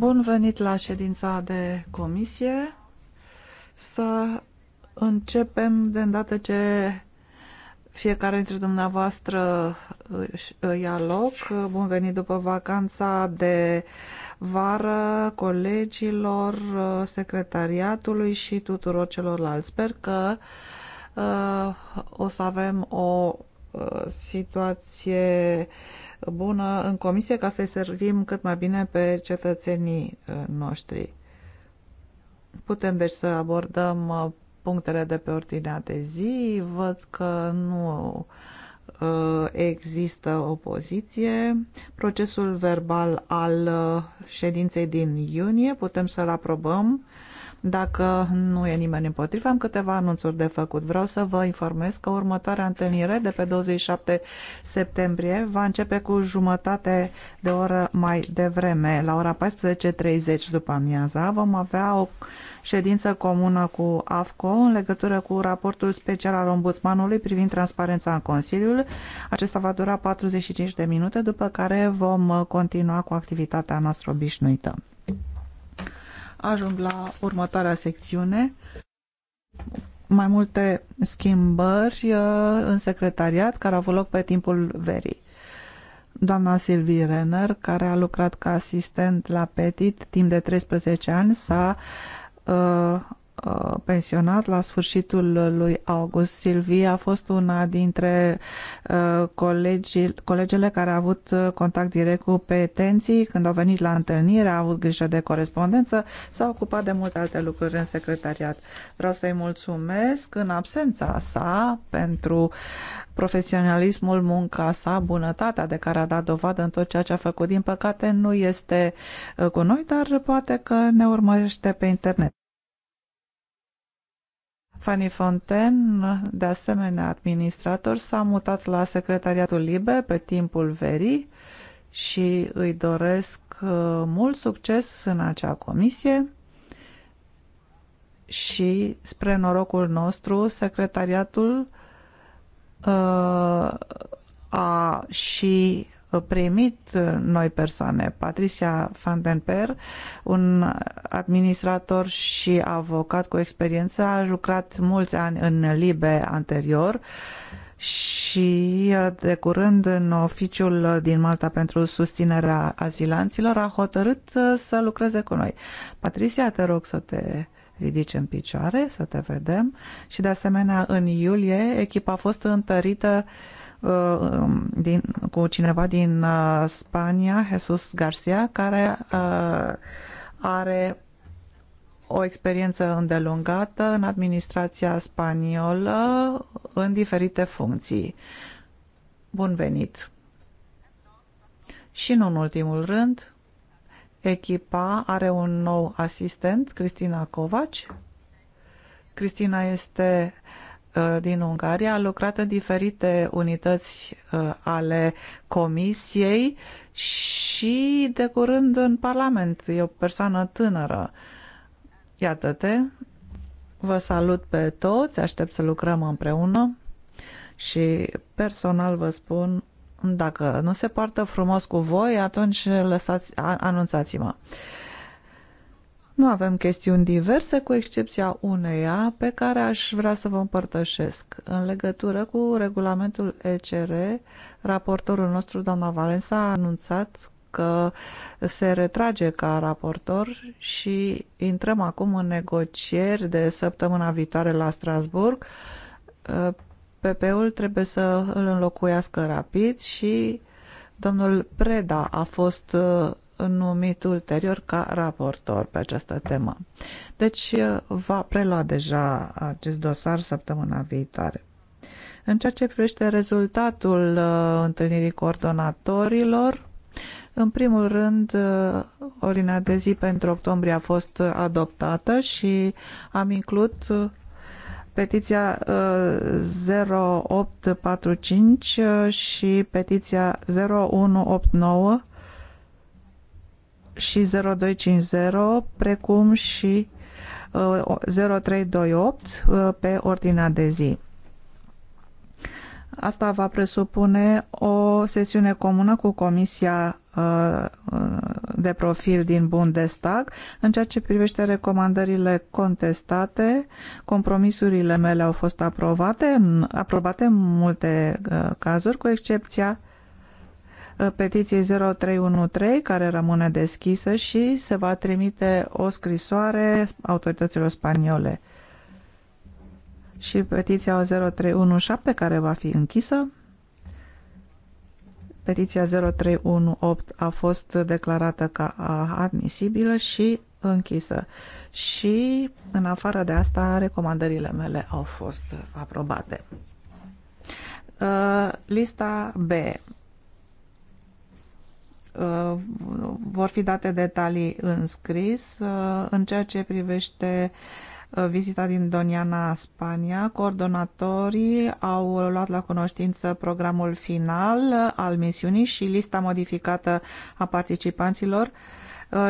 Bun venit la ședința de comisie. Să începem de îndată ce fiecare dintre dumneavoastră ia loc. Bun venit după vacanța de vară colegilor, secretariatului și tuturor celorlalți. Sper că uh, o să avem o Uh, situație bună în comisie ca să-i servim cât mai bine pe cetățenii uh, noștri. Putem deci să abordăm uh, punctele de pe ordinea de zi. Văd că nu există opoziție. Procesul verbal al ședinței din iunie putem să-l aprobăm dacă nu e nimeni împotrivă, am câteva anunțuri de făcut. Vreau să vă informez că următoarea întâlnire de pe 27 septembrie va începe cu jumătate de oră mai devreme. La ora 14.30 după amiaza vom avea o ședință comună cu AFCO în legătură cu raportul special al ombudsmanului privind transparența în Consiliul. Acesta va dura 45 de minute, după care vom continua cu activitatea noastră obișnuită ajung la următoarea secțiune. Mai multe schimbări uh, în secretariat care au avut loc pe timpul verii. Doamna Silvie Renner, care a lucrat ca asistent la Petit timp de 13 ani, s-a uh, Uh, pensionat la sfârșitul lui august. Silvia a fost una dintre uh, colegii, colegele care a avut uh, contact direct cu petenții. Când au venit la întâlnire, a avut grijă de corespondență, s-a ocupat de multe alte lucruri în secretariat. Vreau să-i mulțumesc în absența sa pentru profesionalismul, munca sa, bunătatea de care a dat dovadă în tot ceea ce a făcut. Din păcate nu este cu noi, dar poate că ne urmărește pe internet. Fanny Fonten, de asemenea administrator, s-a mutat la secretariatul LIBE pe timpul verii și îi doresc uh, mult succes în acea comisie și spre norocul nostru secretariatul uh, a și primit uh, noi persoane. Patricia Van Den Per, un administrator și avocat cu experiență, a lucrat mulți ani în Libe anterior și uh, de curând în oficiul din Malta pentru susținerea azilanților a hotărât uh, să lucreze cu noi. Patricia, te rog să te ridici în picioare, să te vedem și de asemenea în iulie echipa a fost întărită uh, Uh, din, cu cineva din uh, Spania, Jesus Garcia, care uh, are o experiență îndelungată în administrația spaniolă în diferite funcții. Bun venit! Și nu în ultimul rând, echipa are un nou asistent, Cristina Covaci. Cristina este uh, Uh, din Ungaria a lucrat în diferite unități uh, ale comisiei și de curând în Parlament. E o persoană tânără. Iată-te, vă salut pe toți, aștept să lucrăm împreună și personal vă spun dacă nu se poartă frumos cu voi, atunci lăsați, anunțați-mă. Uh, nu avem chestiuni diverse, cu excepția uneia pe care aș vrea să vă împărtășesc. În legătură cu regulamentul ECR, raportorul nostru, doamna Valensa, a anunțat că se retrage ca raportor și intrăm acum în negocieri de săptămâna viitoare la Strasburg. PP-ul trebuie să îl înlocuiască rapid și domnul Preda a fost numit ulterior ca raportor pe această temă. Deci eh, va prelua deja acest dosar săptămâna viitoare. În ceea ce privește rezultatul eh, întâlnirii coordonatorilor, în primul rând, eh, ordinea de zi pentru octombrie a fost adoptată și am inclus petiția 0845 și petiția 0189 și 0250, precum și 0328 uh, uh, pe ordinea de zi. Asta va presupune o sesiune comună cu Comisia uh, de profil din Bundestag. În ceea ce privește recomandările contestate, compromisurile mele au fost aprobate, în, aprobate în multe cazuri, cu excepția petiției 0313 care rămâne deschisă și se va trimite o scrisoare autorităților spaniole. Și petiția 0317 care va fi închisă. Petiția 0318 a fost declarată ca admisibilă și închisă. Și în afară de asta, recomandările mele au fost aprobate. Uh, lista B Uh, vor fi date detalii în scris uh, în ceea ce privește uh, vizita din Doniana, Spania. Coordonatorii au luat la cunoștință programul final al misiunii și lista modificată a participanților,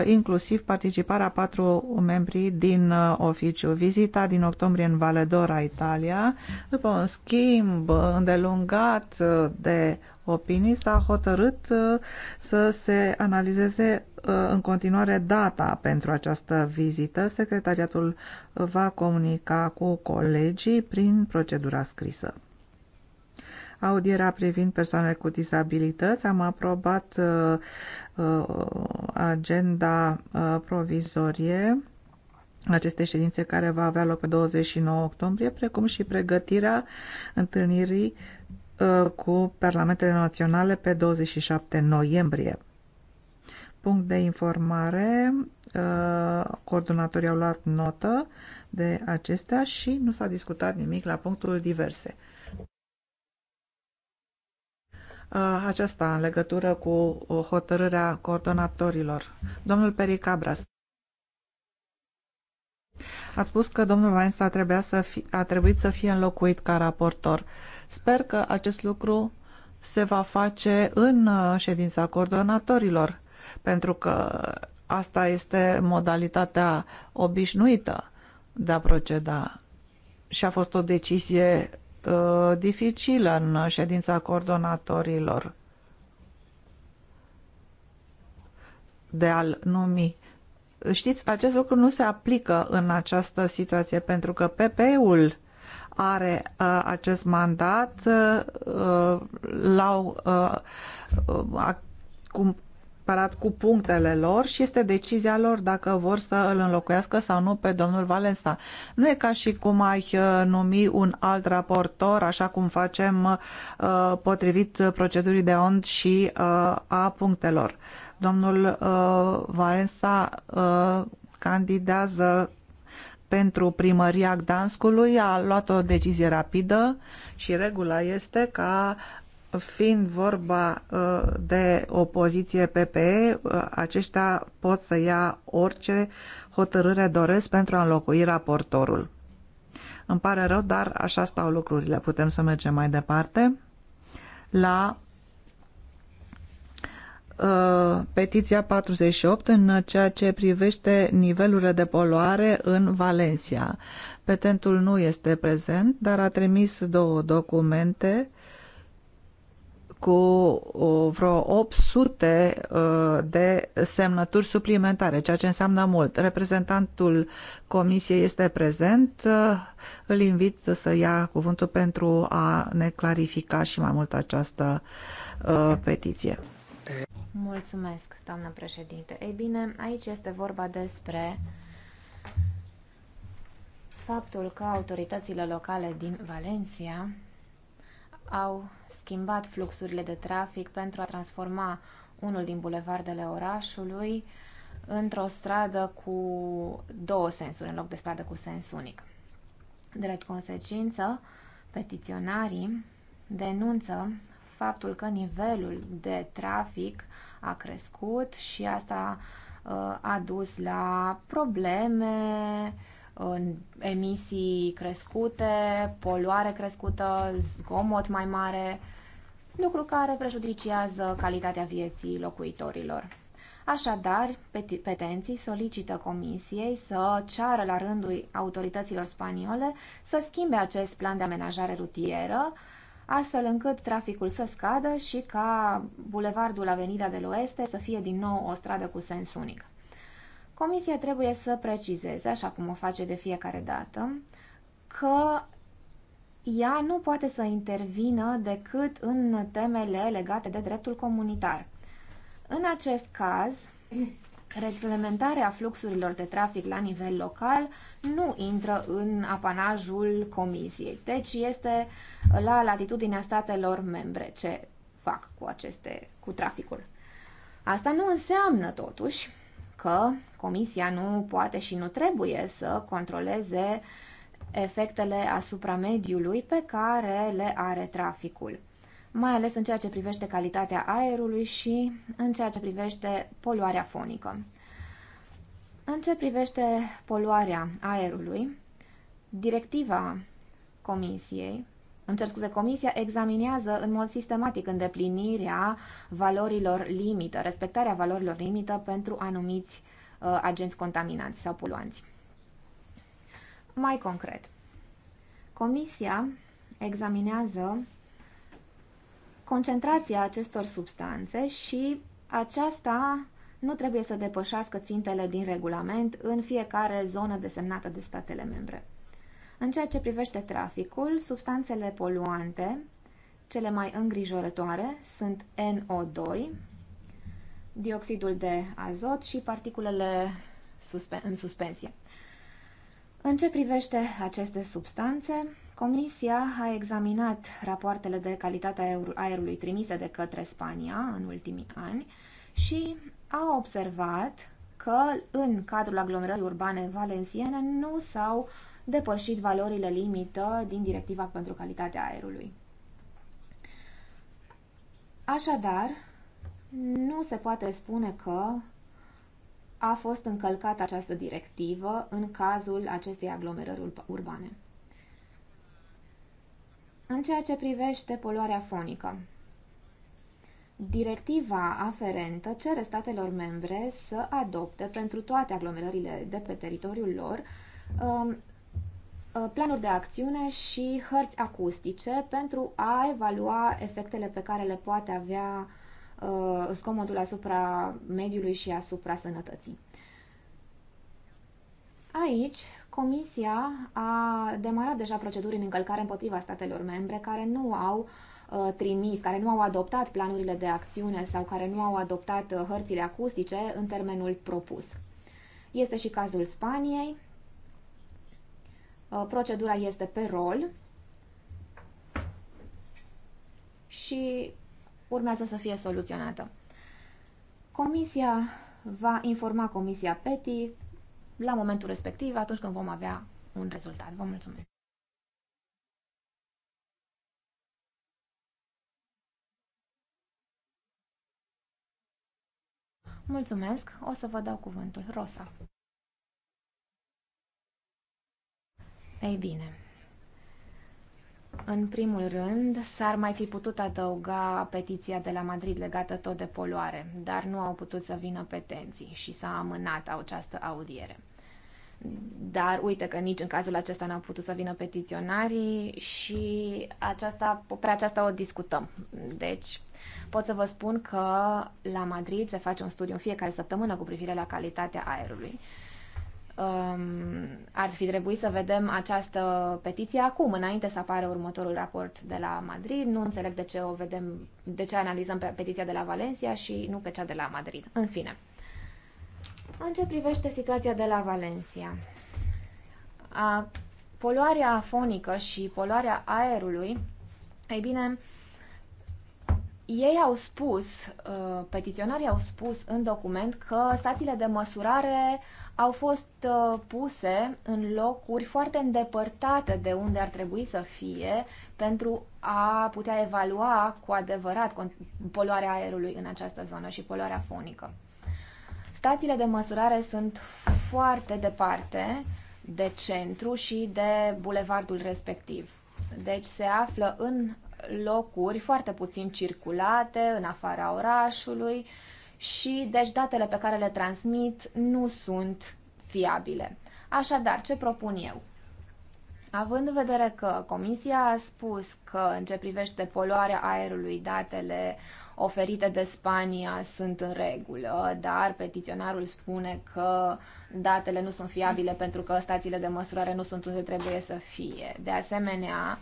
inclusiv participarea patru membri din oficiu. Vizita din octombrie în Valedora, Italia, după un schimb îndelungat de opinii, s-a hotărât uh, să se analizeze uh, în continuare data pentru această vizită. Secretariatul va comunica cu colegii prin procedura scrisă. Audierea privind persoanele cu dizabilități. Am aprobat uh, agenda provizorie aceste ședințe care va avea loc pe 29 octombrie, precum și pregătirea întâlnirii Uh, cu Parlamentele Naționale pe 27 noiembrie. Punct de informare, uh, coordonatorii au luat notă de acestea și nu s-a discutat nimic la punctul diverse. Uh, aceasta în legătură cu hotărârea coordonatorilor. Domnul Pericabras. A spus că domnul Vainsa a trebuit să fie înlocuit ca raportor. Sper că acest lucru se va face în uh, ședința coordonatorilor, pentru că asta este modalitatea obișnuită de a proceda. Și a fost o decizie uh, dificilă în ședința coordonatorilor de a numi. Știți, acest lucru nu se aplică în această situație, pentru că PP-ul are uh, acest mandat, uh, uh, l-au cumpărat cu punctele lor și este decizia lor dacă vor să îl înlocuiască sau nu pe domnul Valensa. Nu e ca și cum ai numi un alt raportor, așa cum facem potrivit procedurii de ond și a punctelor. Domnul Valensa candidează pentru primăria Gdanskului a luat o decizie rapidă și regula este ca fiind vorba uh, de opoziție PPE, uh, aceștia pot să ia orice hotărâre doresc pentru a înlocui raportorul. Îmi pare rău, dar așa stau lucrurile. Putem să mergem mai departe la Uh, petiția 48 în ceea ce privește nivelurile de poluare în Valencia. Petentul nu este prezent, dar a trimis două documente cu uh, vreo 800 uh, de semnături suplimentare, ceea ce înseamnă mult. Reprezentantul comisiei este prezent, îl invit să ia cuvântul pentru a ne clarifica și mai mult această petiție. Mulțumesc, doamnă președinte. Ei bine, aici este vorba despre faptul că autoritățile locale din Valencia au schimbat fluxurile de trafic pentru a transforma unul din bulevardele orașului într-o stradă cu două sensuri, în loc de stradă cu sens unic. Drept consecință, petiționarii denunță faptul că nivelul de trafic a crescut și asta uh, a dus la probleme, emisii crescute, poluare crescută, zgomot mai mare, lucru care prejudiciază calitatea vieții locuitorilor. Așadar, petenții solicită comisiei să ceară la rândul autorităților spaniole să schimbe acest plan de amenajare rutieră astfel încât traficul să scadă și ca bulevardul Avenida de Oeste să fie din nou o stradă cu sens unic. Comisia trebuie să precizeze, așa cum o face de fiecare dată, că ea nu poate să intervină decât în temele legate de dreptul comunitar. În acest caz, Reglementarea fluxurilor de trafic la nivel local nu intră în apanajul comisiei, deci este la latitudinea statelor membre ce fac cu aceste, cu traficul. Asta nu înseamnă totuși că comisia nu poate și nu trebuie să controleze efectele asupra mediului pe care le are traficul mai ales în ceea ce privește calitatea aerului și în ceea ce privește poluarea fonică. În ce privește poluarea aerului, directiva Comisiei, îmi cer scuze, Comisia examinează în mod sistematic îndeplinirea valorilor limită, respectarea valorilor limită pentru anumiți uh, agenți contaminanți sau poluanți. Mai concret, Comisia examinează concentrația acestor substanțe și aceasta nu trebuie să depășească țintele din regulament în fiecare zonă desemnată de statele membre. În ceea ce privește traficul, substanțele poluante, cele mai îngrijorătoare, sunt NO2, dioxidul de azot și particulele suspe în suspensie. În ce privește aceste substanțe, Comisia a examinat rapoartele de calitate a aerului trimise de către Spania în ultimii ani și a observat că în cadrul aglomerării urbane valenciene nu s-au depășit valorile limită din Directiva pentru calitatea aerului. Așadar, nu se poate spune că a fost încălcată această directivă în cazul acestei aglomerări urbane. În ceea ce privește poluarea fonică, directiva aferentă cere statelor membre să adopte pentru toate aglomerările de pe teritoriul lor um, uh, planuri de acțiune și hărți acustice pentru a evalua efectele pe care le poate avea uh, zgomotul asupra mediului și asupra sănătății. Aici Comisia a demarat deja proceduri în încălcare împotriva statelor membre care nu au uh, trimis, care nu au adoptat planurile de acțiune sau care nu au adoptat uh, hărțile acustice în termenul propus. Este și cazul Spaniei. Uh, procedura este pe rol și urmează să fie soluționată. Comisia va informa Comisia PETI la momentul respectiv, atunci când vom avea un rezultat. Vă mulțumesc! Mulțumesc, o să vă dau cuvântul. Rosa. Ei bine, în primul rând, s-ar mai fi putut adăuga petiția de la Madrid legată tot de poluare, dar nu au putut să vină petenții și s-a amânat această audiere. Dar uite că nici în cazul acesta n-au putut să vină petiționarii și aceasta, pe aceasta o discutăm. Deci pot să vă spun că la Madrid se face un studiu în fiecare săptămână cu privire la calitatea aerului um, ar fi trebuit să vedem această petiție acum, înainte să apară următorul raport de la Madrid. Nu înțeleg de ce o vedem, de ce analizăm pe petiția de la Valencia și nu pe cea de la Madrid. În fine. În ce privește situația de la Valencia? A, poluarea afonică și poluarea aerului, ei bine, ei au spus, uh, petiționarii au spus în document că stațiile de măsurare au fost uh, puse în locuri foarte îndepărtate de unde ar trebui să fie pentru a putea evalua cu adevărat poluarea aerului în această zonă și poluarea fonică. Stațiile de măsurare sunt foarte departe de centru și de bulevardul respectiv. Deci se află în locuri foarte puțin circulate, în afara orașului, uh, și deci datele pe care le transmit nu sunt fiabile. Așadar, ce propun eu? Având în vedere că Comisia a spus că în ce privește poluarea aerului, datele oferite de Spania sunt în regulă, dar petiționarul spune că datele nu sunt fiabile pentru că stațiile de măsurare nu sunt unde trebuie să fie. De asemenea,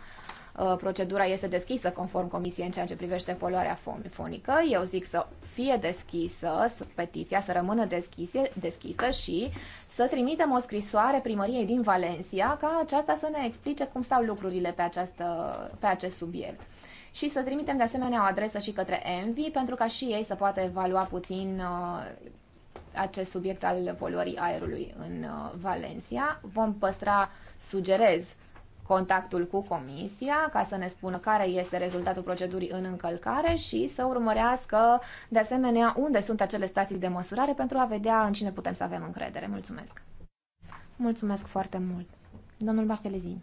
uh, procedura este deschisă conform Comisiei în ceea ce privește poluarea fonică. Eu zic să fie deschisă, petiția să rămână deschise, deschisă și să trimitem o scrisoare primăriei din Valencia ca aceasta să ne explice cum stau lucrurile pe, această, pe acest subiect. Și să trimitem de asemenea o adresă și către Envi pentru ca și ei să poată evalua puțin uh, acest subiect al poluării aerului în uh, Valencia. Vom păstra, sugerez, contactul cu Comisia ca să ne spună care este rezultatul procedurii în încălcare și să urmărească, de asemenea, unde sunt acele stații de măsurare pentru a vedea în cine putem să avem încredere. Mulțumesc! Mulțumesc foarte mult! Domnul Marcelezi.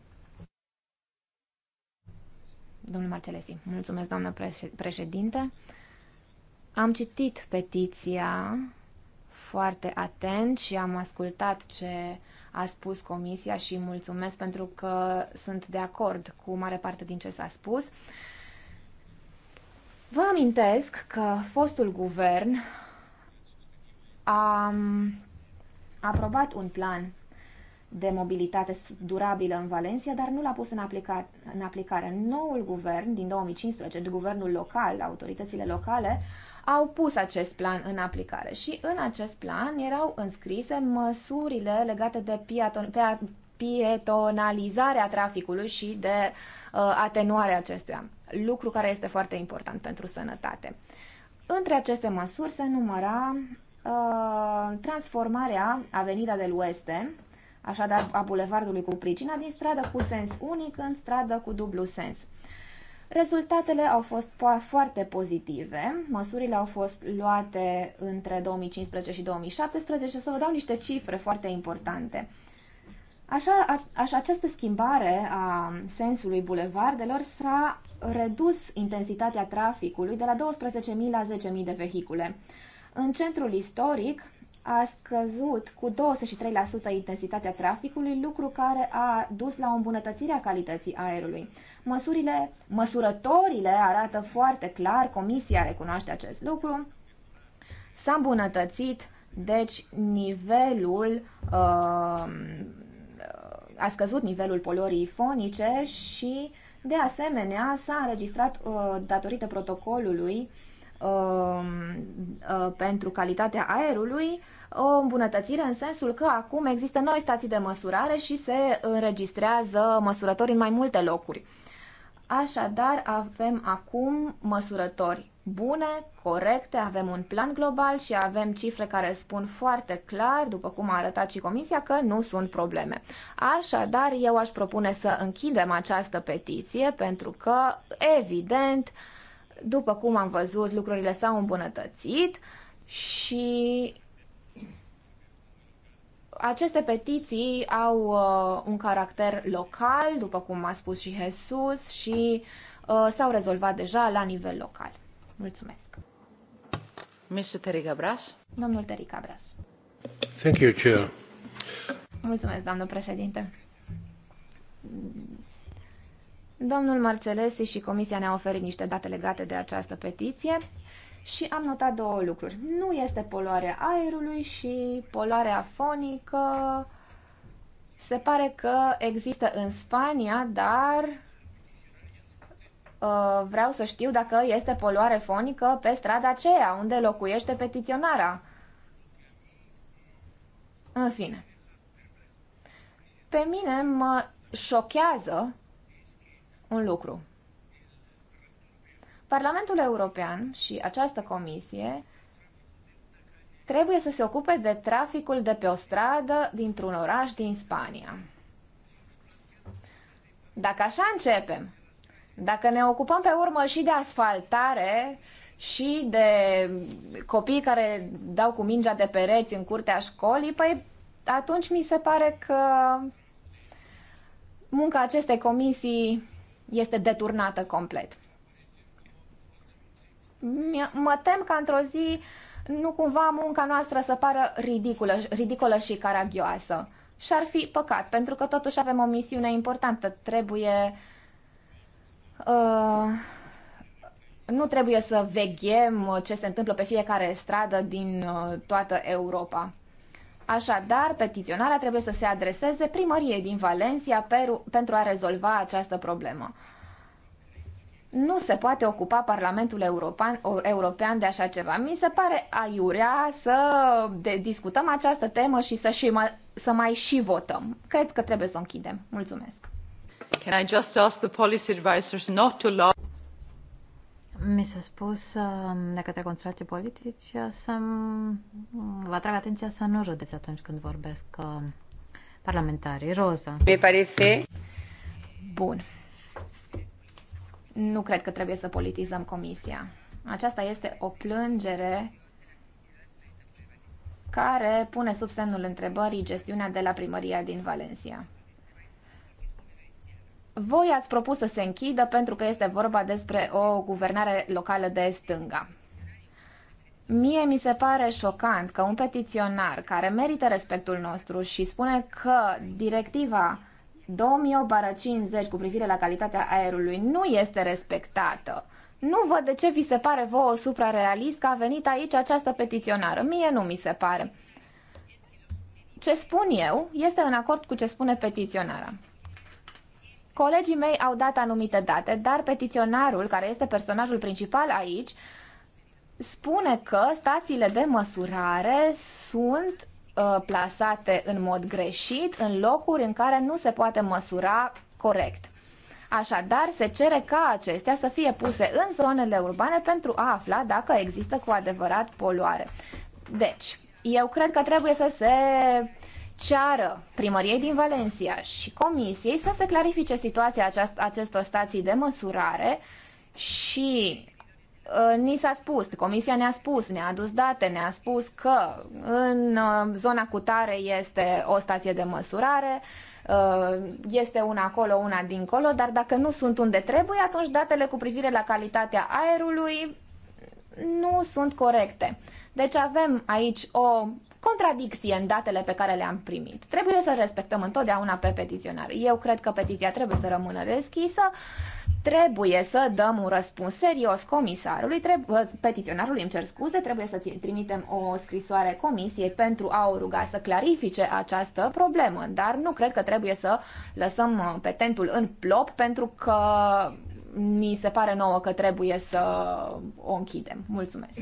Domnul Marcelezi, mulțumesc, doamnă președinte. Am citit petiția foarte atent și am ascultat ce a spus Comisia și mulțumesc pentru că sunt de acord cu mare parte din ce s-a spus. Vă amintesc că fostul guvern a um, aprobat un plan de mobilitate durabilă în Valencia, dar nu l-a pus în, aplica- în aplicare. Noul guvern din 2015, guvernul local, autoritățile locale, au pus acest plan în aplicare și în acest plan erau înscrise măsurile legate de piaton, pia, pietonalizarea traficului și de uh, atenuarea acestuia, lucru care este foarte important pentru sănătate. Între aceste măsuri se număra uh, transformarea Avenida del Oeste, așadar a bulevardului cu pricina, din stradă cu sens unic în stradă cu dublu sens. Rezultatele au fost foarte pozitive. Măsurile au fost luate între 2015 și 2017. Să vă dau niște cifre foarte importante. Așa, așa această schimbare a sensului bulevardelor s-a redus intensitatea traficului de la 12.000 la 10.000 de vehicule. În centrul istoric, a scăzut cu 23% intensitatea traficului, lucru care a dus la o îmbunătățire a calității aerului. Măsurile, măsurătorile arată foarte clar, comisia recunoaște acest lucru, s-a îmbunătățit, deci nivelul uh, a scăzut nivelul poluării fonice și, de asemenea, s-a înregistrat uh, datorită protocolului uh, Um, uh, pentru calitatea aerului, o îmbunătățire în sensul că acum există noi stații de măsurare și se înregistrează măsurători în mai multe locuri. Așadar, avem acum măsurători bune, corecte, avem un plan global și avem cifre care spun foarte clar, după cum a arătat și Comisia, că nu sunt probleme. Așadar, eu aș propune să închidem această petiție pentru că, evident, uh, după cum am văzut, lucrurile s-au îmbunătățit și aceste petiții au uh, un caracter local, după cum a spus și Jesus, și uh, s-au rezolvat deja la nivel local. Mulțumesc. Mr. Terica Bras. Domnul Terica Bras. Thank you, Chair. Mulțumesc, doamnă președinte. Domnul Marcelesi și comisia ne au oferit niște date legate de această petiție și am notat două lucruri. Nu este poluarea aerului și poluarea fonică. Se pare că există în Spania, dar uh, vreau să știu dacă este poluare fonică pe strada aceea, unde locuiește petiționara. În fine. Pe mine mă șochează un lucru. Parlamentul European și această comisie trebuie să se ocupe de traficul de pe o stradă dintr-un oraș din Spania. Dacă așa începem, dacă ne ocupăm pe urmă și de asfaltare și de copii care dau cu mingea de pereți în curtea școlii, păi atunci mi se pare că munca acestei comisii este deturnată complet. Mă tem că într-o zi nu cumva munca noastră să pară ridicolă, ridicolă și caragioasă. Și ar fi păcat, pentru că totuși avem o misiune importantă. Trebuie. Uh, nu trebuie să veghem ce se întâmplă pe fiecare stradă din uh, toată Europa. Așadar, petiționarea trebuie să se adreseze primăriei din Valencia Peru, pentru a rezolva această problemă. Nu se poate ocupa Parlamentul European, European de așa ceva. Mi se pare aiurea să de, discutăm această temă și să, și mă- să mai și votăm. Cred că trebuie să o închidem. Mulțumesc. Can I just ask the policy advisors not to mi s-a spus um, de către consultații politici uh, să um, vă atrag atenția să nu râdeți atunci când vorbesc um, parlamentarii. Roza. Mi parece. Bun. Nu cred că trebuie să politizăm comisia. Aceasta este o plângere care pune sub semnul întrebării gestiunea de la primăria din Valencia. Voi ați propus să se închidă pentru că este vorba despre o guvernare locală de stânga. Mie mi se pare șocant că un petiționar care merită respectul nostru și spune că directiva 2008-50 cu privire la calitatea aerului nu este respectată. Nu văd de ce vi se pare vouă suprarealist că a venit aici această petiționară. Mie nu mi se pare. Ce spun eu este în acord cu ce spune petiționara. Colegii mei au dat anumite date, dar petiționarul, care este personajul principal aici, spune că stațiile de măsurare sunt uh, plasate în mod greșit în locuri în care nu se poate măsura corect. Așadar, se cere ca acestea să fie puse în zonele urbane pentru a afla dacă există cu adevărat poluare. Deci, eu cred că trebuie să se ceară primăriei din Valencia și comisiei să se clarifice situația aceast- acestor stații de măsurare și uh, ni s-a spus, comisia ne-a spus, ne-a adus date, ne-a spus că în uh, zona cutare este o stație de măsurare, uh, este una acolo, una dincolo, dar dacă nu sunt unde trebuie, atunci datele cu privire la calitatea aerului nu sunt corecte. Deci avem aici o contradicție în datele pe care le-am primit. Trebuie să respectăm întotdeauna pe petiționar. Eu cred că petiția trebuie să rămână deschisă, trebuie să dăm un răspuns serios comisarului, trebuie, ă, petiționarului îmi cer scuze, trebuie să trimitem o scrisoare comisiei pentru a o ruga să clarifice această problemă, dar nu cred că trebuie să lăsăm ă, petentul în plop pentru că mi se pare nouă că trebuie să o închidem. Mulțumesc!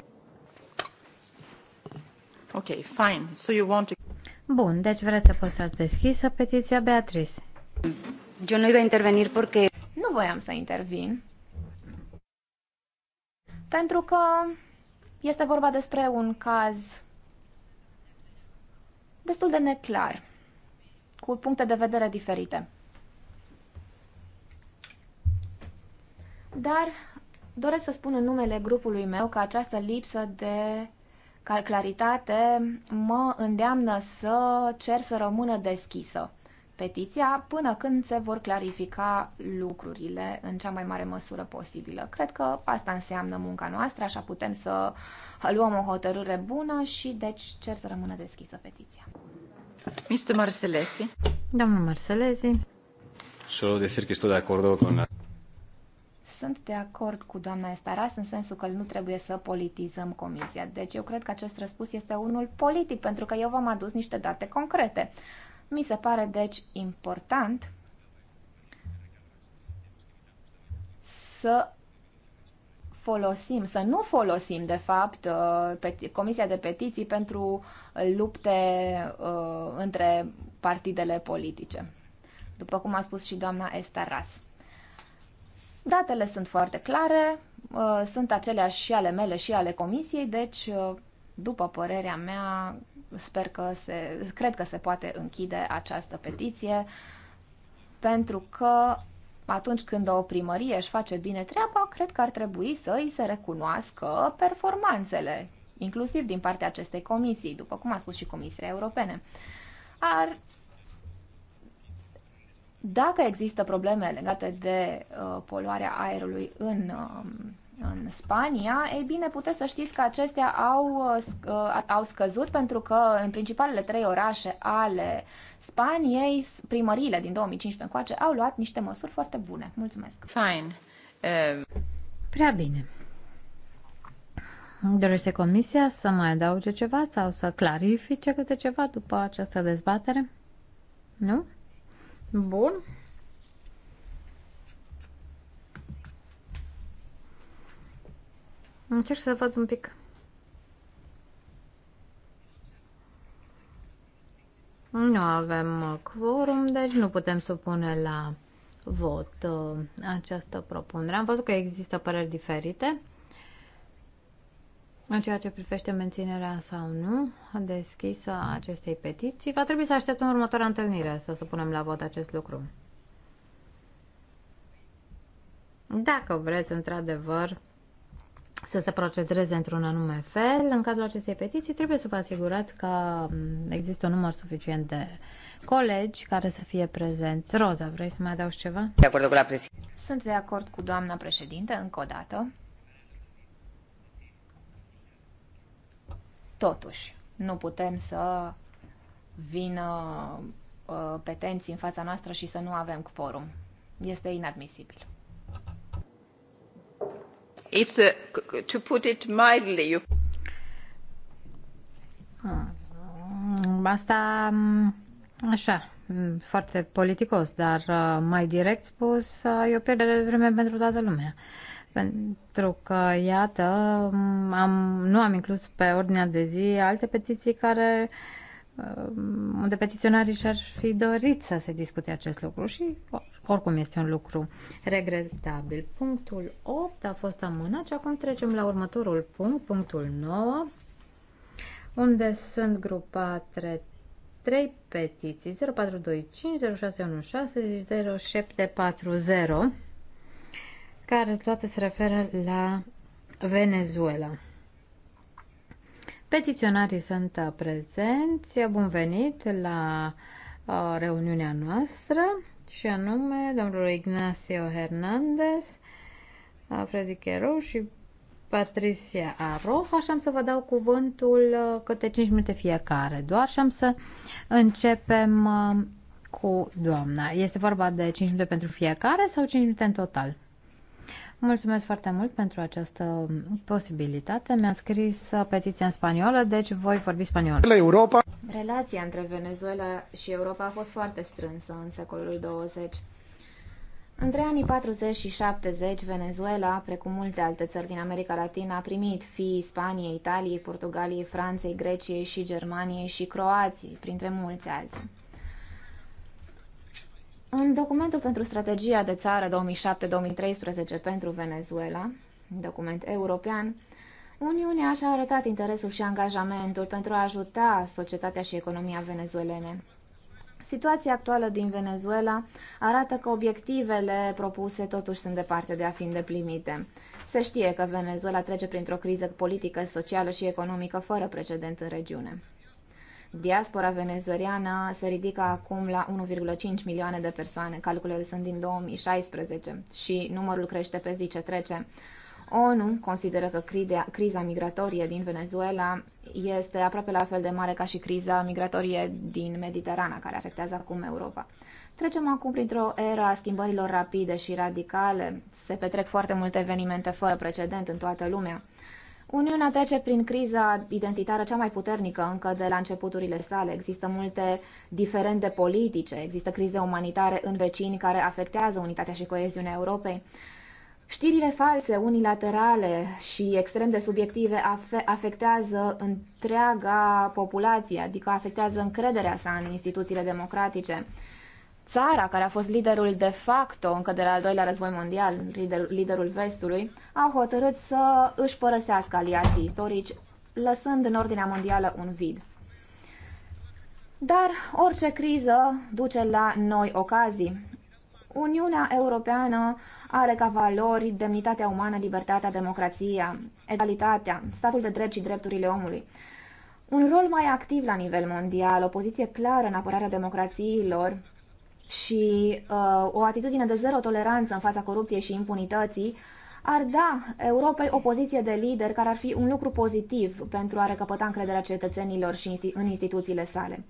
Ok, fine. So you want to... Bun, deci vreți să păstrați deschisă petiția Beatrice. Eu nu voi interveni, porque... Nu voiam să intervin. Pentru că este vorba despre un caz destul de neclar, cu puncte de vedere diferite. Dar doresc să spun în numele grupului meu că această lipsă de claritate mă îndeamnă să cer să rămână deschisă petiția până când se vor clarifica lucrurile în cea mai mare măsură posibilă. Cred că asta înseamnă munca noastră, așa putem să luăm o hotărâre bună și deci cer să rămână deschisă petiția. Mr. Marcelesi. Domnul Marcelesi. Solo decir que estoy de acuerdo con la... Sunt de acord cu doamna Estaras în sensul că nu trebuie să politizăm comisia. Deci eu cred că acest răspuns este unul politic, pentru că eu v-am adus niște date concrete. Mi se pare, deci, important să folosim, să nu folosim, de fapt, uh, Comisia de Petiții pentru lupte uh, între partidele politice, după cum a spus și doamna Estaras. Datele sunt foarte clare, uh, sunt aceleași și ale mele și ale comisiei, deci, uh, după părerea mea, sper că se, cred că se poate închide această petiție, pentru că atunci când o primărie își face bine treaba, cred că ar trebui să îi se recunoască performanțele, inclusiv din partea acestei comisii, după cum a spus și Comisia Europene. Ar dacă există probleme legate de uh, poluarea aerului în, uh, în Spania, ei bine, puteți să știți că acestea au, uh, uh au scăzut pentru că în principalele trei orașe ale Spaniei, primăriile din 2015 încoace au luat niște măsuri foarte bune. Mulțumesc! Fine. Uh... Prea bine. Dorește comisia să mai adauge ceva sau să clarifice câte ceva după această dezbatere? Nu? Bun. Încerc să văd un pic. Nu avem uh, quorum, deci nu putem supune la vot uh, această propunere. Am văzut că există păreri diferite. În ceea ce privește menținerea sau nu deschisă a acestei petiții, va trebui să așteptăm următoarea întâlnire să supunem la vot acest lucru. Dacă vreți, într-adevăr, să se procedeze într-un anume fel, în cazul acestei petiții trebuie să vă asigurați că există un număr suficient de colegi care să fie prezenți. Roza, vrei să mai adaugi ceva? De acord cu la presi. Sunt de acord cu doamna președinte, încă o dată. Totuși, nu putem să vină uh, petenții în fața noastră și să nu avem quorum. Este inadmisibil. It's a, to put it mildly, you... Hmm. Asta, mm, așa, mm, foarte politicos, dar uh, mai direct spus, uh, e o pierdere de vreme pentru toată lumea. Uh, pentru că, iată, am, nu am inclus pe ordinea de zi alte petiții care um, unde petiționarii și-ar fi dorit să se discute acest lucru și oricum este un lucru regretabil. Punctul 8 a fost amânat și acum trecem la următorul punct, punctul 9, unde sunt grupate 3 petiții 0425, 0616 și 0740 care toate se referă la Venezuela. Petiționarii sunt prezenți. Bun venit la uh, reuniunea noastră și anume domnul Ignacio Hernandez, uh, Freddy Chero și Patricia Aroha Așa am să vă dau cuvântul uh, câte 5 minute fiecare doar și am să începem cu doamna. Este vorba de 5 minute pentru fiecare sau 5 minute în total? Mulțumesc foarte mult pentru această posibilitate. Mi-a scris petiția în spaniolă, deci voi vorbi La Europa. Relația între Venezuela și Europa a fost foarte strânsă în secolul 20. Între anii 40 și 70, Venezuela, precum multe alte țări din America Latina, a primit fii Spaniei, Italiei, Portugaliei, Franței, Greciei și Germaniei și Croației, printre mulți alții. În documentul pentru strategia de țară 2007-2013 pentru Venezuela, document european, Uniunea și-a arătat interesul și angajamentul pentru a ajuta societatea și economia venezuelene. Situația actuală din Venezuela arată că obiectivele propuse totuși sunt departe de a fi îndeplinite. Se știe că Venezuela trece printr-o criză politică, socială și economică fără precedent în regiune. Diaspora venezueliană se ridică acum la 1,5 milioane de persoane. Calculele sunt din 2016 și numărul crește pe zi ce trece. ONU consideră că criza migratorie din Venezuela este aproape la fel de mare ca și criza migratorie din Mediterana, care afectează acum Europa. Trecem acum printr-o era a schimbărilor rapide și radicale. Se petrec foarte multe evenimente fără precedent în toată lumea. Uniunea trece prin criza identitară cea mai puternică încă de la începuturile sale. Există multe diferende politice, există crize umanitare în vecini care afectează unitatea și coeziunea Europei. Știrile false, unilaterale și extrem de subiective afectează întreaga populație, adică afectează încrederea sa în instituțiile democratice țara care a fost liderul de facto încă de la al doilea război mondial, lider, liderul vestului, a hotărât să își părăsească aliații istorici, lăsând în ordinea mondială un vid. Dar orice criză duce la noi ocazii. Uniunea Europeană are ca valori demnitatea umană, libertatea, democrația, egalitatea, statul de drept și drepturile omului. Un rol mai activ la nivel mondial, o poziție clară în apărarea democrațiilor, și uh, o atitudine de zero toleranță în fața corupției și impunității ar da Europei o poziție de lider care ar fi un lucru pozitiv pentru a recapăta încrederea cetățenilor și insti- în instituțiile sale.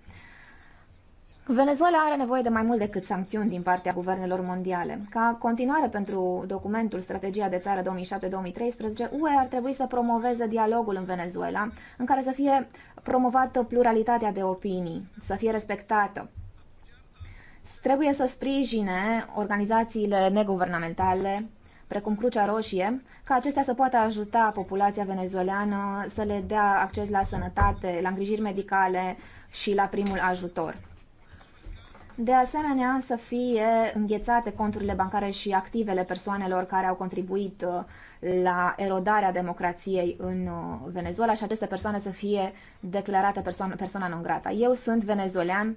Venezuela are nevoie de mai mult decât sancțiuni din partea guvernelor mondiale. Ca continuare pentru documentul Strategia de țară 2007-2013, UE ar trebui să promoveze dialogul în Venezuela, în care să fie promovată pluralitatea de opinii, să fie respectată trebuie să sprijine organizațiile neguvernamentale, precum Crucea Roșie, ca acestea să poată ajuta populația venezuelană să le dea acces la sănătate, la îngrijiri medicale și la primul ajutor de asemenea să fie înghețate conturile bancare și activele persoanelor care au contribuit uh, la erodarea democrației în uh, Venezuela și aceste persoane să fie declarate persoană, persoana non grata. Eu sunt venezolean,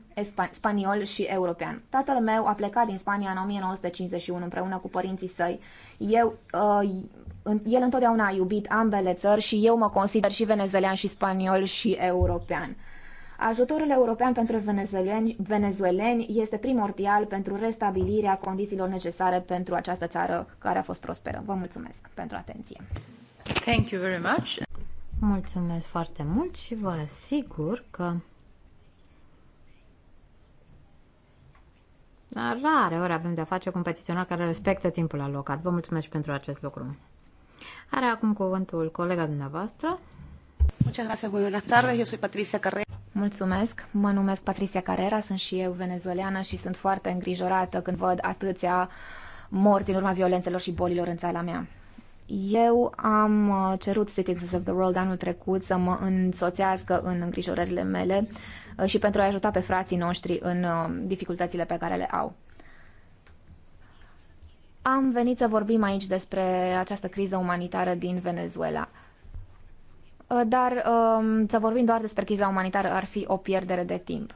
spaniol și european. Tatăl meu a plecat din Spania în 1951 împreună cu părinții săi. Eu, uh, el întotdeauna a iubit ambele țări și eu mă consider și venezolean și spaniol și european. Ajutorul european pentru venezueleni, venezueleni este primordial pentru restabilirea condițiilor necesare pentru această țară care a fost prosperă. Vă mulțumesc pentru atenție. Thank you very much. Mulțumesc foarte mult și vă asigur că rare ori avem de-a face cu un petiționar care respectă timpul alocat. Vă mulțumesc și pentru acest lucru. Are acum cuvântul colega dumneavoastră. Muchas gracias, buenas tardes. Yo soy Patricia Carrera. Mulțumesc, mă numesc Patricia Carrera, sunt și eu venezueleană și sunt foarte îngrijorată când văd atâția morți în urma violențelor și bolilor în țara mea. Eu am uh, cerut Citizens of the World anul trecut să mă însoțească în îngrijorările mele uh, și pentru a-i ajuta pe frații noștri în uh, dificultățile pe care le au. Am venit să vorbim aici despre această criză umanitară din Venezuela. Uh, dar um, să vorbim doar despre criza umanitară ar fi o pierdere de timp.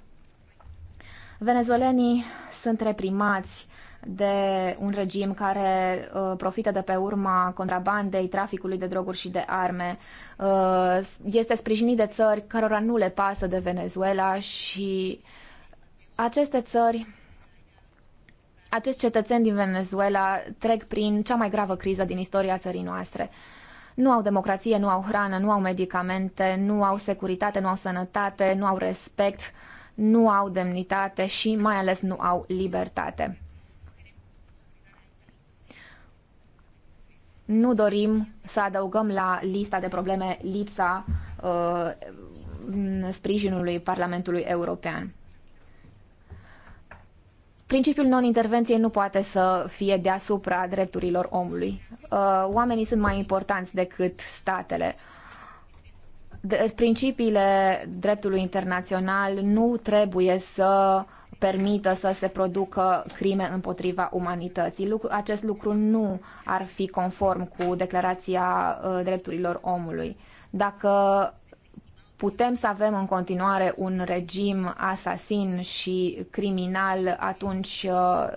Venezuelenii sunt reprimați de un regim care uh, profită de pe urma contrabandei, traficului de droguri și de arme. Uh, este sprijinit de țări cărora nu le pasă de Venezuela și aceste țări, acești cetățeni din Venezuela trec prin cea mai gravă criză din istoria țării noastre. Uh, nu au democrație, nu au hrană, nu au medicamente, nu au securitate, nu au sănătate, nu au respect, nu au demnitate și mai ales nu au libertate. Nu dorim să adăugăm la lista de probleme lipsa uh, sprijinului Parlamentului European. Principiul non-intervenției nu poate să fie deasupra drepturilor omului. Uh, oamenii sunt mai importanți decât statele. Principiile dreptului internațional nu trebuie să permită să se producă crime împotriva umanității. Acest lucru nu ar fi conform cu Declarația uh, Drepturilor Omului. Dacă putem să avem în continuare un regim asasin și criminal, atunci uh,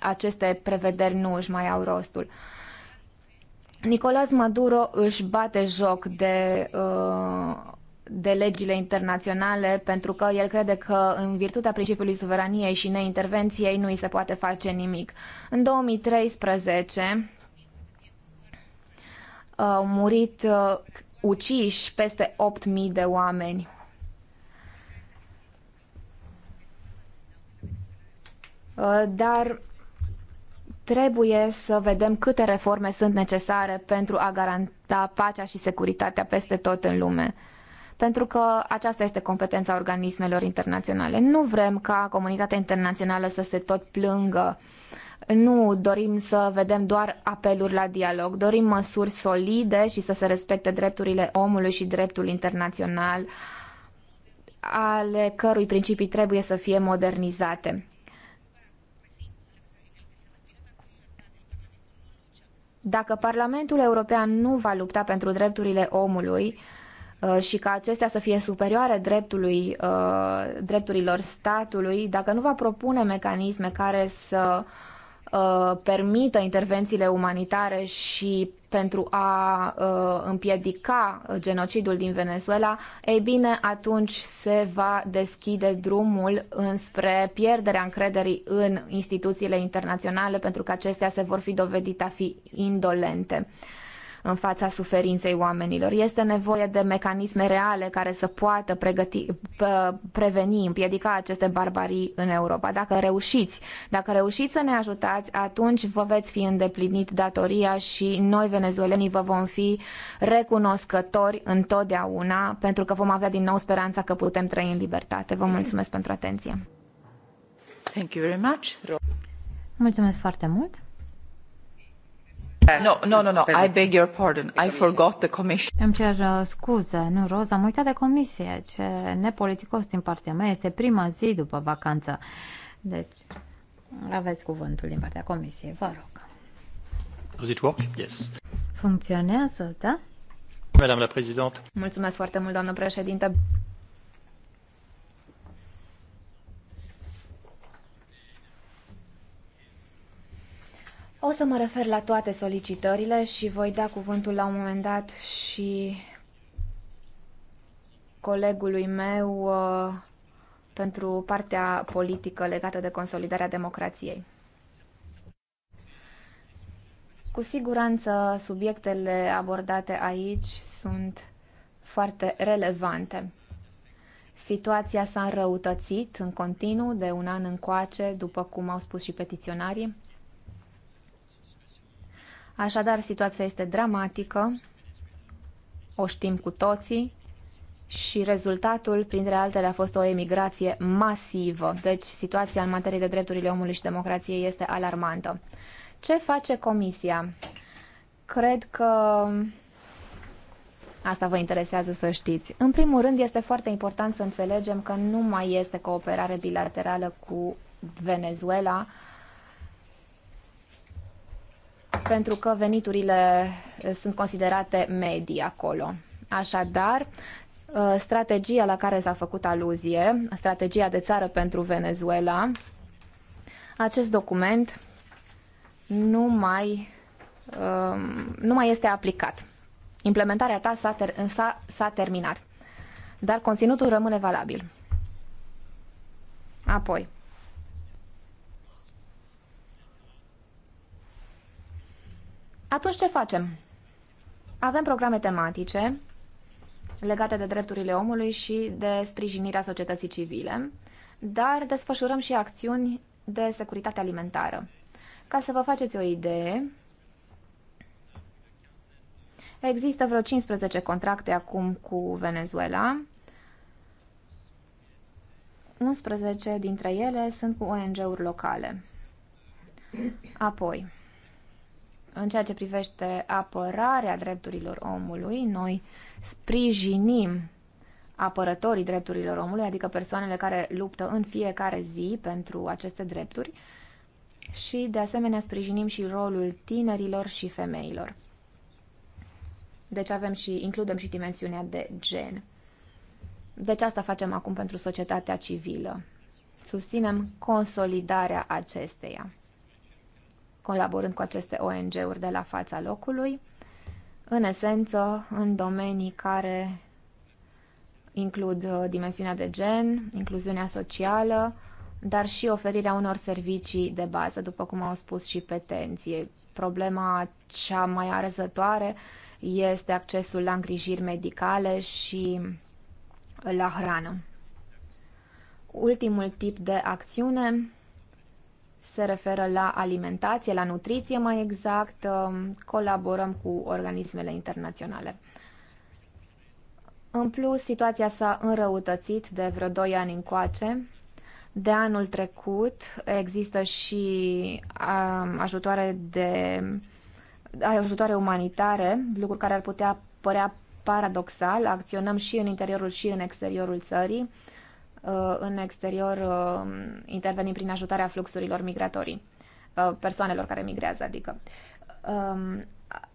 aceste prevederi nu își mai au rostul. Nicolas Maduro își bate joc de, uh, de legile internaționale pentru că el crede că în virtutea principiului suveraniei și neintervenției nu îi se poate face nimic. În 2013 uh, au murit uciși peste 8.000 de oameni. Uh, dar trebuie să vedem câte reforme sunt necesare pentru a garanta pacea și securitatea peste tot în lume. Pentru că aceasta este competența organismelor internaționale. Nu vrem ca comunitatea internațională să se tot plângă uh, nu dorim să vedem doar apeluri la dialog, dorim măsuri solide și să se respecte drepturile omului și dreptul internațional, ale cărui principii trebuie să fie modernizate. Dacă Parlamentul European nu va lupta pentru drepturile omului uh, și ca acestea să fie superioare dreptului, uh, drepturilor statului, dacă nu va propune mecanisme care să uh, Uh, permită intervențiile umanitare și pentru a uh, împiedica genocidul din Venezuela, ei bine, atunci se va deschide drumul înspre pierderea încrederii în instituțiile internaționale, pentru că acestea se vor fi dovedite a fi indolente. Uh, în fața suferinței oamenilor. Este nevoie de mecanisme reale care să poată pregăti, preveni, împiedica aceste barbarii în Europa. Dacă reușiți, dacă reușiți să ne ajutați, atunci vă veți fi îndeplinit datoria și noi, venezuelenii, vă vom fi recunoscători întotdeauna pentru că vom avea din nou speranța că putem trăi în libertate. Vă mulțumesc pentru atenție. Thank you very much. Mulțumesc foarte mult. No, no, no, no, I beg your pardon. I forgot the commission. Îmi cer uh, scuze, nu, Roz, am uitat de comisie. Ce nepoliticos din partea mea. Este prima zi după vacanță. Deci, aveți cuvântul din partea comisiei, vă rog. Does it work? Yes. Funcționează, da? Madame la Mulțumesc foarte mult, doamnă președinte. O să mă refer la toate solicitările și voi da cuvântul la un moment dat și colegului meu uh, pentru partea politică legată de consolidarea democrației. Cu siguranță, subiectele abordate aici sunt foarte relevante. Situația s-a înrăutățit în continuu de un an încoace, după cum au spus și petiționarii. Așadar, situația este dramatică, o știm cu toții și rezultatul, printre altele, a fost o emigrație masivă. Deci, situația în materie de drepturile omului și democrație este alarmantă. Ce face Comisia? Cred că Asta vă interesează să știți. În primul rând, este foarte important să înțelegem că nu mai este cooperare bilaterală cu Venezuela pentru că veniturile eh, sunt considerate medii acolo. Așadar, eh, strategia la care s-a făcut aluzie, strategia de țară pentru Venezuela, acest document nu mai, eh, nu mai este aplicat. Implementarea ta s-a, ter- s-a terminat, dar conținutul rămâne valabil. Apoi, Atunci ce facem? Avem programe tematice legate de drepturile omului și de sprijinirea societății civile, dar desfășurăm și acțiuni de securitate alimentară. Ca să vă faceți o idee, există vreo 15 contracte acum cu Venezuela. 11 dintre ele sunt cu ONG-uri locale. Apoi, în ceea ce privește apărarea drepturilor omului, noi sprijinim apărătorii drepturilor omului, adică persoanele care luptă în fiecare zi pentru aceste drepturi și, de asemenea, sprijinim și rolul tinerilor și femeilor. Deci avem și, includem și dimensiunea de gen. Deci asta facem acum pentru societatea civilă. Susținem consolidarea acesteia colaborând cu aceste ONG-uri de la fața locului, în esență în domenii care includ uh, dimensiunea de gen, incluziunea socială, dar și oferirea unor servicii de bază, după cum au spus și petenții. Problema cea mai arzătoare este accesul la îngrijiri medicale și la hrană. Ultimul tip de acțiune se referă la alimentație, la nutriție mai exact, um, colaborăm cu organismele internaționale. În plus, situația s-a înrăutățit de vreo 2 ani încoace. De anul trecut există și um, ajutoare de ajutoare umanitare, lucruri care ar putea părea paradoxal, acționăm și în interiorul și în exteriorul țării. Uh, în exterior uh, intervenim prin ajutarea fluxurilor migratorii, uh, persoanelor care migrează, adică. Um,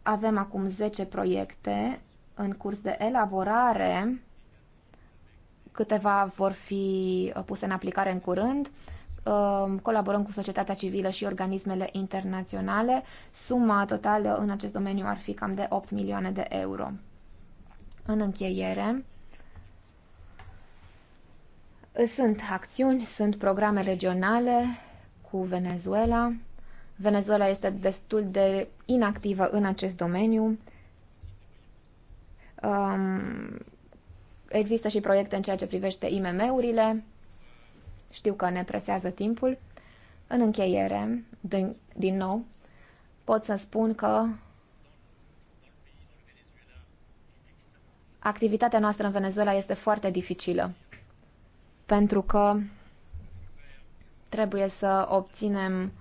avem acum 10 proiecte în curs de elaborare, câteva vor fi puse în aplicare în curând, um, colaborăm cu societatea civilă și organismele internaționale. Suma totală în acest domeniu ar fi cam de 8 milioane de euro. În încheiere, sunt acțiuni, sunt programe regionale cu Venezuela. Venezuela este destul de inactivă în acest domeniu. Um, există și proiecte în ceea ce privește IMM-urile. Știu că ne presează timpul. În încheiere, din, din nou, pot să spun că activitatea noastră în Venezuela este foarte dificilă pentru că trebuie să obținem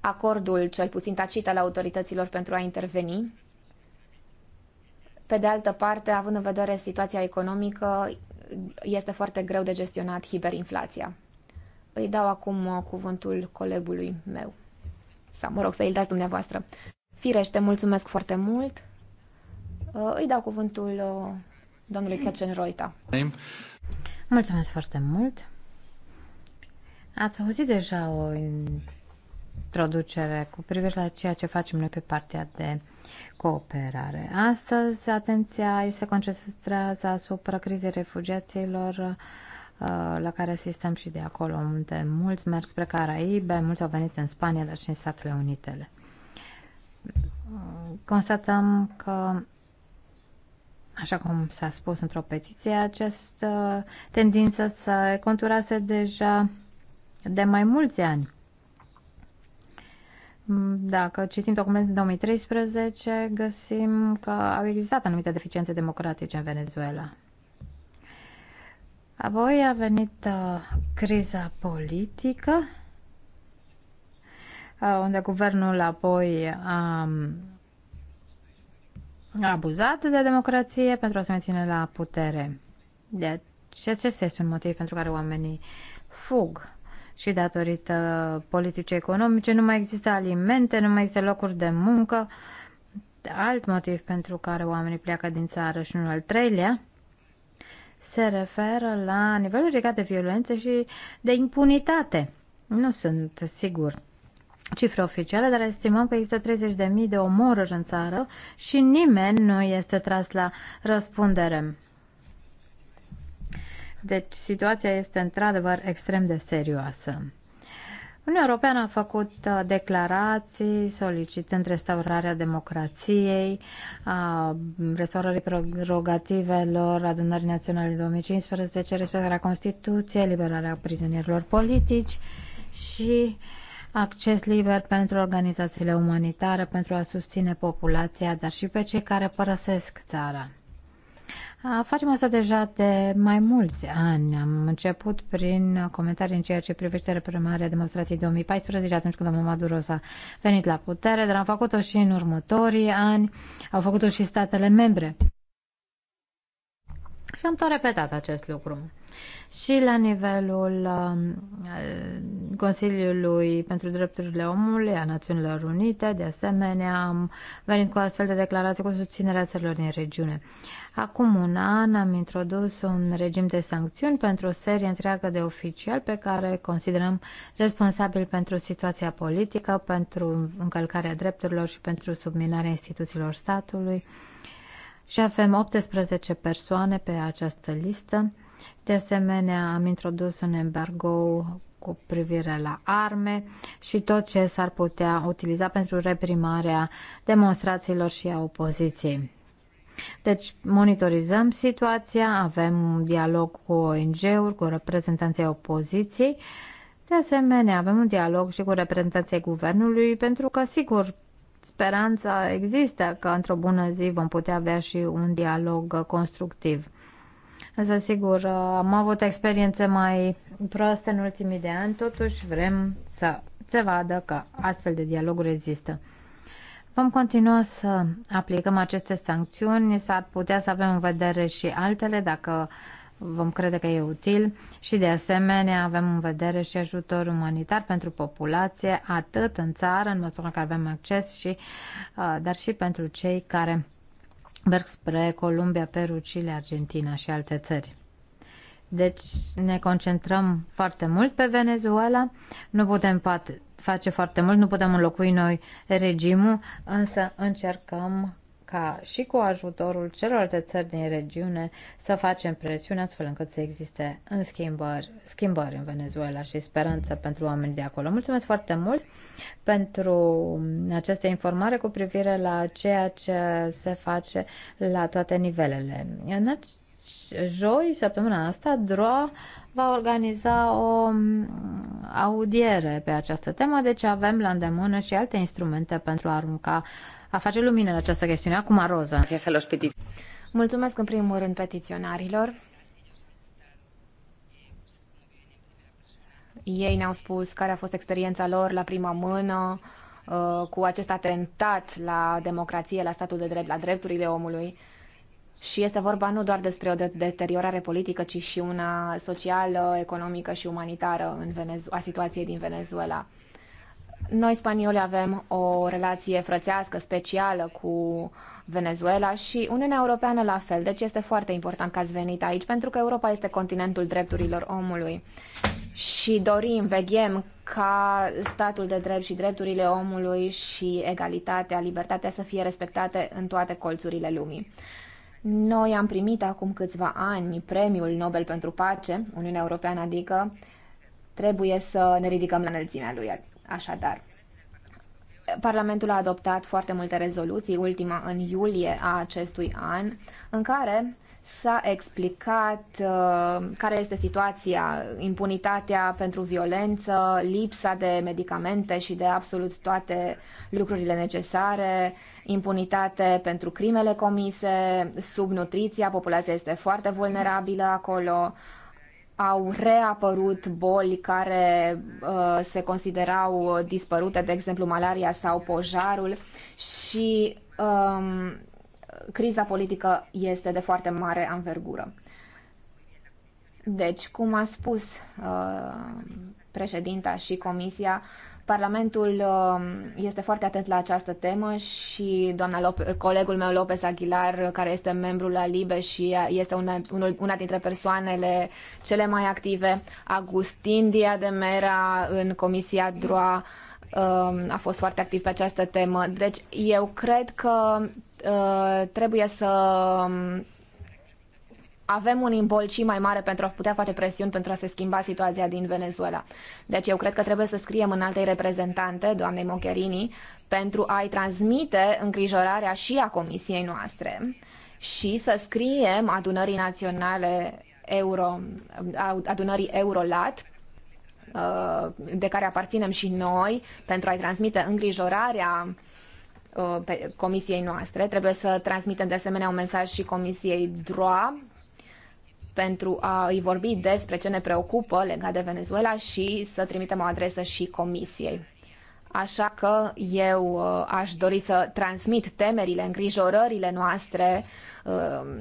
acordul cel puțin tacit al autorităților pentru a interveni. Pe de altă parte, având în vedere situația economică, este foarte greu de gestionat hiperinflația. Îi dau acum uh, cuvântul colegului meu. Sau, mă rog, să îl dați dumneavoastră. Firește, mulțumesc foarte mult. Uh, îi dau cuvântul uh, domnului Ketchen Roita. Mulțumesc foarte mult! Ați auzit deja o introducere cu privire la ceea ce facem noi pe partea de cooperare. Astăzi, atenția se concentrează asupra crizei refugiaților uh, la care asistăm și de acolo, unde mulți merg spre Caraibe, mulți au venit în Spania, dar și în Statele Unitele. Constatăm că așa cum s-a spus într-o petiție, această tendință să conturase deja de mai mulți ani. Dacă citim documentul din 2013, găsim că au existat anumite deficiențe democratice în Venezuela. Apoi a venit uh, criza politică, uh, unde guvernul apoi a um, abuzat de democrație pentru a se menține la putere. De și acesta este un motiv pentru care oamenii fug. Și datorită politicii economice nu mai există alimente, nu mai există locuri de muncă. Alt motiv pentru care oamenii pleacă din țară și unul al treilea se referă la nivelul ridicat de violență și de impunitate. Nu sunt sigur cifre oficiale, dar estimăm că există 30.000 de omorări în țară și nimeni nu este tras la răspundere. Deci situația este într-adevăr extrem de serioasă. Uniunea Europeană a făcut uh, declarații solicitând restaurarea democrației, a restaurării prerogativelor adunării naționale 2015, respectarea Constituției, liberarea prizonierilor politici și uh, acces liber pentru organizațiile umanitare pentru a susține populația, dar și pe cei care părăsesc țara. Facem asta deja de mai mulți ani. Am început prin comentarii în ceea ce privește reprimarea demonstrației 2014, atunci când domnul Maduro s-a venit la putere, dar am făcut-o și în următorii ani, au făcut-o și statele membre. Și am tot repetat acest lucru. Și la nivelul um, uh, Consiliului pentru Drepturile Omului a Națiunilor Unite, de asemenea, am venit cu astfel de declarații cu susținerea țărilor din regiune. Acum un an am introdus un regim de sancțiuni pentru o serie întreagă de oficiali pe care considerăm responsabili pentru situația politică, pentru încălcarea drepturilor și pentru subminarea instituțiilor statului și avem 18 persoane pe această listă. De asemenea, am introdus un embargo cu privire la arme și tot ce s-ar putea utiliza pentru reprimarea demonstrațiilor și a opoziției. Deci monitorizăm situația, avem un dialog cu ONG-uri, cu reprezentanții opoziției. De asemenea, avem un dialog și cu reprezentanții guvernului, pentru că, sigur, speranța există că într-o bună zi vom putea avea și un dialog constructiv. Însă, sigur, am avut experiențe mai proaste în ultimii de ani, totuși vrem să se vadă că astfel de dialoguri există. Vom continua să aplicăm aceste sancțiuni, s-ar putea să avem în vedere și altele dacă uh, vom crede că e util și de asemenea avem în vedere și ajutor umanitar pentru populație, atât în țară, în măsura în care avem acces, și, uh, dar și pentru cei care merg spre Columbia, Peru, Chile, Argentina și alte țări. Deci ne concentrăm foarte mult pe Venezuela, nu putem face foarte mult, nu putem înlocui noi regimul, însă încercăm ca și cu ajutorul celorlalte țări din regiune să facem presiune astfel încât să existe în schimbări, schimbări în Venezuela și speranță pentru oamenii de acolo. Mulțumesc foarte mult pentru această informare cu privire la ceea ce se face la toate nivelele. În joi, săptămâna asta, DROA va organiza o mm, audiere pe această temă, deci avem la îndemână și alte instrumente pentru a arunca a face lumină în această chestiune. Acum, Roza. Mulțumesc în primul rând petiționarilor. Ei ne-au spus care a fost experiența lor la prima mână uh, cu acest atentat la democrație, la statul de drept, la drepturile omului. Și este vorba nu doar despre o deteriorare politică, ci și una socială, economică și umanitară în Venez- a situației din Venezuela. Noi, spanioli, avem o relație frățească specială cu Venezuela și Uniunea Europeană la fel. Deci este foarte important că ați venit aici, pentru că Europa este continentul drepturilor omului. Și dorim, veghem ca statul de drept și drepturile omului și egalitatea, libertatea să fie respectate în toate colțurile lumii. Noi am primit acum câțiva ani premiul Nobel pentru pace, Uniunea Europeană adică, trebuie să ne ridicăm la înălțimea lui Așadar, Parlamentul a adoptat foarte multe rezoluții, ultima în iulie a acestui an, în care s-a explicat uh, care este situația, impunitatea pentru violență, lipsa de medicamente și de absolut toate lucrurile necesare, impunitate pentru crimele comise, subnutriția, populația este foarte vulnerabilă acolo, uh, au reapărut boli care uh, se considerau dispărute, de exemplu malaria sau pojarul și um, criza politică este de foarte mare anvergură. Deci, cum a spus uh, președinta și comisia, Parlamentul um, este foarte atent la această temă și doamna Lope, colegul meu Lopez Aguilar, care este membru la LIBE și este una, una dintre persoanele cele mai active, Agustin Dia de Mera în Comisia DROA um, a fost foarte activ pe această temă. Deci eu cred că uh, trebuie să um, avem un impol și mai mare pentru a putea face presiuni pentru a se schimba situația din Venezuela. Deci eu cred că trebuie să scriem în altei reprezentante, doamnei Mocherini, pentru a-i transmite îngrijorarea și a comisiei noastre și să scriem adunării naționale euro, adunării Eurolat uh, de care aparținem și noi pentru a-i transmite îngrijorarea uh, comisiei noastre. Trebuie să transmitem de asemenea un mesaj și comisiei DROA pentru a îi vorbi despre ce ne preocupă legat de Venezuela și să trimitem o adresă și comisiei. Așa că eu uh, aș dori să transmit temerile, îngrijorările noastre, uh,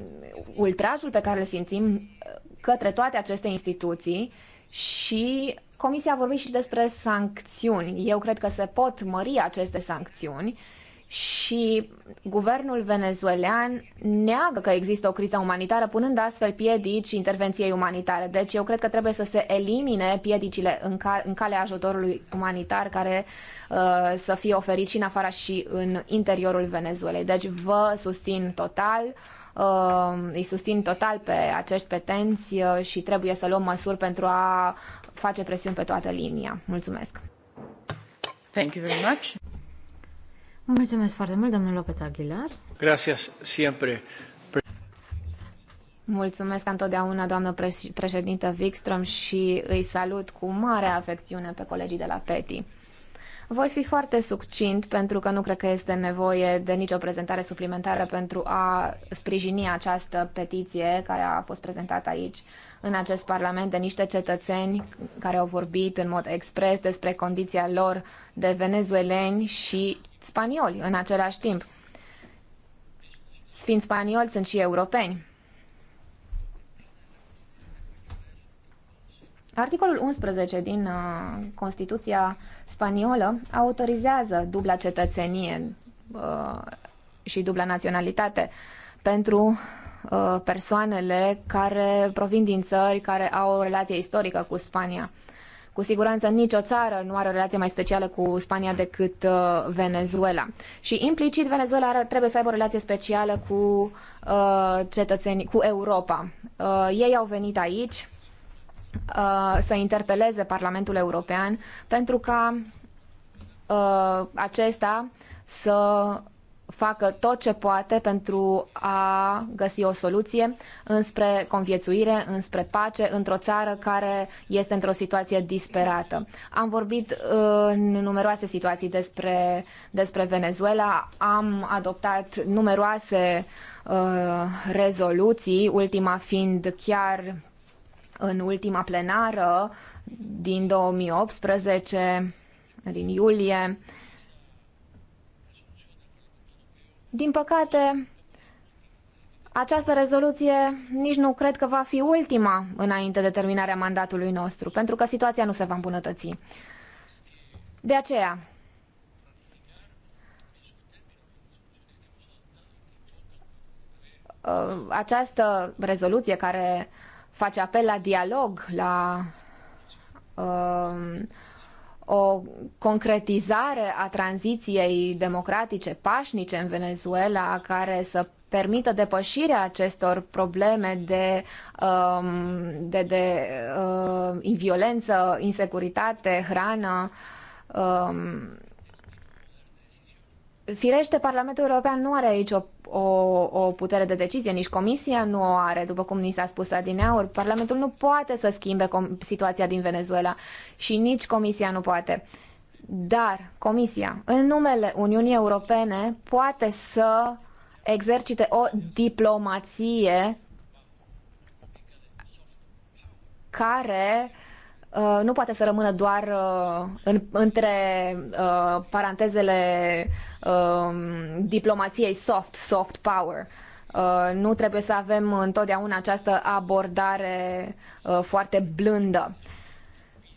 ultrajul pe care îl simțim uh, către toate aceste instituții și Comisia a vorbit și despre sancțiuni. Eu cred că se pot mări aceste sancțiuni și guvernul venezuelan neagă că există o criză umanitară, punând astfel piedici intervenției umanitare. Deci eu cred că trebuie să se elimine piedicile în, ca- în calea ajutorului umanitar care uh, să fie oferit și în afara și în interiorul Venezuelei. Deci vă susțin total. Uh, îi susțin total pe acești petenți uh, și trebuie să luăm măsuri pentru a face presiuni pe toată linia. Mulțumesc! Thank you very much. Mulțumesc foarte mult, domnul Lopez Aguilar. Gracias siempre. Mulțumesc ca întotdeauna, doamnă președintă Wikström, și îi salut cu mare afecțiune pe colegii de la PETI. Voi fi foarte succint pentru că nu cred că este nevoie de nicio prezentare suplimentară pentru a sprijini această petiție care a fost prezentată aici în acest Parlament de niște cetățeni care au vorbit în mod expres despre condiția lor de venezueleni și spanioli în același timp. Fiind spanioli, sunt și europeni. Articolul 11 din uh, Constituția spaniolă autorizează dubla cetățenie uh, și dubla naționalitate pentru Uh, persoanele care provin din țări care au o relație istorică cu Spania. Cu siguranță nicio țară nu are o relație mai specială cu Spania decât uh, Venezuela. Și implicit Venezuela are, trebuie să aibă o relație specială cu uh, cetățenii, cu Europa. Uh, ei au venit aici uh, să interpeleze Parlamentul European pentru ca uh, acesta să facă tot ce poate pentru a găsi o soluție înspre conviețuire, înspre pace, într-o țară care este într-o situație disperată. Am vorbit uh, în numeroase situații despre, despre Venezuela, am adoptat numeroase uh, rezoluții, ultima fiind chiar în ultima plenară din 2018, din iulie, uh, Din păcate, această rezoluție nici nu cred că va fi ultima înainte de terminarea mandatului nostru, pentru că situația nu se va îmbunătăți. De aceea, uh, această rezoluție care face apel la dialog, la uh, o concretizare a tranziției democratice pașnice în Venezuela care să permită depășirea acestor probleme de, um, de, de uh, violență, insecuritate, hrană um, Firește, Parlamentul European nu are aici o, o, o putere de decizie, nici Comisia nu o are, după cum ni s-a spus adineaur. Parlamentul nu poate să schimbe situația din Venezuela și nici Comisia nu poate. Dar Comisia, în numele Uniunii Europene, poate să exercite o diplomație care uh, Uh, nu poate să rămână doar uh, în, între uh, parantezele um, diplomației soft, soft power. Nu trebuie să avem întotdeauna această abordare foarte blândă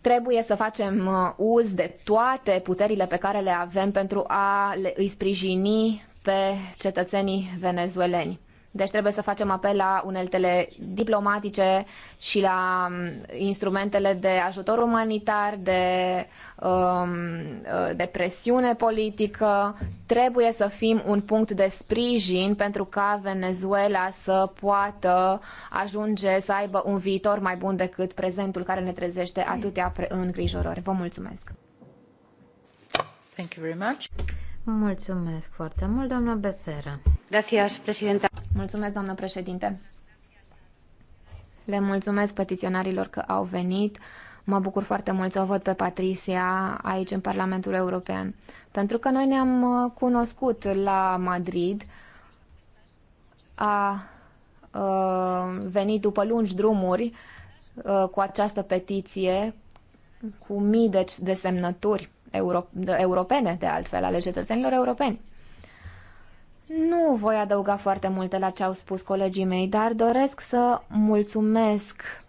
trebuie să facem uz de toate puterile pe care le avem pentru a le, îi sprijini pe cetățenii venezueleni. Deci trebuie să facem apel la uneltele diplomatice și la um, instrumentele de ajutor umanitar, de, um, uh, de presiune politică. Trebuie să fim un punct de sprijin pentru ca Venezuela să poată ajunge să aibă un viitor mai bun decât prezentul care ne trezește atâtea îngrijorări. Vă mulțumesc! Thank you very much. Mulțumesc foarte mult, doamna Becerra. Gracias, președinte. Mulțumesc, doamnă președinte. Le mulțumesc petiționarilor că au venit. Mă bucur foarte mult să o văd pe Patricia aici în Parlamentul European. Pentru că noi ne-am uh, cunoscut la Madrid. A, a uh, venit după lungi drumuri a, uh, cu această petiție, cu mii de, de semnături euro, europene, de altfel, ale cetățenilor europeni. Nu voi adăuga foarte multe la ce au spus colegii mei, dar doresc să mulțumesc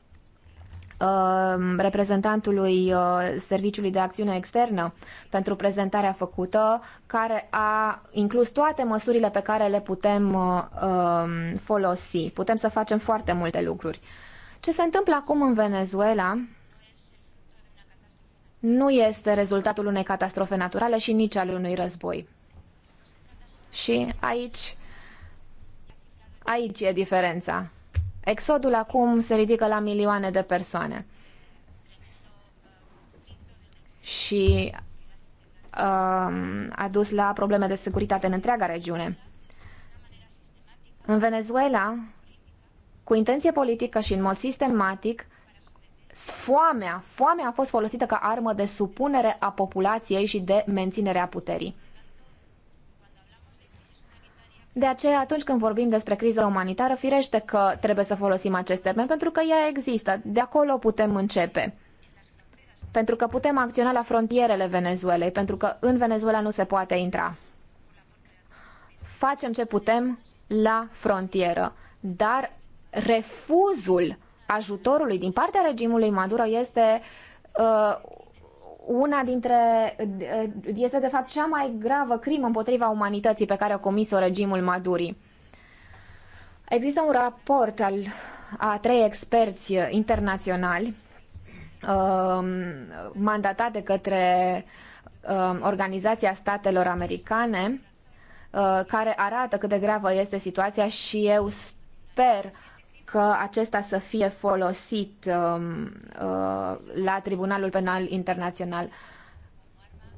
uh, reprezentantului uh, Serviciului de Acțiune Externă pentru prezentarea făcută, care a inclus toate măsurile pe care le putem uh, um, folosi. Putem să facem foarte multe lucruri. Ce se întâmplă acum în Venezuela nu este rezultatul unei catastrofe naturale și nici al unui război. Și aici, aici e diferența. Exodul acum se ridică la milioane de persoane. Și um, a dus la probleme de securitate în întreaga regiune. În Venezuela, cu intenție politică și în mod sistematic, foamea. Foamea a fost folosită ca armă de supunere a populației și de menținere a puterii. De aceea, atunci când vorbim despre criza umanitară, firește că trebuie să folosim acest termen, pentru că ea există. De acolo putem începe. Pentru că putem acționa la frontierele Venezuelei, pentru că în Venezuela nu se poate intra. Facem ce putem la frontieră, dar refuzul ajutorului din partea regimului Maduro este uh, una dintre. Uh, este de fapt cea mai gravă crimă împotriva umanității pe care a comis-o regimul Madurii. Există un raport al a trei experți internaționali uh, mandatat de către uh, Organizația Statelor Americane uh, care arată cât de gravă este situația și eu sper că acesta să fie folosit um, uh, la Tribunalul Penal Internațional.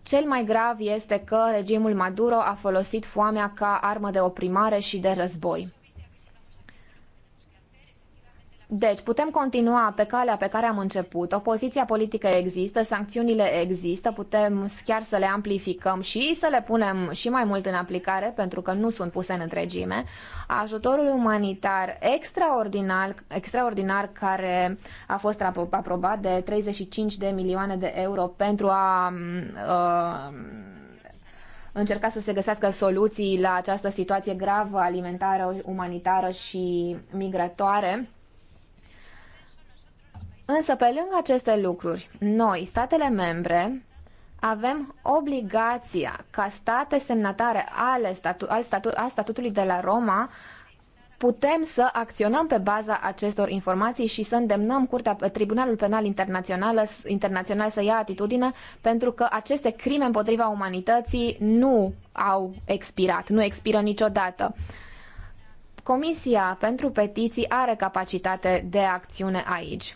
Cel mai grav este că regimul Maduro a folosit foamea ca armă de oprimare și de război. Deci, putem continua pe calea pe care am început. Opoziția politică există, sancțiunile există, putem chiar să le amplificăm și să le punem și mai mult în aplicare, pentru că nu sunt puse în întregime. Ajutorul umanitar extraordinar, extraordinar care a fost aprobat de 35 de milioane de euro pentru a mm, uh, încerca să se găsească soluții la această situație gravă alimentară, umanitară și migratoare. Însă, pe lângă aceste lucruri, noi, statele membre, avem obligația ca state semnatare ale statu- al statu- a statutului de la Roma putem să acționăm pe baza acestor informații și să îndemnăm Curtea Tribunalul Penal Internațional, internațional să ia atitudine pentru că aceste crime împotriva umanității nu au expirat, nu expiră niciodată. Comisia pentru petiții are capacitate de acțiune aici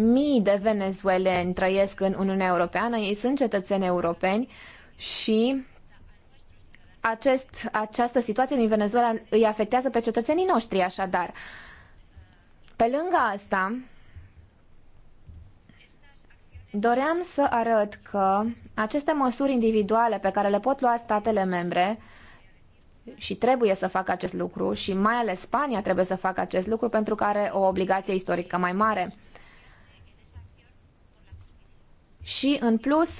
mii de venezueleni trăiesc în Uniunea Europeană, ei sunt cetățeni europeni și acest, această situație din Venezuela îi afectează pe cetățenii noștri, așadar. Pe lângă asta, doream să arăt că aceste măsuri individuale pe care le pot lua statele membre și trebuie să facă acest lucru și mai ales Spania trebuie să facă acest lucru pentru că are o obligație istorică mai mare și, în plus,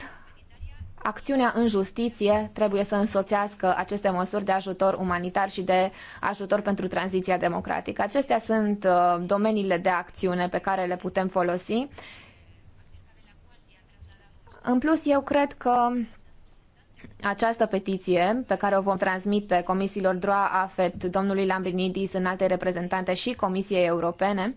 acțiunea în justiție trebuie să însoțească aceste măsuri de ajutor umanitar și de ajutor pentru tranziția democratică. Acestea sunt uh, domeniile de acțiune pe care le putem folosi. În plus, eu cred că această petiție pe care o vom transmite comisiilor DROA, AFET, domnului Lambrinidis, în alte reprezentante și Comisiei Europene,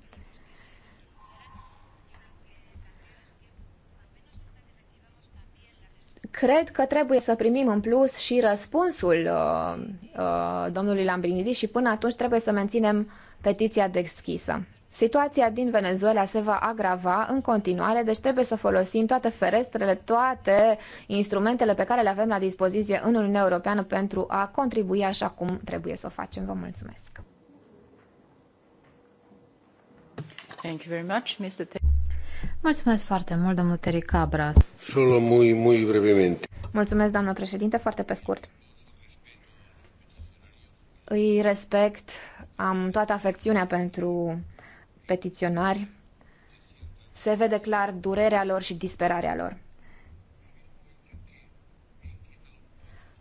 Cred că trebuie să primim în plus și răspunsul uh, uh, domnului Lambrinidis și până atunci trebuie să menținem petiția deschisă. Situația din Venezuela se va agrava în continuare, deci trebuie să folosim toate ferestrele, toate instrumentele pe care le avem la dispoziție în Uniunea Europeană pentru a contribui așa cum trebuie să o facem. Vă mulțumesc! Thank you very much, Mr. Mulțumesc foarte mult, domnul Teri Cabras. Solo muy, muy brevemente. Mulțumesc, doamnă președinte, foarte pe scurt. Îi respect, am toată afecțiunea pentru petiționari. Se vede clar durerea lor și disperarea lor.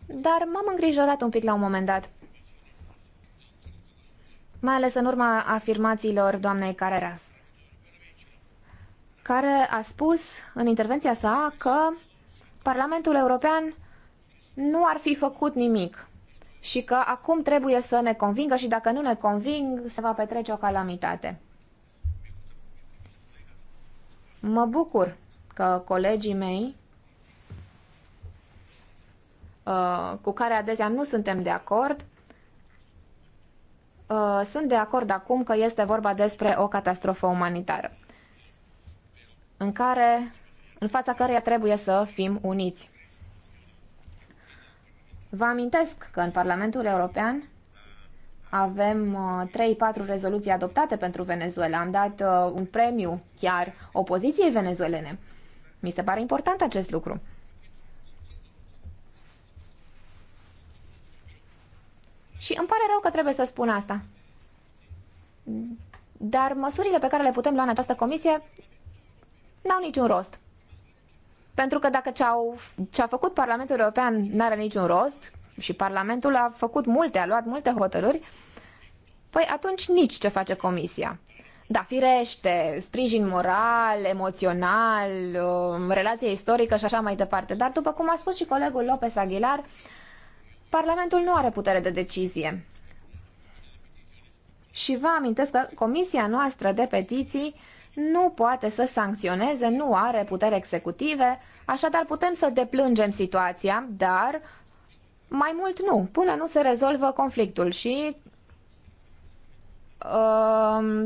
Dar m-am îngrijorat un pic la un moment dat mai ales în urma afirmațiilor doamnei Carreras care a spus în intervenția sa că Parlamentul European nu ar fi făcut nimic și că acum trebuie să ne convingă și dacă nu ne conving, se va petrece o calamitate. Mă bucur că colegii mei, uh, cu care adesea nu suntem de acord, uh, sunt de acord acum că este vorba despre o catastrofă umanitară în care, în fața căreia trebuie să fim uniți. Vă amintesc că în Parlamentul European avem 3-4 uh, rezoluții adoptate pentru Venezuela. Am dat uh, un premiu chiar opoziției venezuelene. Mi se pare important acest lucru. Și îmi pare rău că trebuie să spun asta. Dar măsurile pe care le putem lua în această comisie n-au niciun rost. Pentru că dacă ce-au, ce-a făcut Parlamentul European n-are niciun rost, și Parlamentul a făcut multe, a luat multe hotărâri, păi atunci nici ce face Comisia. Da, firește, sprijin moral, emoțional, um, relație istorică și așa mai departe. Dar după cum a spus și colegul Lopez Aguilar, Parlamentul nu are putere de decizie. Și vă amintesc că Comisia noastră de petiții nu poate să sancționeze, nu are putere executive, așadar putem să deplângem situația, dar mai mult nu, până nu se rezolvă conflictul și uh,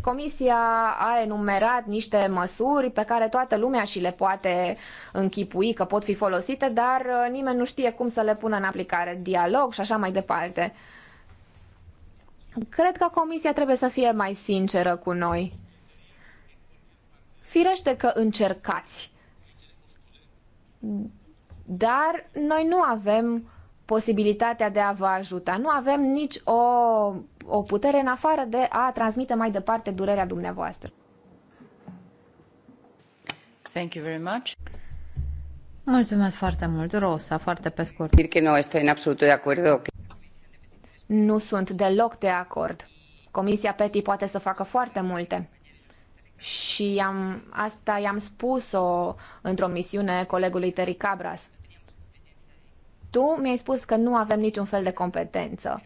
Comisia a enumerat niște măsuri pe care toată lumea și le poate închipui că pot fi folosite, dar uh, nimeni nu știe cum să le pună în aplicare, dialog și așa mai departe. Cred că Comisia trebuie să fie mai sinceră cu noi. Firește că încercați. Dar noi nu avem posibilitatea de a vă ajuta. Nu avem nici o, o putere în afară de a transmite mai departe durerea dumneavoastră. Thank you very much. Mulțumesc foarte mult, Rosa, foarte pe scurt. Dir că nu este în absolut de acord. Nu sunt deloc de acord. Comisia PETI poate să facă foarte multe și am, asta i-am spus-o într-o misiune colegului Terry Cabras. Tu mi-ai spus că nu avem niciun fel de competență.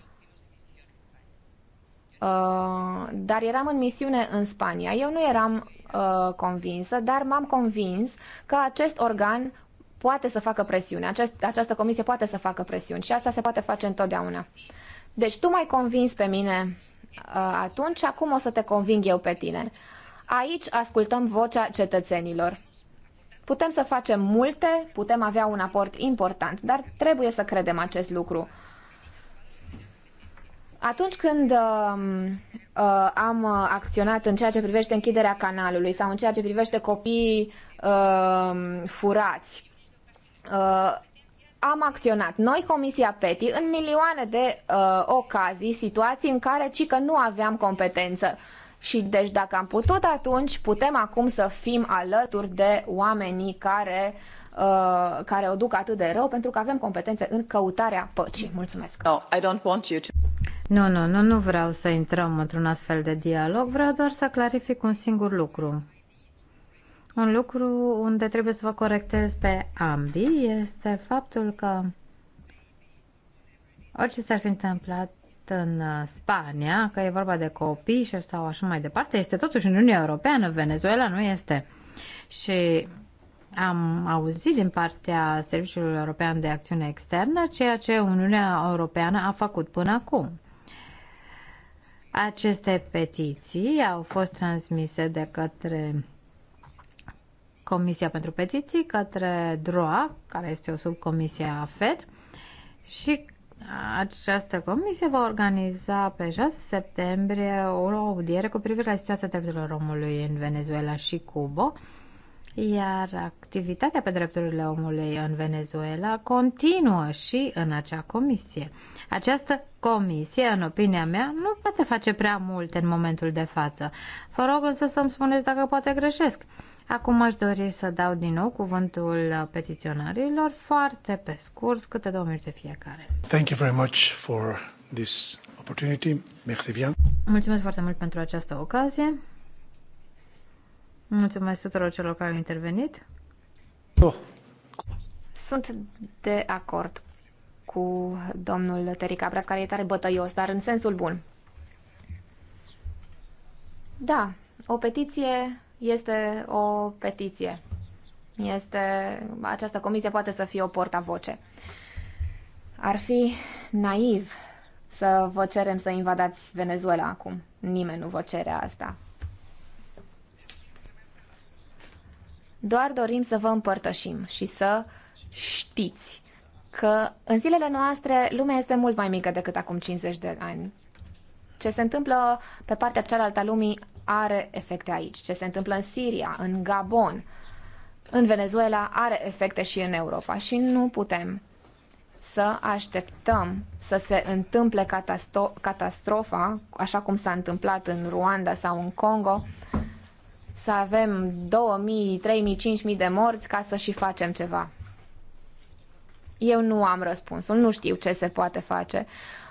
Uh, dar eram în misiune în Spania. Eu nu eram uh, convinsă, dar m-am convins că acest organ poate să facă presiune, acest, această comisie poate să facă presiuni și asta se poate face întotdeauna. Deci tu m-ai convins pe mine uh, atunci, acum o să te conving eu pe tine. Uh, Aici ascultăm vocea cetățenilor. Putem să facem multe, putem avea un aport important, dar trebuie să credem acest lucru. Atunci când uh, uh, am acționat în ceea ce privește închiderea canalului sau în ceea ce privește copiii uh, furați, uh, am acționat noi, Comisia PETI, în milioane de uh, ocazii, situații în care ci că nu aveam competență. Uh, și deci dacă am putut atunci, putem acum să fim alături de oamenii care, uh, care o duc atât de rău, pentru că avem competențe în căutarea păcii. Mulțumesc! No, I don't want you to... Nu, nu, nu, nu vreau să intrăm într-un astfel de dialog, vreau doar să clarific un singur lucru. Un lucru unde trebuie să vă corectez pe ambii este faptul că orice s-ar fi întâmplat în uh, Spania, că e vorba de copii și sau așa mai departe, este totuși în Uniunea Europeană, Venezuela nu este. Și am auzit din partea Serviciului European de Acțiune Externă ceea ce Uniunea Europeană a făcut până acum. Aceste petiții au fost transmise de către Comisia pentru Petiții, către DROA, care este o subcomisie a FED, și această comisie va organiza pe 6 septembrie o audiere cu privire la situația drepturilor omului în Venezuela și Cuba, iar activitatea pe drepturile omului în Venezuela continuă și în acea comisie. Această comisie, în opinia mea, nu poate face prea multe în momentul de față. Vă rog însă să-mi spuneți dacă poate greșesc. Acum aș dori să dau din nou cuvântul petiționarilor foarte pe scurt, câte două minute fiecare. Thank you very much for this opportunity. Merci bien. Mulțumesc foarte mult pentru această ocazie. Mulțumesc tuturor celor care au intervenit. Oh. Sunt de acord cu domnul Terica Abras, care e tare bătăios, dar în sensul bun. Da, o petiție este o petiție. Este, această comisie poate să fie o portavoce. Ar fi naiv să vă cerem să invadați Venezuela acum. Nimeni nu vă cere asta. Doar dorim să vă împărtășim și să știți că în zilele noastre lumea este mult mai mică decât acum 50 de ani. Ce se întâmplă pe partea cealaltă a lumii are efecte aici. Ce se întâmplă în Siria, în Gabon, în Venezuela are efecte și în Europa și nu putem să așteptăm să se întâmple catastro- catastrofa, așa cum s-a întâmplat în Ruanda sau în Congo, să avem 2000, 3000, 5000 de morți ca să și facem ceva. Eu nu am răspunsul, nu știu ce se poate face.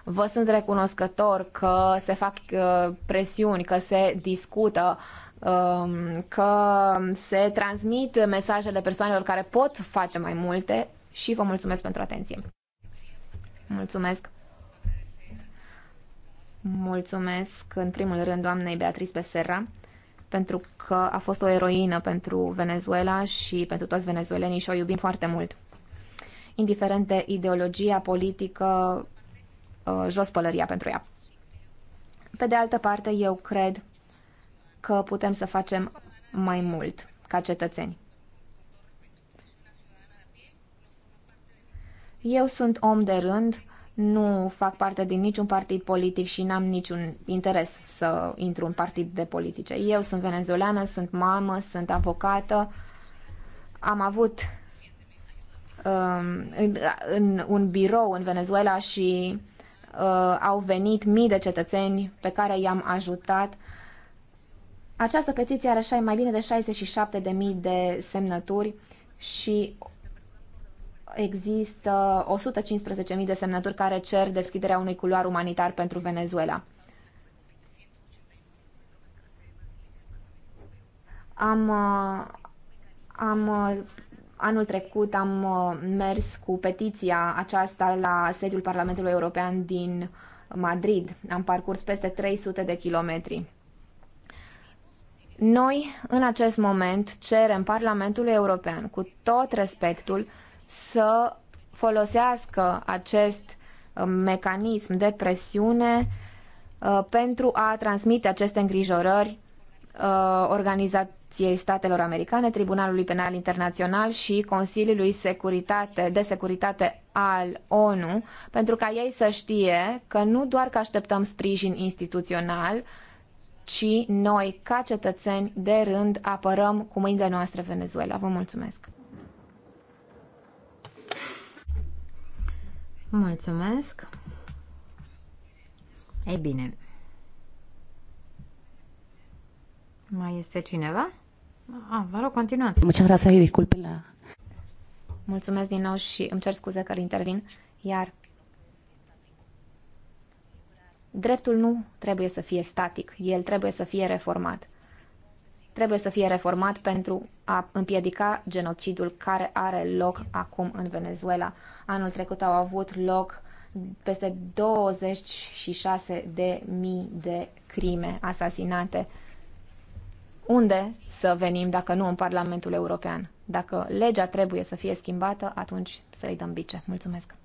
Vă sunt recunoscător că se fac uh, presiuni, că se discută, um, că se transmit mesajele persoanelor care pot face mai multe și vă mulțumesc pentru atenție. Mulțumesc! Mulțumesc în primul rând doamnei Beatriz Becerra pentru că a fost o eroină pentru Venezuela și pentru toți venezuelenii și o iubim foarte mult. Indiferent de ideologia politică uh, jos pălăria pentru ea. Pe de altă parte, eu cred că putem să facem mai mult ca cetățeni. Eu sunt om de rând, nu fac parte din niciun partid politic și n-am niciun interes să intru în partid de politice. Eu sunt venezuelană, sunt mamă, sunt avocată, am avut um, în, în un birou în Venezuela și uh, au venit mii de cetățeni pe care i-am ajutat. Această petiție are mai bine de 67.000 de semnături și există 115.000 de semnături care cer deschiderea unui culoar umanitar pentru Venezuela. Am, uh, am uh, Anul trecut am uh, mers cu petiția aceasta la sediul Parlamentului European din Madrid. Am parcurs peste 300 de kilometri. Noi, în acest moment, cerem Parlamentului European, cu tot respectul, să folosească acest uh, mecanism de presiune uh, pentru a transmite aceste îngrijorări organizate. Asociației Statelor Americane, Tribunalului Penal Internațional și Consiliului Securitate, de Securitate al ONU, pentru ca ei să știe că nu doar că așteptăm sprijin instituțional, ci noi, ca cetățeni de rând, apărăm cu mâinile noastre Venezuela. Vă mulțumesc! Mulțumesc! Ei bine, mai este cineva? Ah, vă rog, continuați. Muchas gracias y disculpen la... Mulțumesc din nou și îmi cer scuze că intervin. Iar dreptul nu trebuie să fie static, el trebuie să fie reformat. Trebuie să fie reformat pentru a împiedica genocidul care are loc acum în Venezuela. Anul trecut au avut loc peste 26 de mii de crime asasinate unde să venim dacă nu în Parlamentul European. Dacă legea trebuie să fie schimbată, atunci să-i dăm bice. Mulțumesc!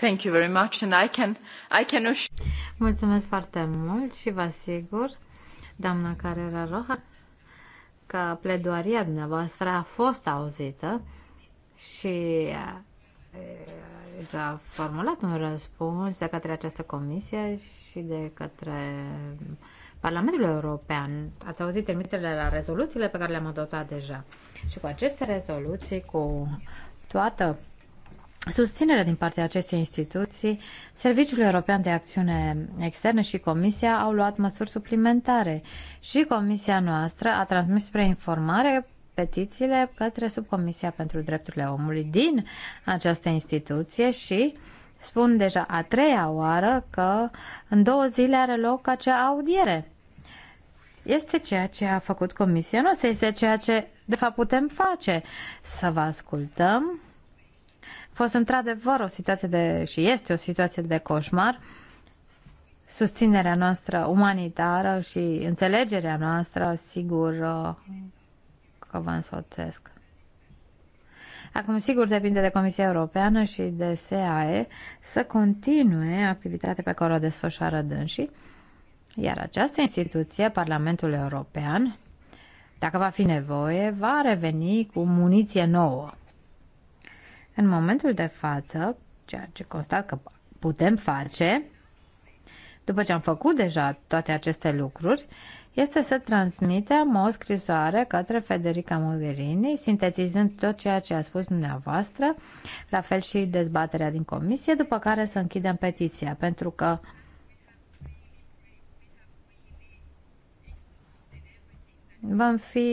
Thank you very much and I can, I can... Mulțumesc foarte mult și vă asigur, doamna Carrera Roja, că pledoaria dumneavoastră a fost auzită și eh, s-a formulat un răspuns de către această comisie și de către uh, Parlamentul European. Ați auzit trimiterile la rezoluțiile pe care le-am adoptat deja. Și cu aceste rezoluții, cu toată susținerea din partea acestei instituții, Serviciul European de Acțiune Externă și Comisia au luat măsuri suplimentare și Comisia noastră a transmis spre informare petițiile către Subcomisia pentru Drepturile Omului din această instituție și spun deja a treia oară că în două zile are loc acea audiere este ceea ce a făcut comisia noastră, este ceea ce de fapt putem face, să vă ascultăm. A fost într-adevăr o situație de, și este o situație de coșmar, susținerea noastră umanitară și înțelegerea noastră, sigur că vă însoțesc. Acum, sigur, depinde de Comisia Europeană și de SAE să continue activitatea pe care o desfășoară dânsii iar această instituție, Parlamentul European, dacă va fi nevoie, va reveni cu muniție nouă. În momentul de față, ceea ce constat că putem face, după ce am făcut deja toate aceste lucruri, este să transmitem o scrisoare către Federica Mogherini, sintetizând tot ceea ce a spus dumneavoastră, la fel și dezbaterea din comisie, după care să închidem petiția, pentru că vom fi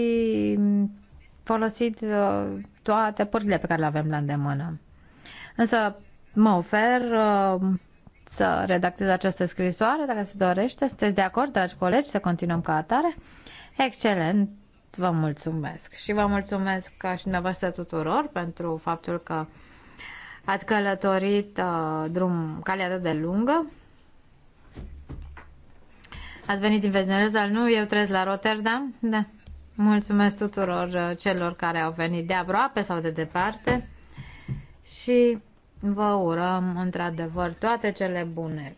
folosit uh, toate părțile pe care le avem la îndemână. Însă mă ofer uh, să redactez această scrisoare, dacă se dorește. Sunteți de acord, dragi colegi, să continuăm ca atare? Excelent! Vă mulțumesc și vă mulțumesc ca și dumneavoastră tuturor pentru faptul că ați călătorit uh, drum, calea de lungă. Ați venit din Venezuela, nu? Eu trăiesc la Rotterdam. Da. Mulțumesc tuturor uh, celor care au venit de aproape sau de departe și vă urăm într-adevăr toate cele bune.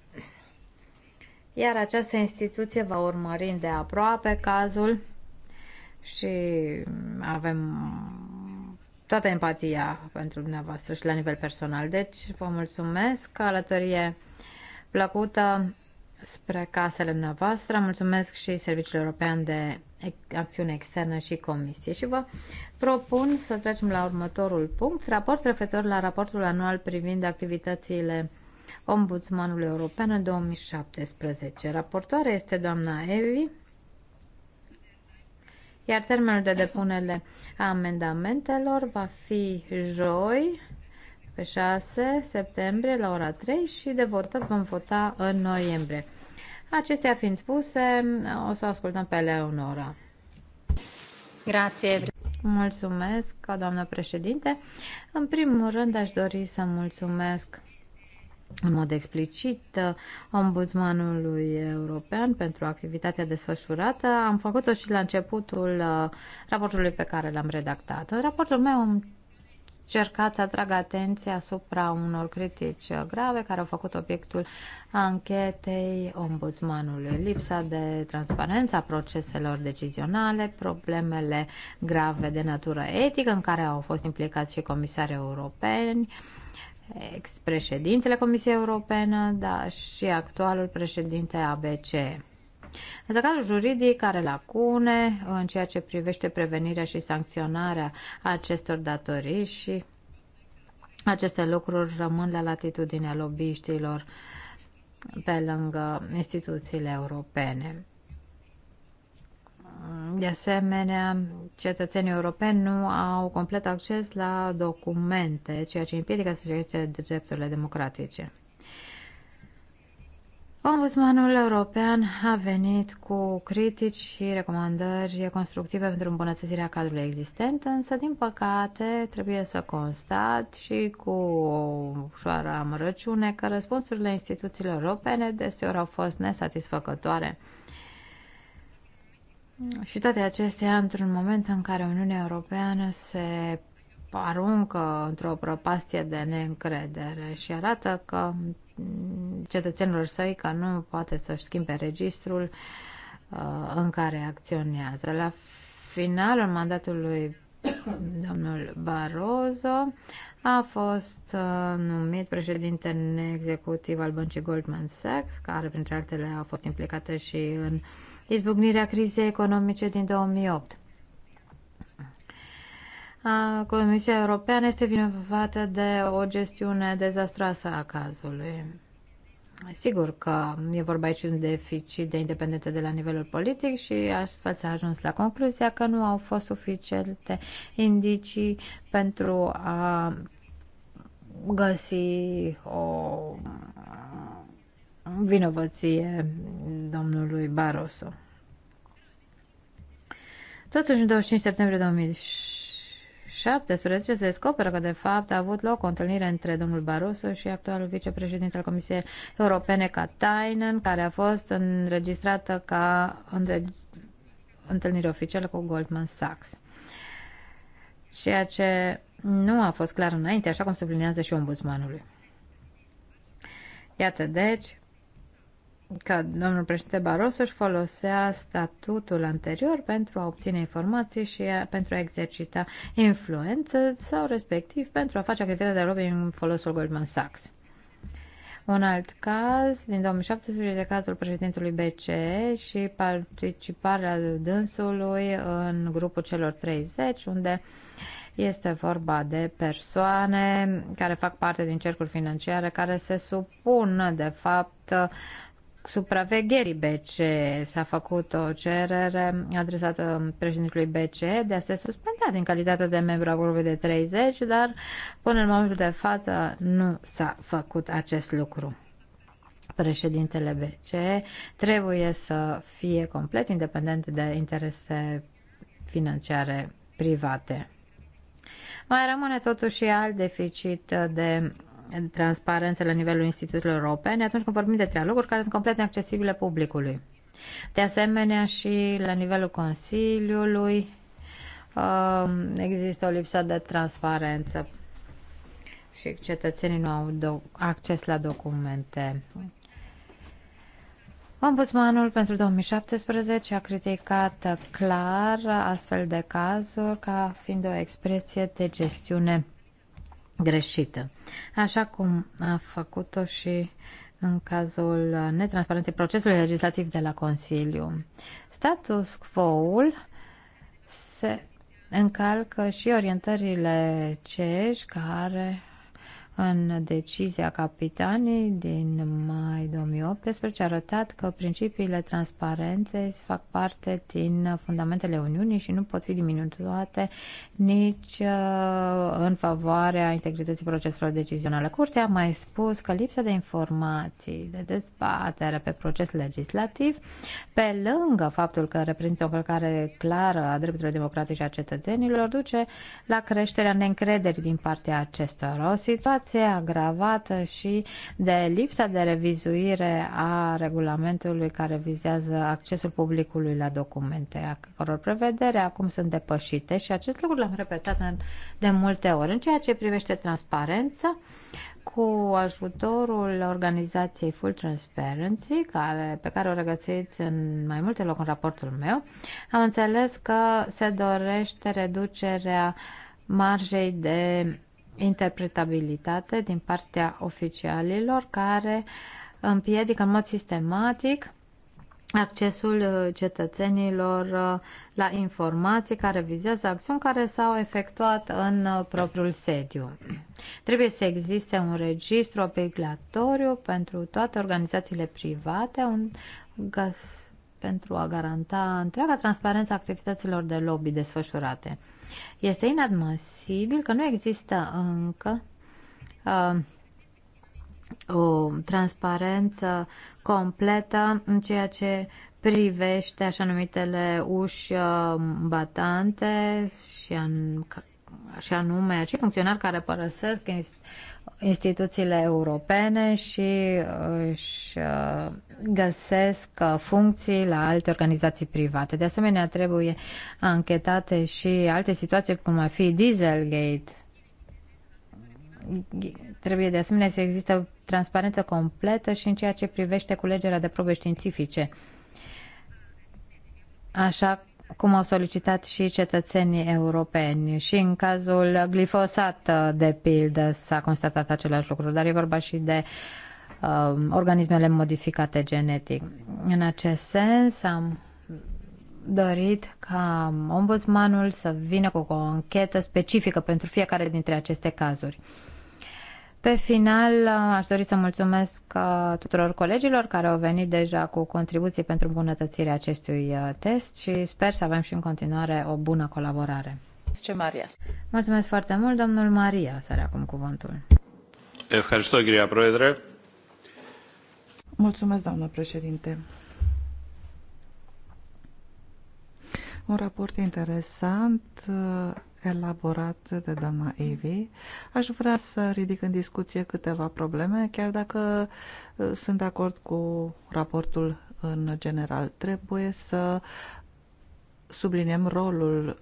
Iar această instituție va urmări de aproape cazul și avem toată empatia pentru dumneavoastră și la nivel personal. Deci, vă mulțumesc, călătorie plăcută spre casele dumneavoastră. Mulțumesc și Serviciul European de Acțiune Externă și Comisie și vă propun să trecem la următorul punct, raport referitor la raportul anual privind activitățile Ombudsmanului European în 2017. Raportoare este doamna Evi, iar termenul de depunere a amendamentelor va fi joi, pe 6 septembrie la ora 3 și de votat vom vota în noiembrie. Acestea fiind spuse, o să ascultăm pe Leonora. Grație. Mulțumesc, doamnă președinte. În primul rând, aș dori să mulțumesc în mod explicit uh, ombudsmanului european pentru activitatea desfășurată. Am făcut-o și la începutul uh, raportului pe care l-am redactat. În raportul meu am încercat să atrag atenția asupra unor critici grave care au făcut obiectul anchetei ombudsmanului. Lipsa de transparență a proceselor decizionale, problemele grave de natură etică în care au fost implicați și comisari europeni, ex-președintele Comisiei Europene, dar și actualul președinte ABC. Însă cadrul juridic are lacune în ceea ce privește prevenirea și sancționarea acestor datorii și aceste lucruri rămân la latitudinea lobbyiștilor pe lângă instituțiile europene. De asemenea, cetățenii europeni nu au complet acces la documente, ceea ce împiedică să și drepturile democratice. Ombudsmanul european a venit cu critici și recomandări constructive pentru îmbunătățirea cadrului existent, însă, din păcate, trebuie să constat și cu o ușoară amărăciune că răspunsurile instituțiilor europene deseori au fost nesatisfăcătoare. Și toate acestea într-un moment în care Uniunea Europeană se aruncă într-o prăpastie de neîncredere și arată că cetățenilor săi că nu poate să-și schimbe registrul uh, în care acționează. La finalul mandatului domnul Barroso a fost uh, numit președinte executiv al băncii Goldman Sachs, care printre altele a fost implicată și în izbucnirea crizei economice din 2008. Comisia Europeană este vinovată de o gestiune dezastroasă a cazului. Sigur că e vorba aici un deficit de independență de la nivelul politic și astfel s-a ajuns la concluzia că nu au fost suficiente indicii pentru a găsi o vinovăție domnului Barroso. Totuși, în 25 septembrie 2016, 2017 se descoperă că de fapt a avut loc o întâlnire între domnul Barroso și actualul vicepreședinte al Comisiei Europene Katainen, care a fost înregistrată ca întâlnire oficială cu Goldman Sachs. Ceea ce nu a fost clar înainte, așa cum sublinează și ombudsmanului. Iată deci ca domnul președinte Barroso își folosea statutul anterior pentru a obține informații și a, pentru a exercita influență sau respectiv pentru a face activitatea de lobby în folosul Goldman Sachs. Un alt caz, din 2017, cazul președintelui BCE și participarea dânsului în grupul celor 30, unde este vorba de persoane care fac parte din cercuri financiare, care se supun, de fapt, supravegherii BCE. S-a făcut o cerere adresată președintelui BCE de a se suspenda din calitate de membru a grupului de 30, dar până în momentul de față nu s-a făcut acest lucru. Președintele BCE trebuie să fie complet independent de interese financiare private. Mai rămâne totuși alt deficit de transparență la nivelul instituțiilor europene atunci când vorbim de trialoguri care sunt complet inaccesibile publicului. De asemenea și la nivelul Consiliului um, există o lipsă de transparență și cetățenii nu au acces la documente. Ombudsmanul pentru 2017 a criticat clar astfel de cazuri ca fiind o expresie de gestiune greșită, așa cum a făcut-o și în cazul netransparenței procesului legislativ de la Consiliu. Status quo-ul se încalcă și orientările cești care în decizia capitanii din mai 2018 a arătat că principiile transparenței fac parte din fundamentele Uniunii și nu pot fi diminuate nici uh, în favoarea integrității proceselor decizionale. Curtea a mai spus că lipsa de informații, de dezbatere pe proces legislativ, pe lângă faptul că reprezintă o încălcare clară a drepturilor democratice a cetățenilor, duce la creșterea neîncrederii din partea acestora. O situație situație agravată și de lipsa de revizuire a regulamentului care vizează accesul publicului la documente, a căror prevedere acum sunt depășite și acest lucru l-am repetat de multe ori. În ceea ce privește transparența, cu ajutorul organizației Full Transparency, care, pe care o regăsiți în mai multe locuri în raportul meu, am înțeles că se dorește reducerea marjei de interpretabilitate din partea oficialilor care împiedică în mod sistematic accesul uh, cetățenilor uh, la informații care vizează acțiuni care s-au efectuat în uh, propriul sediu. Trebuie să existe un registru obligatoriu pentru toate organizațiile private un găs pentru a garanta întreaga transparență a activităților de lobby desfășurate. Este inadmisibil că nu există încă uh, o transparență completă în ceea ce privește așa numitele uși uh, batante și, an, și anume acei funcționari care părăsesc instituțiile europene și își uh, găsesc uh, funcții la alte organizații private. De asemenea, trebuie anchetate și alte situații, cum ar fi Dieselgate. Trebuie de asemenea să există transparență completă și în ceea ce privește culegerea de probe științifice. Așa cum au solicitat și cetățenii europeni. Și în cazul glifosat, uh, de pildă, s-a constatat același lucru, dar e vorba și de uh, Um, organismele modificate genetic. În acest sens am dorit ca ombudsmanul să vină cu o anchetă specifică pentru fiecare dintre aceste cazuri. Pe final, aș dori să mulțumesc uh, tuturor colegilor care au venit deja cu contribuții pentru îmbunătățirea acestui uh, test și sper să avem și în continuare o bună colaborare. Ce Maria. Mulțumesc foarte mult, domnul Maria, să are acum cuvântul. Ευχαριστώ, Mulțumesc, doamnă președinte. Un raport interesant uh, elaborat de doamna Evi. Aș vrea să ridic în discuție câteva probleme, chiar dacă uh, sunt de acord cu raportul în general. Trebuie să subliniem rolul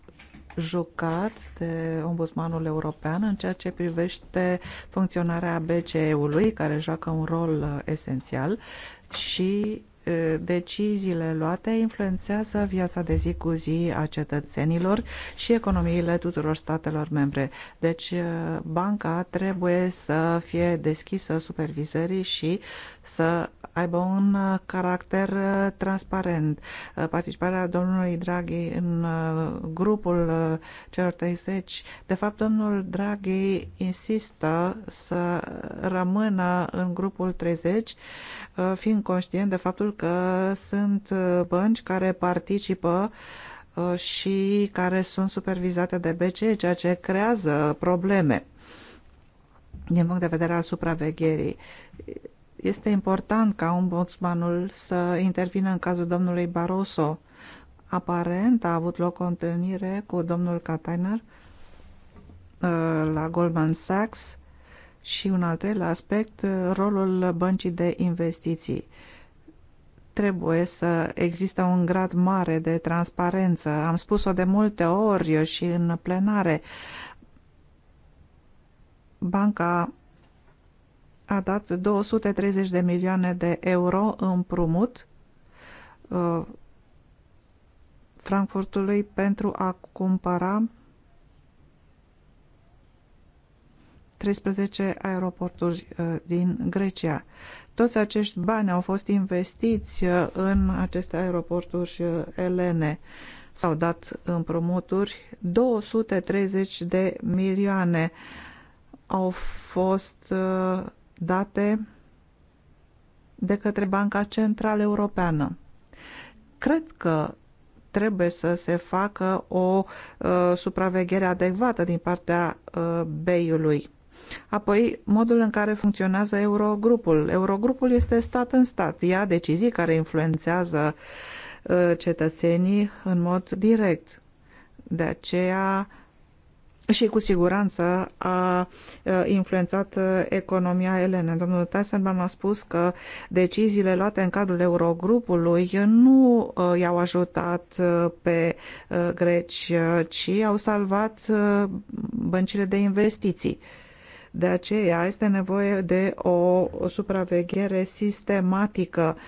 jucat de Ombudsmanul European în ceea ce privește funcționarea BCE-ului, care joacă un rol uh, esențial și uh, deciziile luate influențează viața de zi cu zi a cetățenilor și economiile tuturor statelor membre. Deci uh, banca trebuie să fie deschisă supervizării și să aibă un uh, caracter uh, transparent. Uh, participarea domnului Draghi în grupul celor 30, de fapt domnul Draghi insistă să rămână în grupul 30, fiind conștient de faptul că sunt bănci care participă și care sunt supervizate de BCE, ceea ce creează probleme din punct de vedere al supravegherii. Este important ca ombudsmanul să intervină în cazul domnului Barroso. Aparent a avut loc o întâlnire cu domnul Katainer uh, la Goldman Sachs și un al treilea aspect, uh, rolul băncii de investiții. Trebuie să există un grad mare de transparență. Am spus-o de multe ori și în plenare. Banca a dat 230 de milioane de euro împrumut uh, Frankfurtului pentru a cumpăra 13 aeroporturi uh, din Grecia. Toți acești bani au fost investiți uh, în aceste aeroporturi uh, elene. S-au dat împrumuturi 230 de milioane au fost uh, date de către Banca Centrală Europeană. Cred că trebuie să se facă o uh, supraveghere adecvată din partea uh, BEI-ului. Apoi, modul în care funcționează Eurogrupul. Eurogrupul este stat în stat. Ia decizii care influențează uh, cetățenii în mod direct. De aceea, uh, și cu siguranță a influențat uh, economia elene. Domnul Tassenbaum a spus că deciziile luate în cadrul Eurogrupului nu uh, i-au ajutat uh, pe greci, ci au salvat băncile de investiții. De aceea este nevoie de o supraveghere sistematică uh,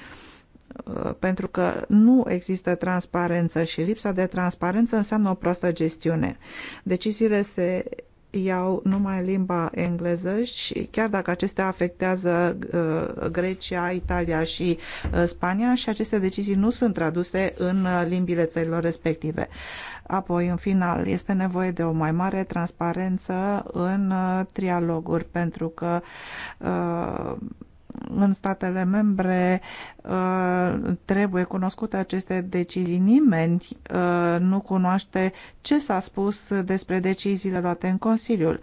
Uh, pentru că nu există transparență și lipsa de transparență înseamnă o proastă gestiune. Deciziile se iau numai limba engleză și chiar dacă acestea afectează uh, Grecia, Italia și uh, Spania și aceste decizii nu sunt traduse în limbile țărilor respective. Apoi, în final, este nevoie de o mai mare transparență în trialoguri pentru că în statele membre uh, trebuie cunoscute aceste decizii. Nimeni uh, nu cunoaște ce s-a spus despre deciziile luate în Consiliul.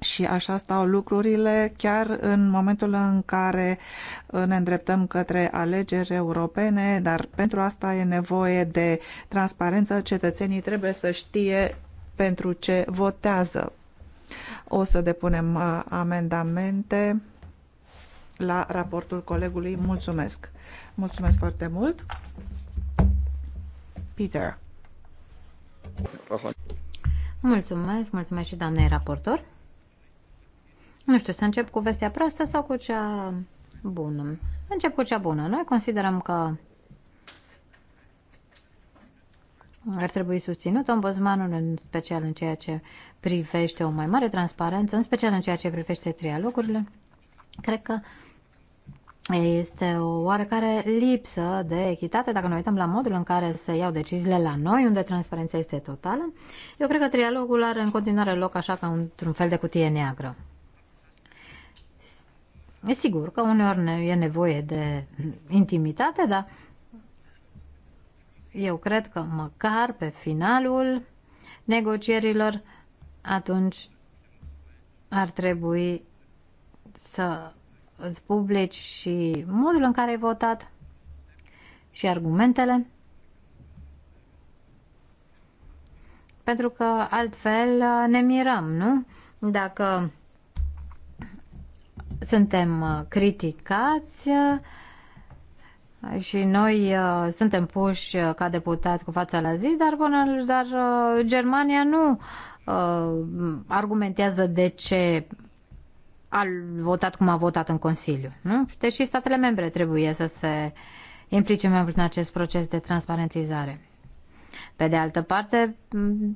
Și așa stau lucrurile chiar în momentul în care uh, ne îndreptăm către alegeri europene, dar pentru asta e nevoie de transparență. Cetățenii trebuie să știe pentru ce votează o să depunem uh, amendamente la raportul colegului. Mulțumesc! Mulțumesc foarte mult! Peter. Mulțumesc, mulțumesc și doamnei raportor. Nu știu, să încep cu vestea proastă sau cu cea bună. Încep cu cea bună. Noi considerăm că ar trebui susținut ombudsmanul, în special în ceea ce privește o mai mare transparență, în special în ceea ce privește trialogurile. Cred că este o oarecare lipsă de echitate dacă ne uităm la modul în care se iau deciziile la noi, unde transparența este totală. Eu cred că trialogul are în continuare loc așa ca într-un fel de cutie neagră. E sigur că uneori e nevoie de intimitate, dar eu cred că măcar pe finalul negocierilor, atunci ar trebui să îți publici și modul în care ai votat și argumentele. Pentru că altfel uh, ne mirăm, nu? Dacă suntem uh, criticați, uh, și noi uh, suntem puși uh, ca deputați cu fața la zi, dar, până, dar uh, Germania nu uh, argumentează de ce a votat cum a votat în Consiliu. Nu? Deci și statele membre trebuie să se implice mai mult în acest proces de transparentizare. Pe de altă parte,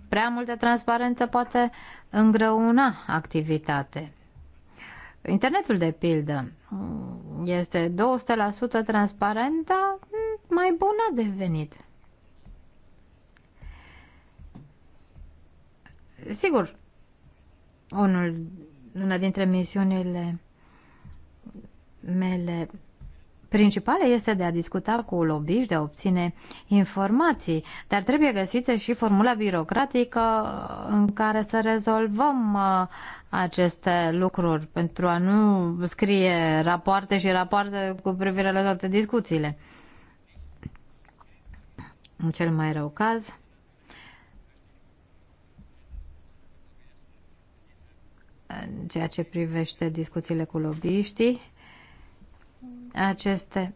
prea multă transparență poate îngrăuna activitate. Internetul, de pildă, este 200% transparentă, mai bună a devenit. Sigur, unul, una dintre misiunile mele Principala este de a discuta cu lobbyiști, de a obține informații, dar trebuie găsită și formula birocratică uh, în care să rezolvăm uh, aceste lucruri pentru a nu scrie rapoarte și rapoarte cu privire la toate discuțiile. În cel mai rău caz, în ceea ce privește discuțiile cu lobbyiștii, aceste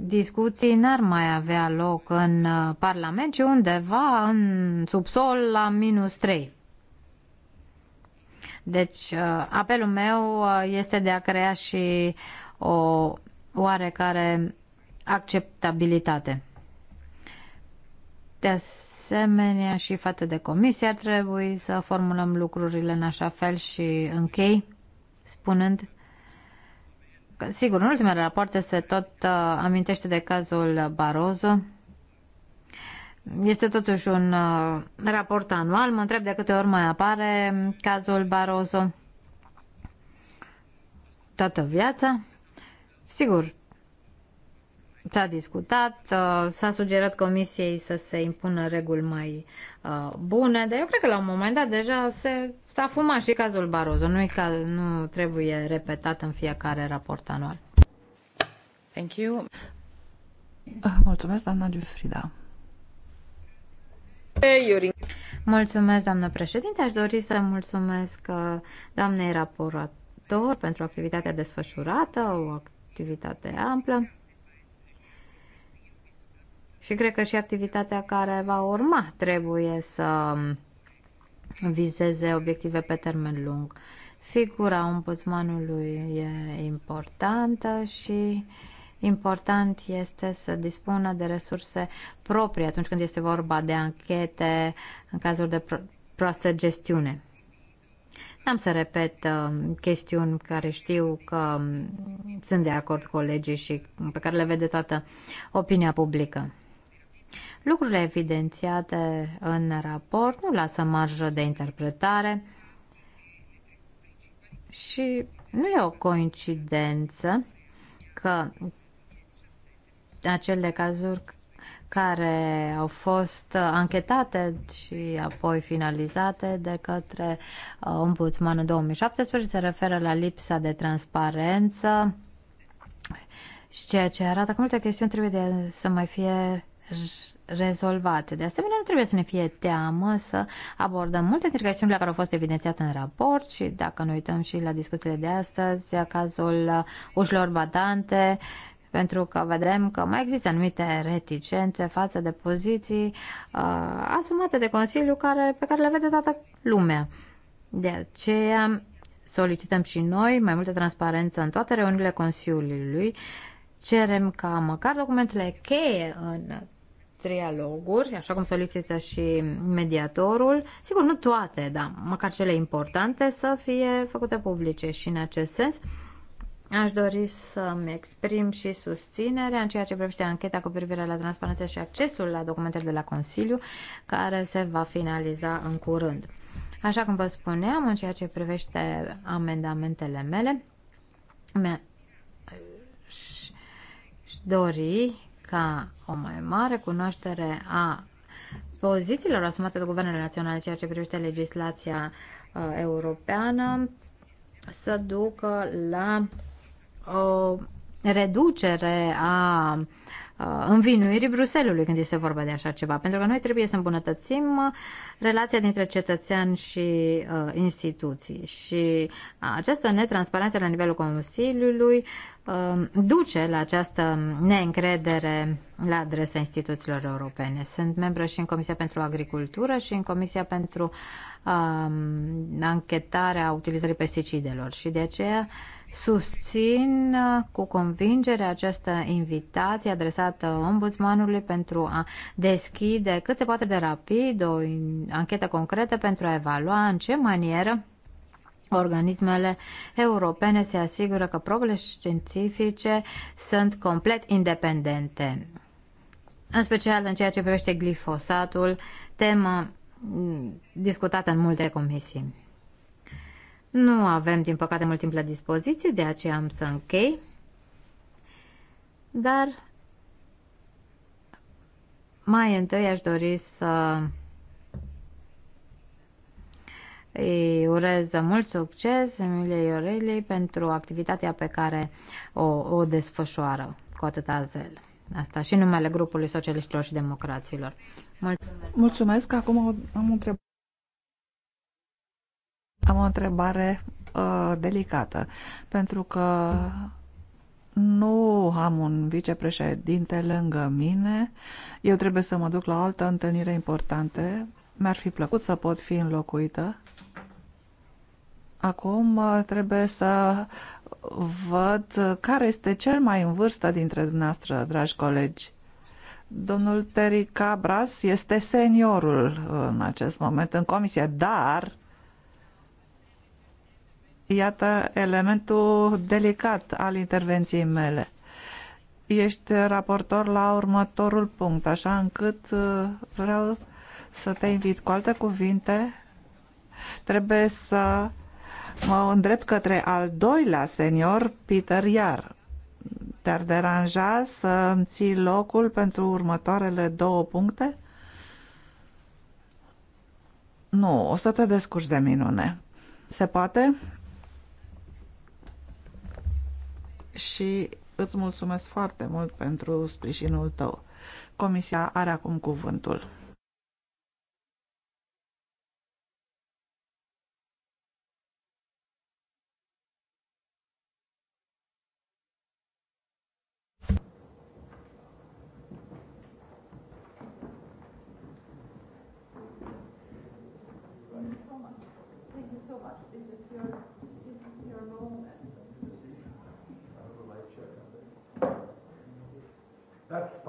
discuții n-ar mai avea loc în uh, Parlament, ci undeva în subsol la minus 3. Deci, uh, apelul meu uh, este de a crea și o oarecare acceptabilitate. De asemenea, și față de comisie ar trebui să formulăm lucrurile în așa fel și închei, spunând Sigur, în ultimele rapoarte se tot uh, amintește de cazul Barozo. Este totuși un uh, raport anual. Mă întreb de câte ori mai apare cazul Barozo. Toată viața. Sigur, s-a discutat, uh, s-a sugerat comisiei să se impună reguli mai uh, bune, dar eu cred că la un moment dat deja se, s-a fumat și cazul Barozo, Nu, ca, nu trebuie repetat în fiecare raport anual. Thank you. Uh, mulțumesc, doamna Giufrida. Mulțumesc, doamnă președinte. Aș dori să mulțumesc doamnei raportor pentru activitatea desfășurată, o activitate amplă. Și cred că și activitatea care va urma trebuie să vizeze obiective pe termen lung. Figura ombudsmanului e importantă și important este să dispună de resurse proprii atunci când este vorba de anchete în cazuri de pro- proastă gestiune. N-am să repet uh, chestiuni care știu că um, sunt de acord colegii și pe care le vede toată opinia publică. Lucrurile evidențiate în raport nu lasă marjă de interpretare și nu e o coincidență că acele cazuri care au fost anchetate și apoi finalizate de către uh, ombudsman în 2017 se referă la lipsa de transparență și ceea ce arată că multe chestiuni trebuie de, să mai fie rezolvate. De asemenea, nu trebuie să ne fie teamă să abordăm multe dintre chestiunile care au fost evidențiate în raport și dacă ne uităm și la discuțiile de astăzi, cazul uh, ușilor badante, pentru că vedem că mai există anumite reticențe față de poziții uh, asumate de Consiliu care, pe care le vede toată lumea. De aceea solicităm și noi mai multă transparență în toate reuniunile Consiliului, cerem ca măcar documentele cheie în trialoguri, așa cum solicită și mediatorul, sigur nu toate, dar măcar cele importante să fie făcute publice și în acest sens aș dori să-mi exprim și susținerea în ceea ce privește ancheta cu privire la transparență și accesul la documentele de la Consiliu, care se va finaliza în curând. Așa cum vă spuneam, în ceea ce privește amendamentele mele, mi-aș dori ca o mai mare cunoaștere a pozițiilor asumate de guvernele naționale ceea ce privește legislația uh, europeană să ducă la o reducere a Uh, învinuirii Bruselului când este vorba de așa ceva, pentru că noi trebuie să îmbunătățim uh, relația dintre cetățean și uh, instituții și uh, această netransparență la nivelul Consiliului uh, duce la această neîncredere la adresa instituțiilor europene. Sunt membră și în Comisia pentru Agricultură și în Comisia pentru uh, Anchetarea Utilizării Pesticidelor și de aceea uh, Susțin uh, cu convingere această invitație adresată ombudsmanului pentru a deschide cât se poate de rapid o anchetă concretă pentru a evalua în ce manieră organismele europene se asigură că probele științifice sunt complet independente. În special în ceea ce privește glifosatul, temă mm, discutată în multe comisii. Nu avem, din păcate, mult timp la dispoziție, de aceea am să închei. Dar mai întâi aș dori să îi urez mult succes Emiliei Iorelei pentru activitatea pe care o, o desfășoară cu atâta zel. Asta și numele grupului socialiștilor și democraților. Mulțumesc. Mulțumesc. Acum am o întrebare. Am o întrebare uh, delicată, pentru că nu am un vicepreședinte lângă mine, eu trebuie să mă duc la o altă întâlnire importantă, mi-ar fi plăcut să pot fi înlocuită. Acum uh, trebuie să văd care este cel mai în vârstă dintre dumneavoastră, dragi colegi. Domnul Terry Cabras este seniorul în acest moment în comisie, dar Iată elementul delicat al intervenției mele. Ești raportor la următorul punct, așa încât uh, vreau să te invit cu alte cuvinte. Trebuie să mă îndrept către al doilea senior, Peter Iar. Te-ar deranja să îmi ții locul pentru următoarele două puncte? Nu, o să te descurci de minune. Se poate? și îți mulțumesc foarte mult pentru sprijinul tău. Comisia are acum cuvântul.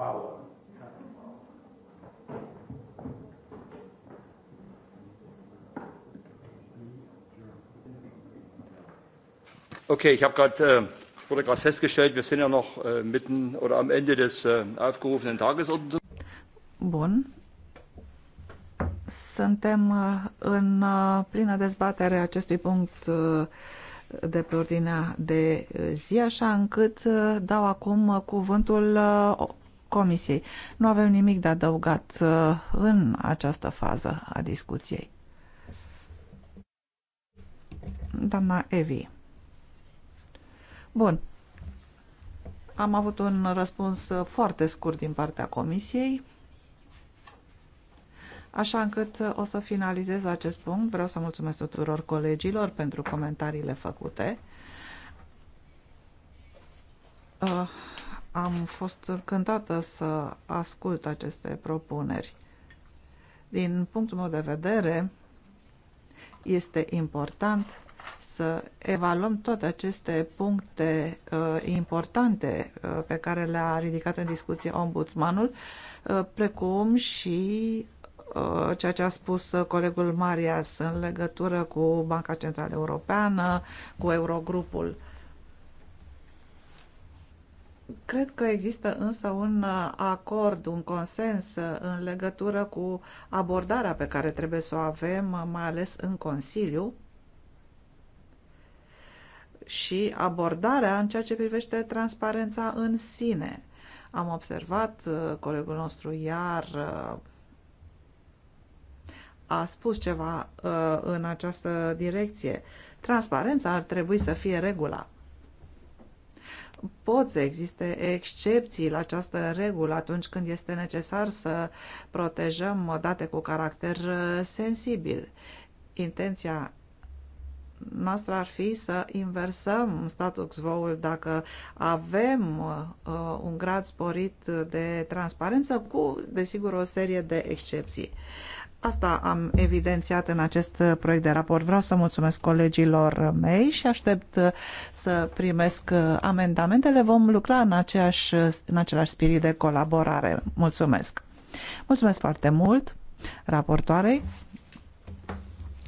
power. Okay, ich habe gerade äh, wurde gerade festgestellt, wir sind ja noch äh, mitten oder am Ende des äh, aufgerufenen Tagesordnungspunktes. Bun. Suntem äh, în äh, plină dezbatere acestui punct äh, de pe ordinea de zi, așa încât dau acum uh, cuvântul uh, Comisiei. Nu avem nimic de adăugat uh, în această fază a discuției. Doamna Evi. Bun. Am avut un răspuns uh, foarte scurt din partea Comisiei așa încât uh, o să finalizez acest punct. Vreau să mulțumesc tuturor colegilor pentru comentariile făcute. Am fost încântată să ascult aceste propuneri. Din punctul meu de vedere, este important să evaluăm toate aceste puncte uh, importante uh, pe care le-a ridicat în discuție ombudsmanul, uh, precum și uh, ceea ce a spus colegul Marias în legătură cu Banca Centrală Europeană, cu Eurogrupul. Uh, Cred că există însă un uh, acord, un consens uh, în legătură cu abordarea pe care trebuie să o avem, uh, mai ales în Consiliu, și abordarea în ceea ce privește transparența în sine. Am observat, colegul nostru iar a spus ceva în această direcție. Transparența ar trebui să fie regula pot să existe excepții la această regulă atunci când este necesar să protejăm date cu caracter uh, sensibil. Intenția noastră ar fi să inversăm status quo-ul dacă avem uh, un grad sporit de transparență cu, desigur, o serie de excepții. Asta am evidențiat în acest uh, proiect de raport. Vreau să mulțumesc colegilor mei și aștept uh, să primesc uh, amendamentele. Vom lucra în, aceeași, în același spirit de colaborare. Mulțumesc! Mulțumesc foarte mult raportoarei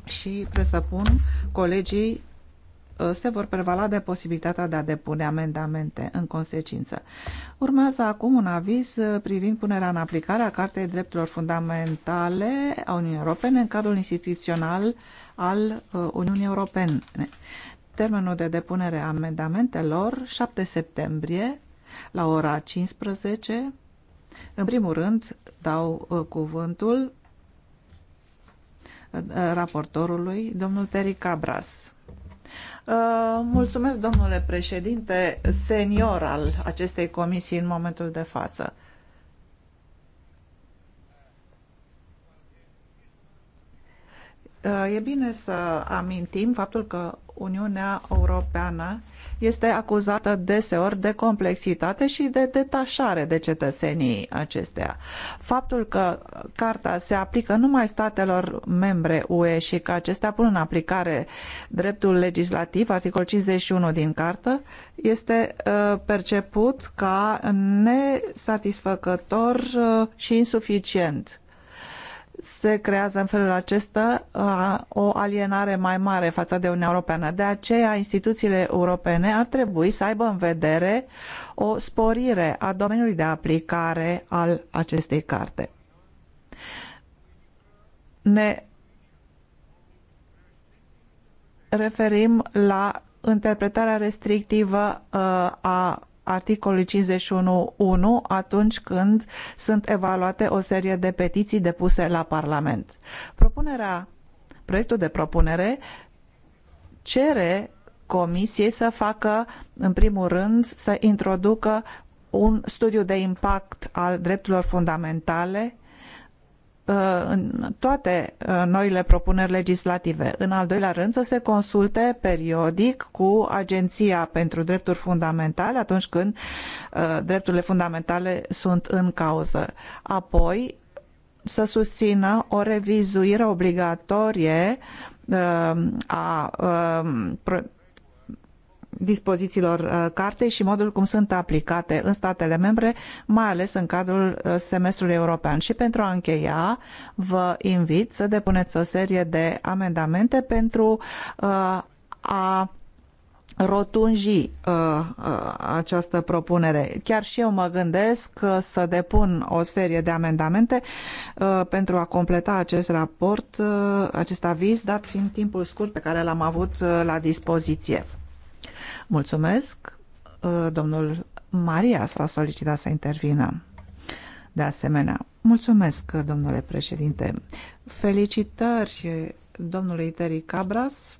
și presupun colegii Uh, se vor prevala de posibilitatea de a depune amendamente în consecință. Urmează acum un aviz uh, privind punerea în aplicare a Cartei Drepturilor Fundamentale a Uniunii Europene în cadrul instituțional al uh, Uniunii Europene. Termenul de depunere a amendamentelor 7 septembrie la ora 15. În primul rând dau cuvântul raportorului, domnul Terry Cabras. Uh, mulțumesc, domnule președinte, senior al acestei comisii în momentul de față. Uh, e bine să amintim faptul că Uniunea Europeană este acuzată deseori de complexitate și de detașare de cetățenii acesteia. Faptul că carta se aplică numai statelor membre UE și că acestea pun în aplicare dreptul legislativ, articol 51 din cartă, este uh, perceput ca nesatisfăcător uh, și insuficient se creează în felul acesta uh, o alienare mai mare față de Uniunea Europeană. De aceea, instituțiile europene ar trebui să aibă în vedere o sporire a domeniului de aplicare al acestei carte. Ne referim la interpretarea restrictivă uh, a articolului 51.1 atunci când sunt evaluate o serie de petiții depuse la Parlament. Propunerea, proiectul de propunere cere Comisiei să facă, în primul rând, să introducă un studiu de impact al drepturilor fundamentale Uh, în toate uh, noile propuneri legislative. În al doilea rând, să se consulte periodic cu Agenția pentru Drepturi Fundamentale atunci când uh, drepturile fundamentale sunt în cauză. Apoi, să susțină o revizuire obligatorie a dispozițiilor uh, cartei și modul cum sunt aplicate în statele membre, mai ales în cadrul uh, semestrului european. Și pentru a încheia, vă invit să depuneți o serie de amendamente pentru uh, a rotunji uh, uh, această propunere. Chiar și eu mă gândesc să depun o serie de amendamente pentru a completa acest raport, acest aviz, dat fiind timpul scurt pe care l-am avut la dispoziție. Mulțumesc. Uh, domnul Maria s-a solicitat să intervină. De asemenea, mulțumesc, uh, domnule președinte. Felicitări uh, domnului Teri Cabras.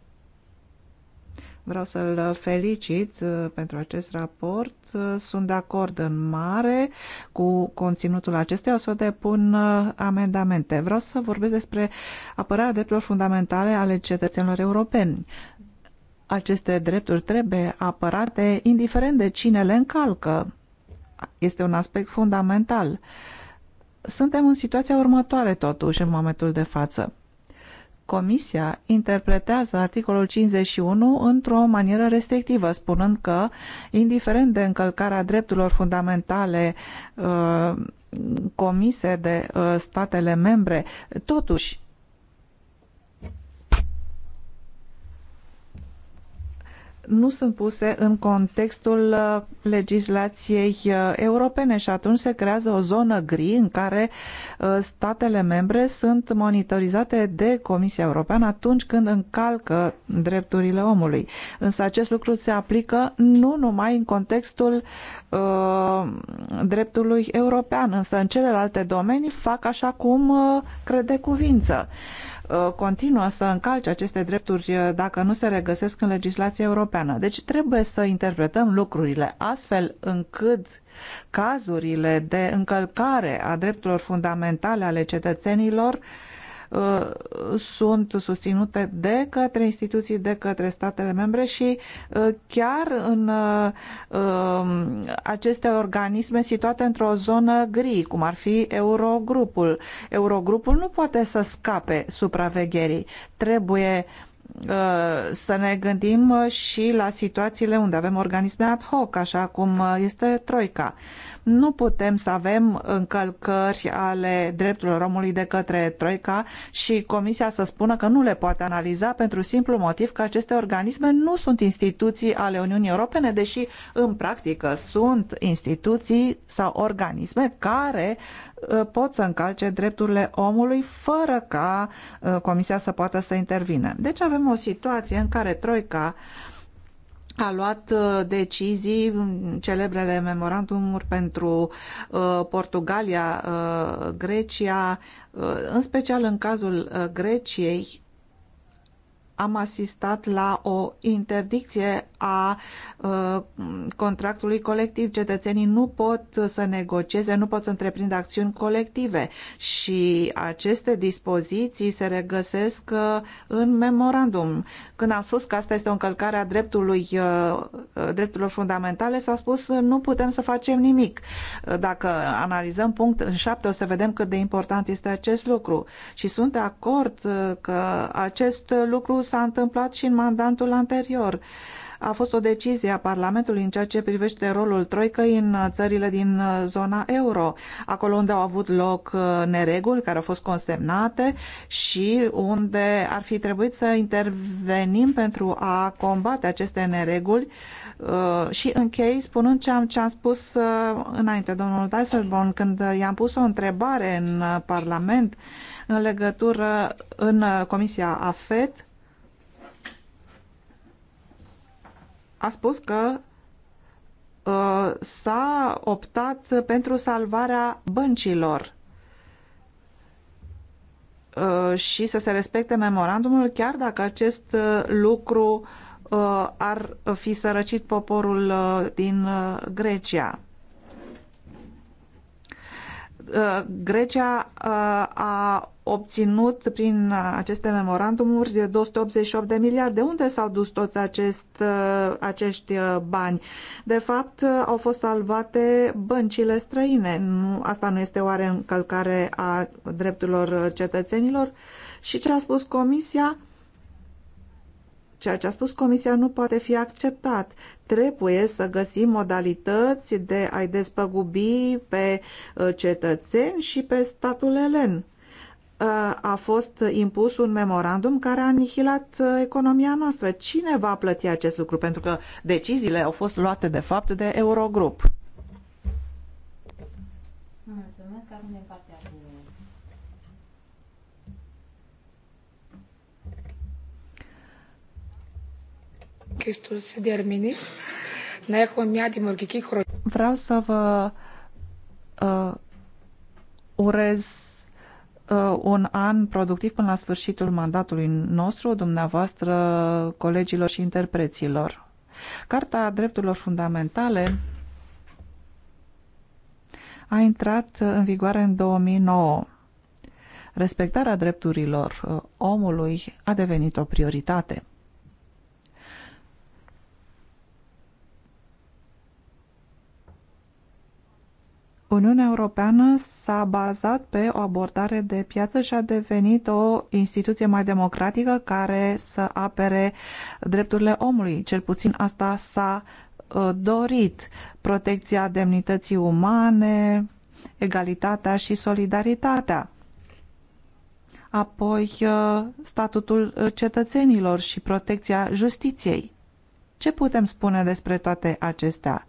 Vreau să-l felicit pentru acest raport. Sunt de acord în mare cu conținutul acestuia. O să depun amendamente. Vreau să vorbesc despre apărarea drepturilor fundamentale ale cetățenilor europeni. Aceste drepturi trebuie apărate indiferent de cine le încalcă. Este un aspect fundamental. Suntem în situația următoare totuși în momentul de față. Comisia interpretează articolul 51 într-o manieră restrictivă, spunând că, indiferent de încălcarea drepturilor fundamentale uh, comise de uh, statele membre, totuși nu sunt puse în contextul uh, legislației uh, europene și atunci se creează o zonă gri în care uh, statele membre sunt monitorizate de Comisia Europeană atunci când încalcă drepturile omului. Însă acest lucru se aplică nu numai în contextul uh, dreptului european, însă în celelalte domenii fac așa cum uh, crede cuvință. Uh, Uh, continuă să încalce aceste drepturi uh, dacă nu se regăsesc în legislația europeană. Deci trebuie să interpretăm lucrurile astfel încât cazurile de încălcare a drepturilor fundamentale ale cetățenilor uh, Uh, sunt susținute de către instituții, de către statele membre și uh, chiar în uh, um, aceste organisme situate într-o zonă gri, cum ar fi Eurogrupul. Eurogrupul nu poate să scape supravegherii. Trebuie să ne gândim și la situațiile unde avem organisme ad hoc, așa cum este Troica. Nu putem să avem încălcări ale drepturilor omului de către Troica și Comisia să spună că nu le poate analiza pentru simplu motiv că aceste organisme nu sunt instituții ale Uniunii Europene, deși în practică sunt instituții sau organisme care uh, pot să încalce drepturile omului fără ca uh, Comisia să poată să intervină. Deci avem o situație în care Troica uh, a luat uh, decizii, celebrele memorandumuri pentru uh, Portugalia, uh, Grecia, în special în cazul Greciei, am asistat la o interdicție a uh, contractului colectiv. Cetățenii nu pot să negocieze, nu pot să întreprindă acțiuni colective și aceste dispoziții se regăsesc uh, în memorandum. Când am spus că asta este o încălcare a dreptului, uh, drepturilor fundamentale, s-a spus uh, nu putem să facem nimic. Uh, dacă analizăm punct în șapte, o să vedem cât de important este acest lucru. Și sunt de acord uh, că acest lucru s-a întâmplat și în mandatul anterior. A fost o decizie a Parlamentului în ceea ce privește rolul Troicăi în țările din zona euro, acolo unde au avut loc uh, nereguli care au fost consemnate și unde ar fi trebuit să intervenim pentru a combate aceste nereguli uh, și închei spunând ce am, ce am spus uh, înainte, domnul Dijsselborn, când i-am pus o întrebare în Parlament în legătură în Comisia AFET a spus că uh, s-a optat pentru salvarea băncilor uh, și să se respecte memorandumul, chiar dacă acest uh, lucru uh, ar fi sărăcit poporul uh, din uh, Grecia. Uh, Grecia uh, a obținut prin aceste memorandumuri de 288 de miliarde. Unde s-au dus toți acest, uh, acești bani? De fapt, au fost salvate băncile străine. Nu, asta nu este oare încălcare a drepturilor cetățenilor? Și ce a spus Comisia? Ceea ce a spus Comisia nu poate fi acceptat. Trebuie să găsim modalități de a-i despăgubi pe uh, cetățeni și pe statul elen. Uh, a fost impus un memorandum care a anihilat uh, economia noastră. Cine va plăti acest lucru? Pentru că deciziile au fost luate, de fapt, de Eurogrup. Mulțumesc, Vreau să vă uh, urez uh, un an productiv până la sfârșitul mandatului nostru, dumneavoastră, colegilor și interpreților. Carta Drepturilor Fundamentale a intrat în vigoare în 2009. Respectarea drepturilor uh, omului a devenit o prioritate. Uniunea Europeană s-a bazat pe o abordare de piață și a devenit o instituție mai democratică care să apere drepturile omului. Cel puțin asta s-a ă, dorit. Protecția demnității umane, egalitatea și solidaritatea. Apoi ă, statutul ă, cetățenilor și protecția justiției. Ce putem spune despre toate acestea?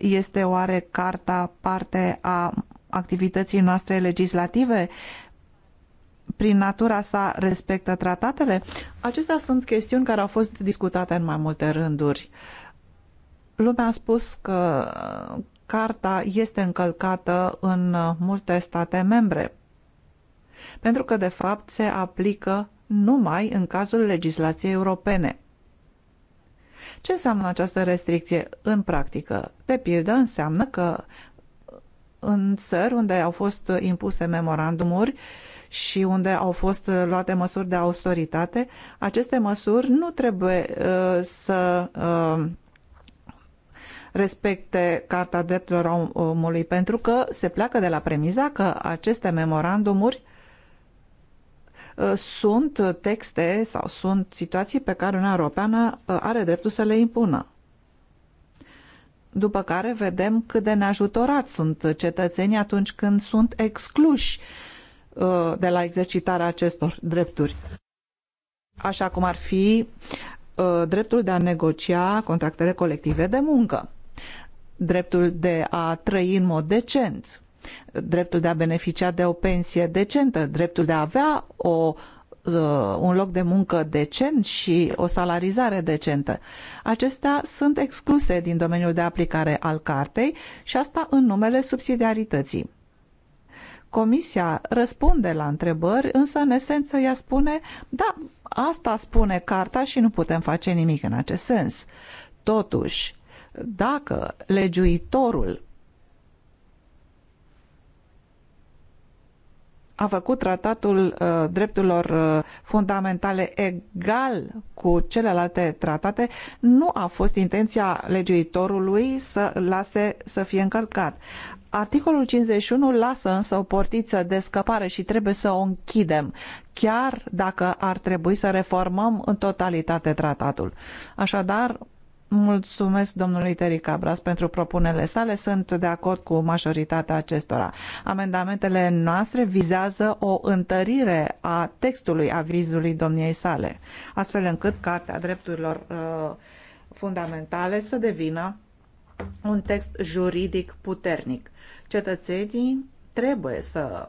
Este oare carta parte a activității noastre legislative? Prin natura sa respectă tratatele? Acestea sunt chestiuni care au fost discutate în mai multe rânduri. Lumea a spus că carta este încălcată în multe state membre, pentru că de fapt se aplică numai în cazul legislației europene. Ce înseamnă această restricție în practică? De pildă, înseamnă că în țări unde au fost impuse memorandumuri și unde au fost luate măsuri de austeritate, aceste măsuri nu trebuie uh, să uh, respecte Carta Drepturilor Omului, pentru că se pleacă de la premiza că aceste memorandumuri uh, Uh, sunt texte sau sunt situații pe care Uniunea Europeană uh, are dreptul să le impună. După care vedem cât de neajutorați sunt cetățenii atunci când sunt excluși uh, de la exercitarea acestor drepturi. Așa cum ar fi dreptul de a negocia contractele colective de muncă, dreptul de a trăi în mod decent, dreptul de a beneficia de o pensie decentă, dreptul de a avea o uh, un loc de muncă decent și o salarizare decentă. Acestea sunt excluse din domeniul de aplicare al cartei și asta în numele subsidiarității. Comisia răspunde la întrebări, însă în esență ea spune, da, asta spune carta și nu putem face nimic în acest sens. Totuși, dacă legiuitorul a făcut tratatul uh, drepturilor uh, fundamentale egal cu celelalte tratate, nu a fost intenția legiuitorului să lase să fie încălcat. Articolul 51 lasă însă o portiță de scăpare și trebuie să o închidem, chiar dacă ar trebui să reformăm în totalitate tratatul. Așadar, Mulțumesc domnului Terry Cabras pentru propunerile sale. Sunt de acord cu majoritatea acestora. Amendamentele noastre vizează o întărire a textului avizului domniei sale, astfel încât Cartea Drepturilor uh, Fundamentale să devină un text juridic puternic. Cetățenii trebuie să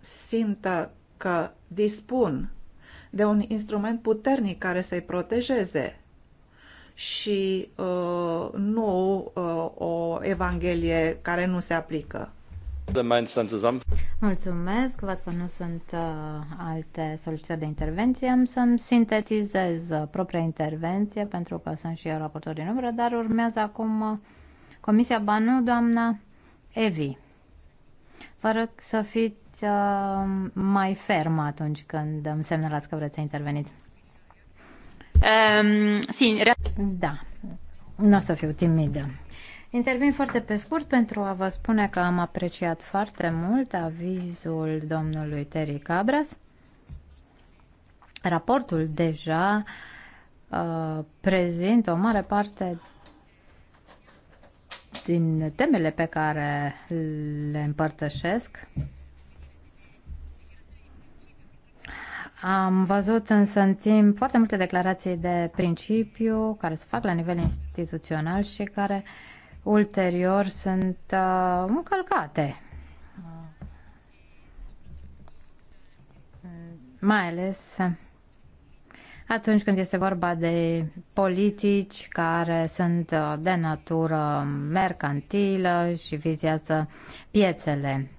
simtă că dispun de un instrument puternic care să-i protejeze și uh, nu uh, o evanghelie care nu se aplică. Mulțumesc, văd că nu sunt uh, alte solicitări de intervenție. Am să-mi sintetizez uh, propria intervenție pentru că sunt și eu raportor din umbră, dar urmează acum uh, Comisia Banu, doamna Evi. Vă rog să fiți fiți uh, mai ferm atunci când îmi semnalați că vreți să interveniți. Um, da, nu o să fiu timidă. Intervin foarte pe scurt pentru a vă spune că am apreciat foarte mult avizul domnului Terry Cabras. Raportul deja uh, prezintă o mare parte din temele pe care le împărtășesc Am văzut însă în timp foarte multe declarații de principiu care se fac la nivel instituțional și care ulterior sunt uh, încălcate. Uh, mai ales atunci când este vorba de politici care sunt uh, de natură mercantilă și vizează piețele.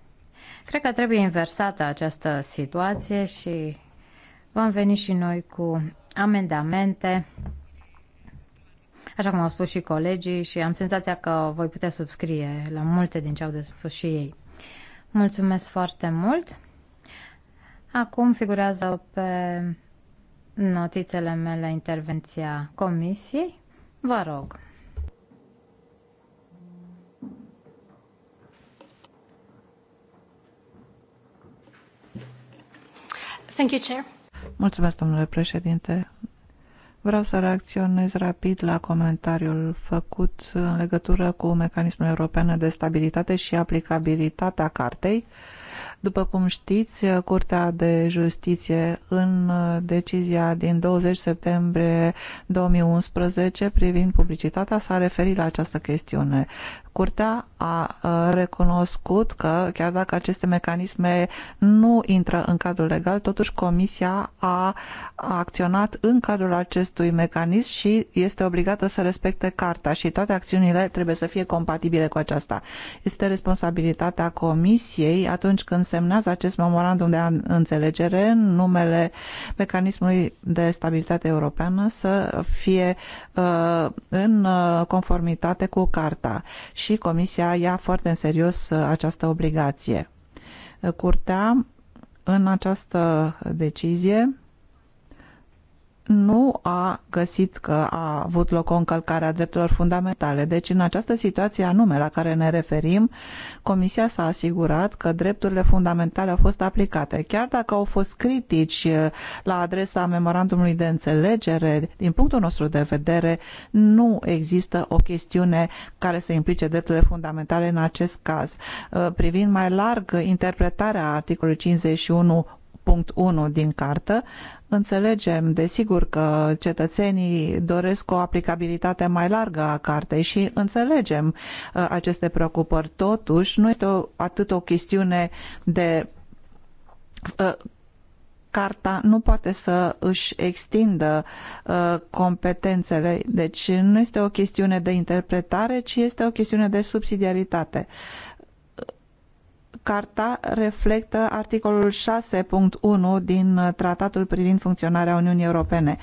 Cred că trebuie inversată această situație și Vom veni și noi cu amendamente, așa cum au spus și colegii și am senzația că voi putea subscrie la multe din ce au de spus și ei. Mulțumesc foarte mult! Acum figurează pe notițele mele intervenția comisiei. Vă rog! Thank you, Chair. Mulțumesc, domnule președinte. Vreau să reacționez rapid la comentariul făcut în legătură cu mecanismul european de stabilitate și aplicabilitatea cartei. După cum știți, Curtea de Justiție în decizia din 20 septembrie 2011 privind publicitatea s-a referit la această chestiune. Curtea a recunoscut că, chiar dacă aceste mecanisme nu intră în cadrul legal, totuși Comisia a acționat în cadrul acestui mecanism și este obligată să respecte carta și toate acțiunile trebuie să fie compatibile cu aceasta. Este responsabilitatea Comisiei atunci când semnează acest memorandum de înțelegere în numele mecanismului de stabilitate europeană să fie uh, în uh, conformitate cu Carta și Comisia ia foarte în serios uh, această obligație. Curtea în această decizie nu a găsit că a avut loc o încălcare a drepturilor fundamentale. Deci, în această situație anume la care ne referim, Comisia s-a asigurat că drepturile fundamentale au fost aplicate. Chiar dacă au fost critici eh, la adresa memorandumului de înțelegere, din punctul nostru de vedere, nu există o chestiune care să implice drepturile fundamentale în acest caz. Eh, privind mai larg interpretarea articolului 51 punct 1 din cartă, Înțelegem, desigur, că cetățenii doresc o aplicabilitate mai largă a cartei și înțelegem uh, aceste preocupări. Totuși, nu este o, atât o chestiune de uh, carta nu poate să își extindă uh, competențele. Deci nu este o chestiune de interpretare, ci este o chestiune de subsidiaritate. Carta reflectă articolul 6.1 din uh, Tratatul privind funcționarea Uniunii Europene,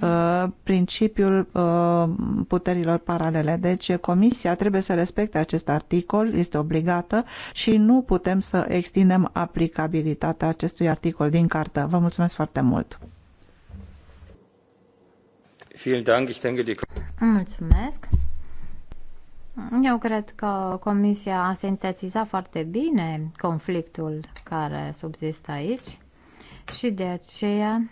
uh, principiul uh, puterilor paralele. Deci Comisia trebuie să respecte acest articol, este obligată și nu putem să extindem aplicabilitatea acestui articol din Cartă. Vă mulțumesc foarte mult! Mulțumesc! Eu cred că Comisia a sintetizat foarte bine conflictul care subzistă aici și de aceea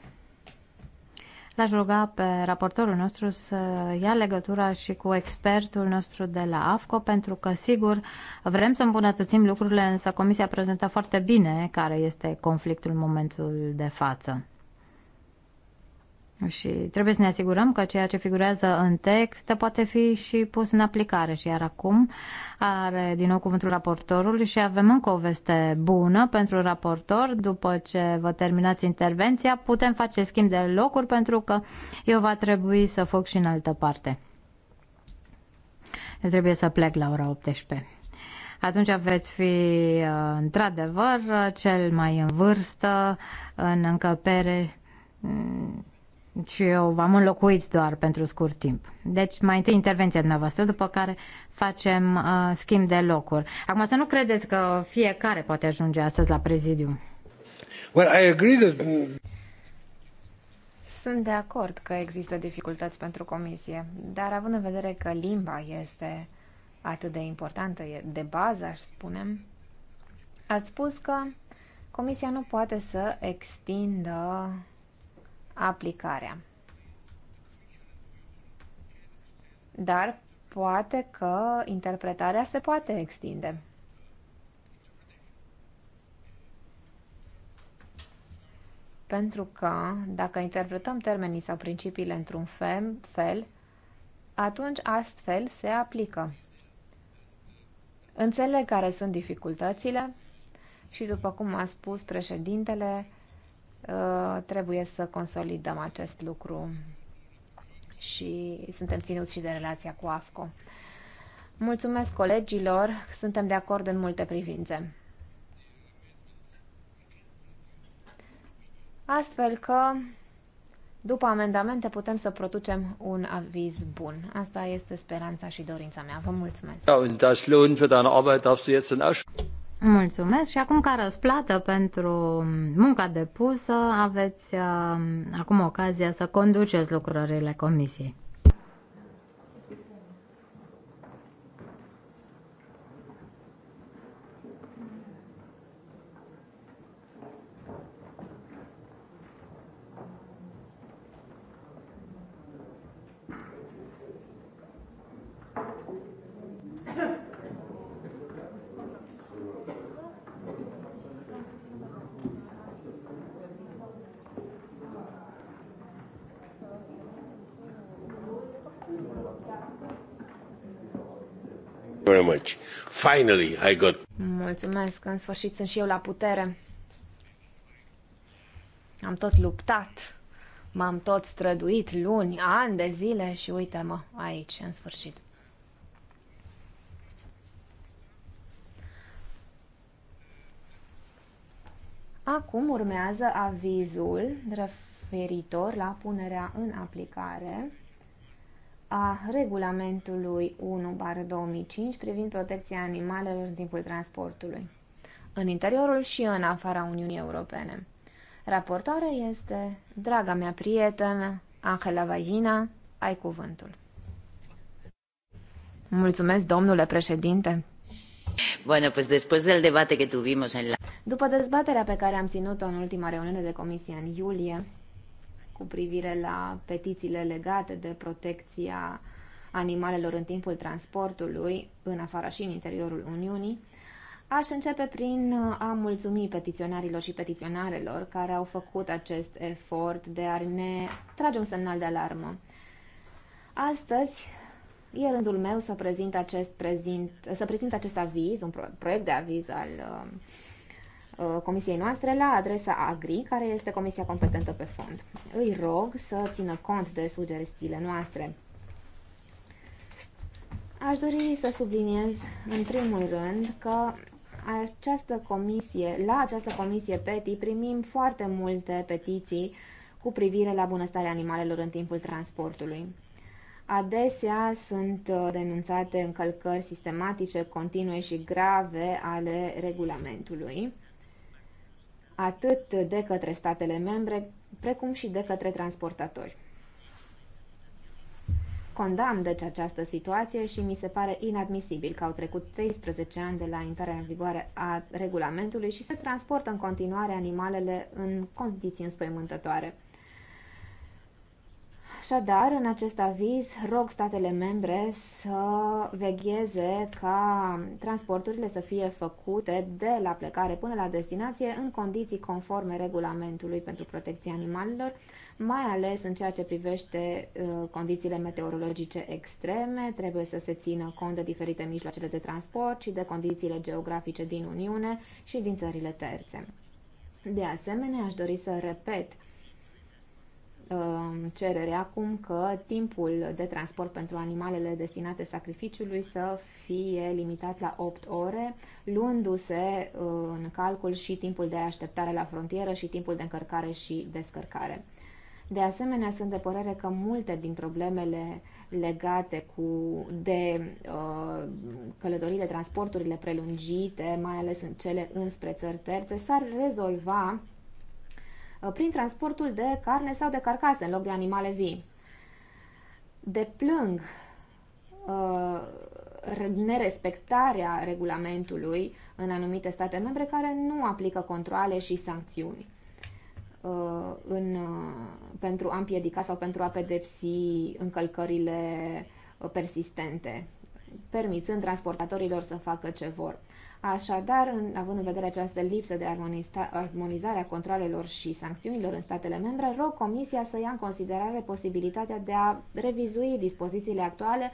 l-aș ruga pe raportorul nostru să ia legătura și cu expertul nostru de la AFCO, pentru că, sigur, vrem să îmbunătățim lucrurile, însă Comisia a prezentat foarte bine care este conflictul în momentul de față. Și trebuie să ne asigurăm că ceea ce figurează în text poate fi și pus în aplicare. Și iar acum are din nou cuvântul raportorului și avem încă o veste bună pentru raportor. După ce vă terminați intervenția, putem face schimb de locuri pentru că eu va trebui să fac și în altă parte. Eu trebuie să plec la ora 18 atunci veți fi uh, într-adevăr cel mai în vârstă, în încăpere mm, și eu v-am înlocuit doar pentru scurt timp. Deci, mai întâi intervenția dumneavoastră, după care facem uh, schimb de locuri. Acum să nu credeți că fiecare poate ajunge astăzi la prezidiu. Well, I agree that... Sunt de acord că există dificultăți pentru comisie, dar având în vedere că limba este atât de importantă, e de bază, aș spune, ați spus că comisia nu poate să extindă aplicarea. Dar poate că interpretarea se poate extinde. Pentru că dacă interpretăm termenii sau principiile într-un fel, atunci astfel se aplică. Înțeleg care sunt dificultățile și, după cum a spus președintele, Uh, trebuie să consolidăm acest lucru și suntem ținuți și de relația cu AFCO. Mulțumesc colegilor, suntem de acord în multe privințe. Astfel că, după amendamente, putem să producem un aviz bun. Asta este speranța și dorința mea. Vă mulțumesc. Ja, und das Lohn für deine Arbeit darfst du jetzt in Asch Mulțumesc și acum ca răsplată pentru munca depusă aveți uh, acum ocazia să conduceți lucrările comisiei. Finally, I got... Mulțumesc, în sfârșit sunt și eu la putere. Am tot luptat, m-am tot străduit luni, ani de zile și uite-mă aici, în sfârșit. Acum urmează avizul referitor la punerea în aplicare a regulamentului 1-2005 privind protecția animalelor în timpul transportului, în interiorul și în afara Uniunii Europene. Raportoarea este draga mea prietenă, Angela Vagina, ai cuvântul. Mulțumesc, domnule președinte. Bueno, pues después del debate que tuvimos en la... După dezbaterea pe care am ținut-o în ultima reuniune de comisie în iulie, cu privire la petițiile legate de protecția animalelor în timpul transportului, în afara și în interiorul Uniunii, aș începe prin a mulțumi petiționarilor și petiționarelor care au făcut acest efort de a ne trage un semnal de alarmă. Astăzi e rândul meu să prezint acest, prezint, să prezint acest aviz, un proiect de aviz al uh, Uh, comisiei noastre la adresa AGRI, care este comisia competentă pe fond. Îi rog să țină cont de sugestiile noastre. Aș dori să subliniez în primul rând că această comisie, la această comisie PETI primim foarte multe petiții cu privire la bunăstarea animalelor în timpul transportului. Adesea sunt uh, denunțate încălcări sistematice, continue și grave ale regulamentului atât de către statele membre, precum și de către transportatori. Condamn deci această situație și mi se pare inadmisibil că au trecut 13 ani de la intrarea în vigoare a regulamentului și se transportă în continuare animalele în condiții înspăimântătoare. Așadar, în acest aviz, rog statele membre să vegheze ca transporturile să fie făcute de la plecare până la destinație în condiții conforme regulamentului pentru protecția animalelor, mai ales în ceea ce privește uh, condițiile meteorologice extreme, trebuie să se țină cont de diferite mijloacele de transport și de condițiile geografice din Uniune și din țările terțe. De asemenea, aș dori să repet Um, cerere acum că timpul de transport pentru animalele destinate sacrificiului să fie limitat la 8 ore, luându-se uh, în calcul și timpul de așteptare la frontieră și timpul de încărcare și descărcare. De asemenea, sunt de părere că multe din problemele legate cu, de uh, călătorile, transporturile prelungite, mai ales în cele înspre țări terțe, s-ar rezolva Uh, prin transportul de carne sau de carcase în loc de animale vii. De plâng uh, nerespectarea regulamentului în anumite state membre care nu aplică controle și sancțiuni uh, în, pentru a împiedica sau pentru a pedepsi încălcările persistente, permițând transportatorilor să facă ce vor. Așadar, în, având în vedere această lipsă de armonizare a controlelor și sancțiunilor în statele membre, rog Comisia să ia în considerare posibilitatea de a revizui dispozițiile actuale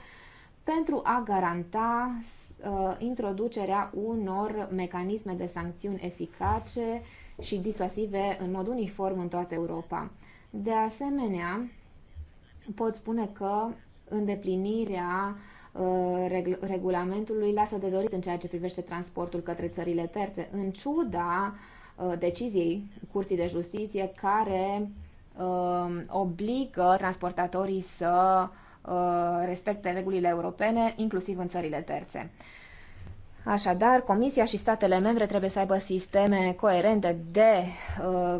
pentru a garanta uh, introducerea unor mecanisme de sancțiuni eficace și disuasive în mod uniform în toată Europa. De asemenea, pot spune că îndeplinirea uh, Uh, regulamentului lasă de dorit în ceea ce privește transportul către țările terțe, în ciuda uh, deciziei Curții de Justiție care uh, obligă transportatorii să respecte regulile europene, inclusiv în țările terțe. Așadar, Comisia și statele membre trebuie să aibă sisteme coerente de uh,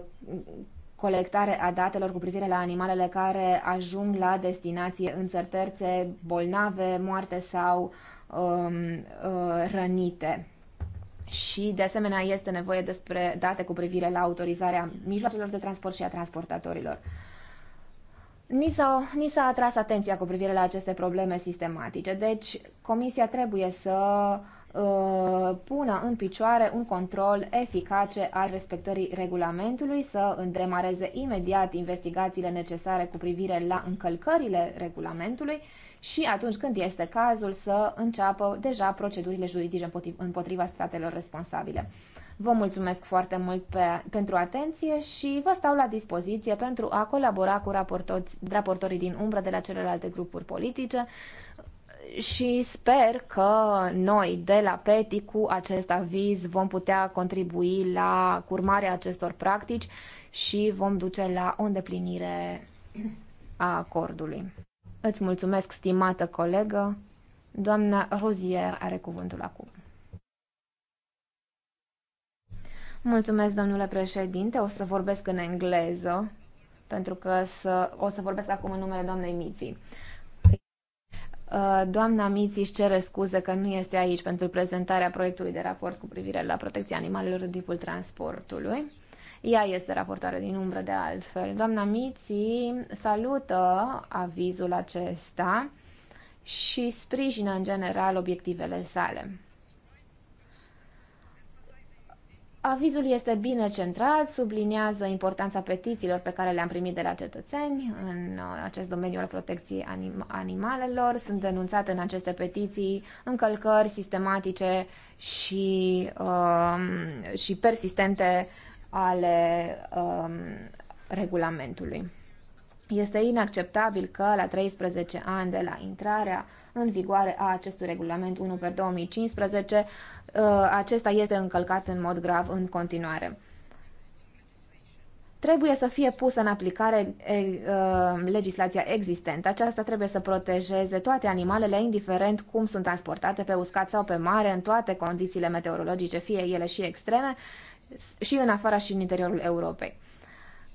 colectare a datelor cu privire la animalele care ajung la destinație în țări terțe, bolnave, moarte sau um, uh, rănite. Și, de asemenea, este nevoie despre date cu privire la autorizarea mijloacelor de transport și a transportatorilor. Ni s-a, ni s-a atras atenția cu privire la aceste probleme sistematice, deci Comisia trebuie să uh, Uh, pună în picioare un control eficace al respectării regulamentului, să îndemareze imediat investigațiile necesare cu privire la încălcările regulamentului și atunci când este cazul să înceapă deja procedurile juridice împotriva statelor responsabile. Vă mulțumesc foarte mult pe, pentru atenție și vă stau la dispoziție pentru a colabora cu raportorii din umbră de la celelalte grupuri politice și sper că noi de la PETI cu acest aviz vom putea contribui la curmarea acestor practici și vom duce la o îndeplinire a acordului. Îți mulțumesc, stimată colegă. Doamna Rozier are cuvântul acum. Mulțumesc, domnule președinte. O să vorbesc în engleză, pentru că să, o să vorbesc acum în numele doamnei Miții. Uh, Uh, doamna Miți își cere scuze că nu este aici pentru prezentarea proiectului de raport cu privire la protecția animalelor în timpul transportului. Ea este raportoare din umbră de altfel. Doamna Miți salută avizul acesta și sprijină în general obiectivele sale. Avizul este bine centrat, subliniază importanța petițiilor pe care le-am primit de la cetățeni în uh, acest domeniu al protecției anim- animalelor. Sunt denunțate în aceste petiții încălcări sistematice și, um, și persistente ale um, regulamentului. Este inacceptabil că la 13 ani de la intrarea în vigoare a acestui regulament 1 pe 2015 Uh, acesta este încălcat în mod grav în continuare. Trebuie să fie pusă în aplicare uh, legislația existentă. Aceasta trebuie să protejeze toate animalele, indiferent cum sunt transportate pe uscat sau pe mare, în toate condițiile meteorologice, fie ele și extreme, și în afara și în interiorul Europei.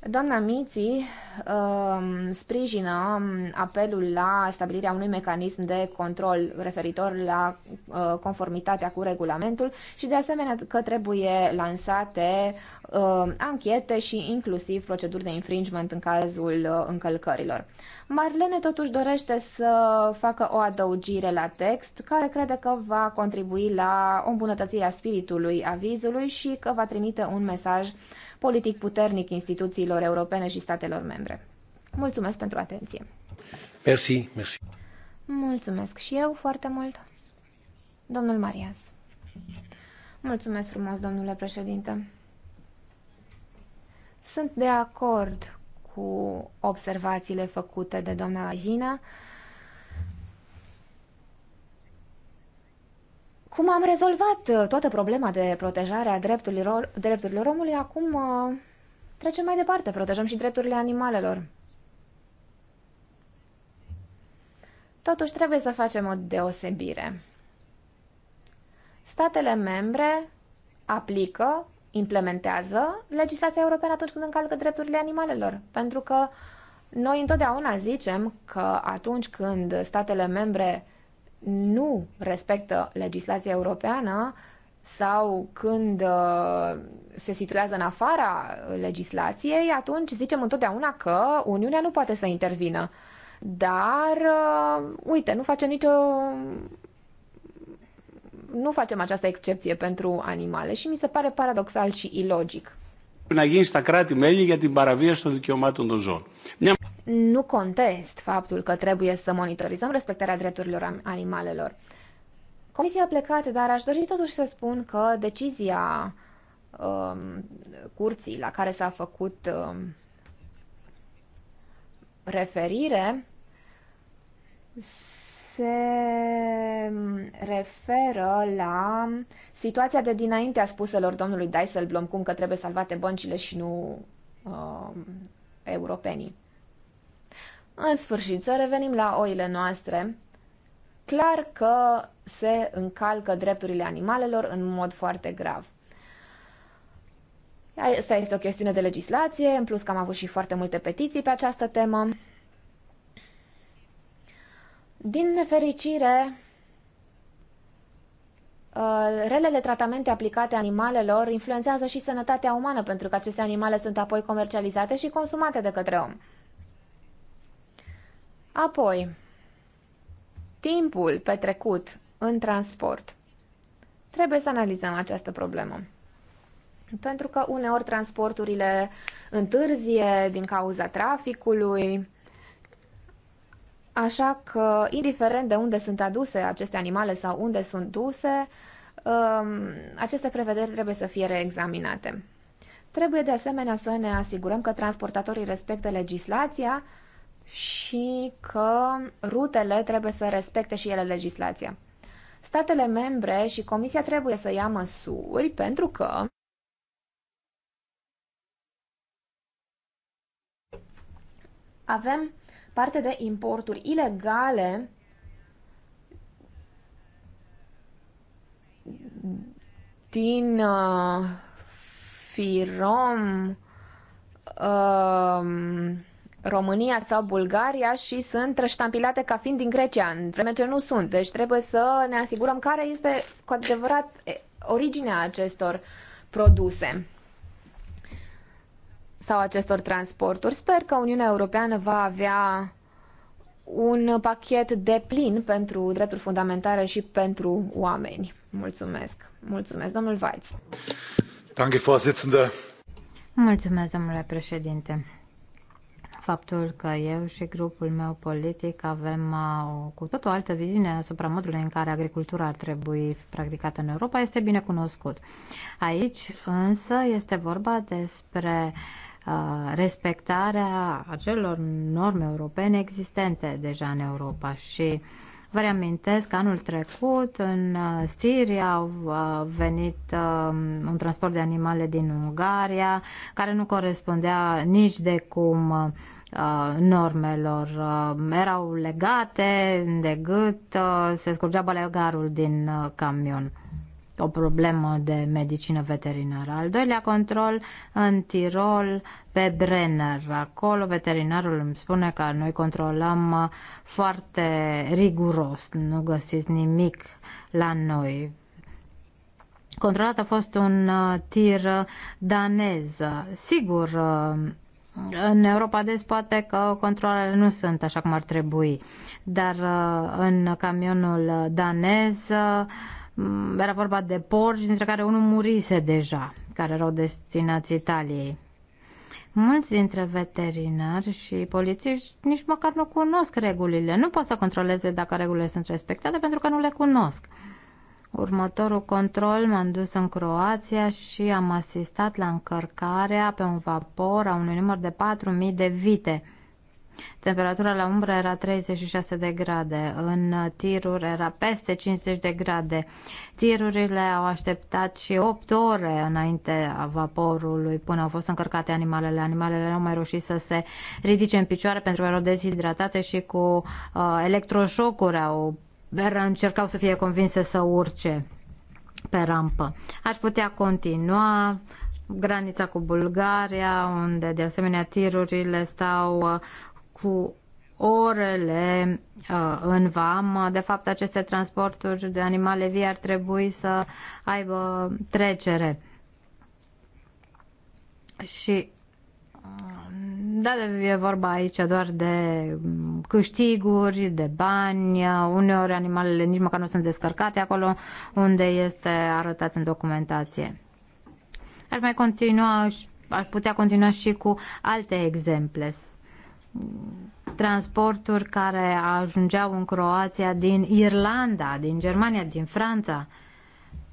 Doamna Miții um, sprijină um, apelul la stabilirea unui mecanism de control referitor la uh, conformitatea cu regulamentul și de asemenea că trebuie lansate um, anchete și inclusiv proceduri de infringement în cazul uh, încălcărilor. Marlene totuși dorește să facă o adăugire la text care crede că va contribui la o îmbunătățire a spiritului avizului și că va trimite un mesaj politic puternic instituțiilor europene și statelor membre. Mulțumesc pentru atenție. Merci, merci. Mulțumesc și eu foarte mult. Domnul Marias. Mulțumesc frumos, domnule președinte. Sunt de acord cu observațiile făcute de doamna Ajina. Cum am rezolvat uh, toată problema de protejare a drepturilor, drepturilor omului, acum uh, trecem mai departe, protejăm și drepturile animalelor. Totuși trebuie să facem o deosebire. Statele membre aplică, implementează legislația europeană atunci când încalcă drepturile animalelor, pentru că noi întotdeauna zicem că atunci când statele membre nu respectă legislația europeană sau când uh, se situează în afara legislației, atunci zicem întotdeauna că Uniunea nu poate să intervină. Dar, uh, uite, nu facem nicio. Nu facem această excepție pentru animale și mi se pare paradoxal și ilogic να γίνει στα κράτη-μέλη για την παραβίαση των δικαιωμάτων των ζώων. Μια... Nu contest faptul că trebuie să monitorizăm respectarea drepturilor animalelor. Comisia a plecat, dar aș dori totuși să spun că decizia um, curții la care s-a făcut um, referire se referă la situația de dinaintea spuselor domnului Dijsselbloem, cum că trebuie salvate băncile și nu uh, europenii. În sfârșit, să revenim la oile noastre. Clar că se încalcă drepturile animalelor în mod foarte grav. Asta este o chestiune de legislație, în plus că am avut și foarte multe petiții pe această temă. Din nefericire, uh, relele tratamente aplicate animalelor influențează și sănătatea umană, pentru că aceste animale sunt apoi comercializate și consumate de către om. Apoi, timpul petrecut în transport. Trebuie să analizăm această problemă. Pentru că uneori transporturile întârzie din cauza traficului, Așa că, indiferent de unde sunt aduse aceste animale sau unde sunt duse, um, aceste prevederi trebuie să fie reexaminate. Trebuie de asemenea să ne asigurăm că transportatorii respectă legislația și că rutele trebuie să respecte și ele legislația. Statele membre și Comisia trebuie să ia măsuri pentru că avem parte de importuri ilegale din uh, Firom, uh, România sau Bulgaria și sunt reștampilate ca fiind din Grecia, în vreme ce nu sunt. Deci trebuie să ne asigurăm care este cu adevărat originea acestor produse sau acestor transporturi. Sper că Uniunea Europeană va avea un pachet de plin pentru drepturi fundamentale și pentru oameni. Mulțumesc. Mulțumesc, domnul Weitz. Danke, Vorsitzende. Mulțumesc, domnule președinte. Faptul că eu și grupul meu politic avem uh, o, cu tot o altă viziune asupra modului în care agricultura ar trebui practicată în Europa este bine cunoscut. Aici însă este vorba despre uh, respectarea acelor norme europene existente deja în Europa și vă reamintesc că anul trecut în Siria au venit un transport de animale din Ungaria care nu corespundea nici de cum normelor. Erau legate de gât, se scurgea balegarul din camion o problemă de medicină veterinară. Al doilea control în Tirol, pe Brenner. Acolo veterinarul îmi spune că noi controlăm foarte riguros, nu găsiți nimic la noi. Controlat a fost un uh, tir danez. Sigur, uh, în Europa des poate că controlele nu sunt așa cum ar trebui, dar uh, în camionul danez Mm, era vorba de porci, dintre care unul murise deja, care erau destinați Italiei. Mulți dintre veterinari și polițiști nici măcar nu cunosc regulile. Nu pot să controleze dacă regulile sunt respectate pentru că nu le cunosc. Următorul control m-am dus în Croația și am asistat la încărcarea pe un vapor a unui număr de 4.000 de vite Temperatura la umbră era 36 de grade, în tiruri era peste 50 de grade. Tirurile au așteptat și 8 ore înainte a vaporului până au fost încărcate animalele. Animalele au mai reușit să se ridice în picioare pentru că erau dezhidratate și cu uh, electroșocuri au er, încercau să fie convinse să urce pe rampă. Aș putea continua granița cu Bulgaria, unde de asemenea tirurile stau uh, cu orele uh, în vamă. De fapt, aceste transporturi de animale vii ar trebui să aibă trecere. Și uh, da, e vorba aici doar de mm, câștiguri, de bani, uneori animalele nici măcar nu sunt descărcate acolo unde este arătat în documentație. Aș mai continua, aș putea continua și cu alte exemple transporturi care ajungeau în Croația din Irlanda, din Germania, din Franța.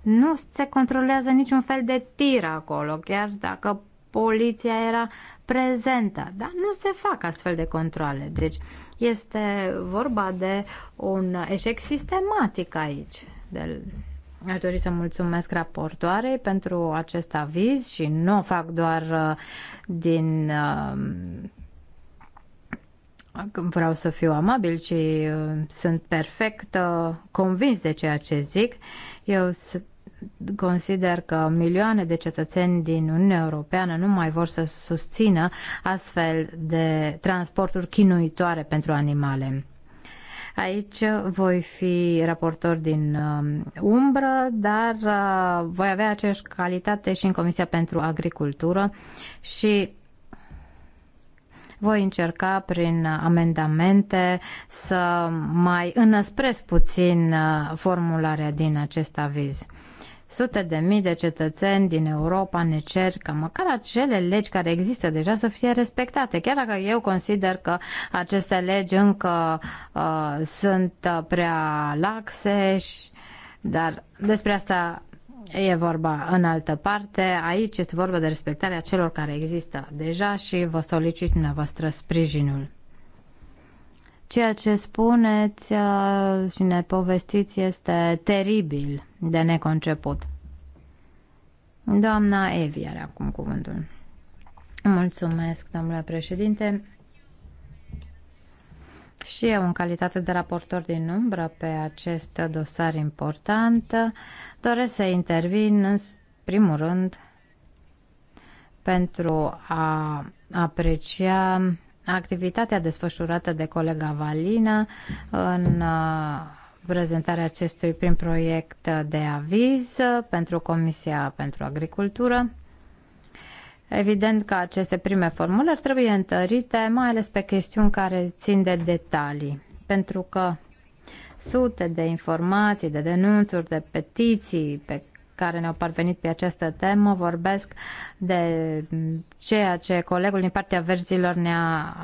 Nu se controlează niciun fel de tir acolo, chiar dacă poliția era prezentă, dar nu se fac astfel de controle. Deci este vorba de un eșec sistematic aici. De... Aș dori să mulțumesc raportoarei pentru acest aviz și nu o fac doar uh, din uh, vreau să fiu amabil, ci uh, sunt perfect convins de ceea ce zic. Eu consider că milioane de cetățeni din Uniunea Europeană nu mai vor să susțină astfel de transporturi chinuitoare pentru animale. Aici voi fi raportor din uh, umbră, dar uh, voi avea aceeași calitate și în Comisia pentru Agricultură și voi încerca prin amendamente să mai înăspresc puțin uh, formularea din acest aviz. Sute de mii de cetățeni din Europa ne cer ca măcar acele legi care există deja să fie respectate. Chiar dacă eu consider că aceste legi încă uh, sunt uh, prea laxe, dar despre asta e vorba în altă parte. Aici este vorba de respectarea celor care există deja și vă solicit dumneavoastră sprijinul. Ceea ce spuneți uh, și ne povestiți este teribil de neconceput. Doamna Evi are acum cuvântul. Mulțumesc, domnule președinte și eu, în calitate de raportor din umbră pe acest dosar important, doresc să intervin în primul rând pentru a aprecia activitatea desfășurată de colega Valina în uh, prezentarea acestui prim proiect de aviz pentru Comisia pentru Agricultură. Evident că aceste prime formulări trebuie întărite, mai ales pe chestiuni care țin de detalii, pentru că sute de informații, de denunțuri, de petiții pe care ne-au parvenit pe această temă vorbesc de ceea ce colegul din partea verzilor ne-a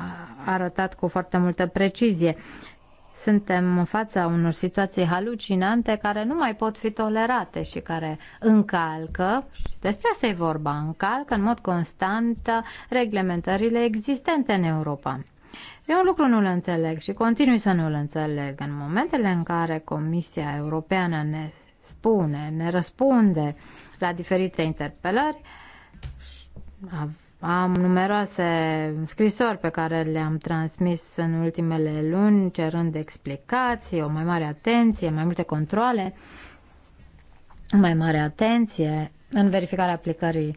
arătat cu foarte multă precizie. Suntem în fața unor situații halucinante care nu mai pot fi tolerate și care încalcă, și despre asta e vorba, încalcă în mod constant reglementările existente în Europa. Eu un lucru nu-l înțeleg și continui să nu-l înțeleg. În momentele în care Comisia Europeană ne spune, ne răspunde la diferite interpelări, am numeroase scrisori pe care le-am transmis în ultimele luni, cerând explicații, o mai mare atenție, mai multe controle, mai mare atenție în verificarea aplicării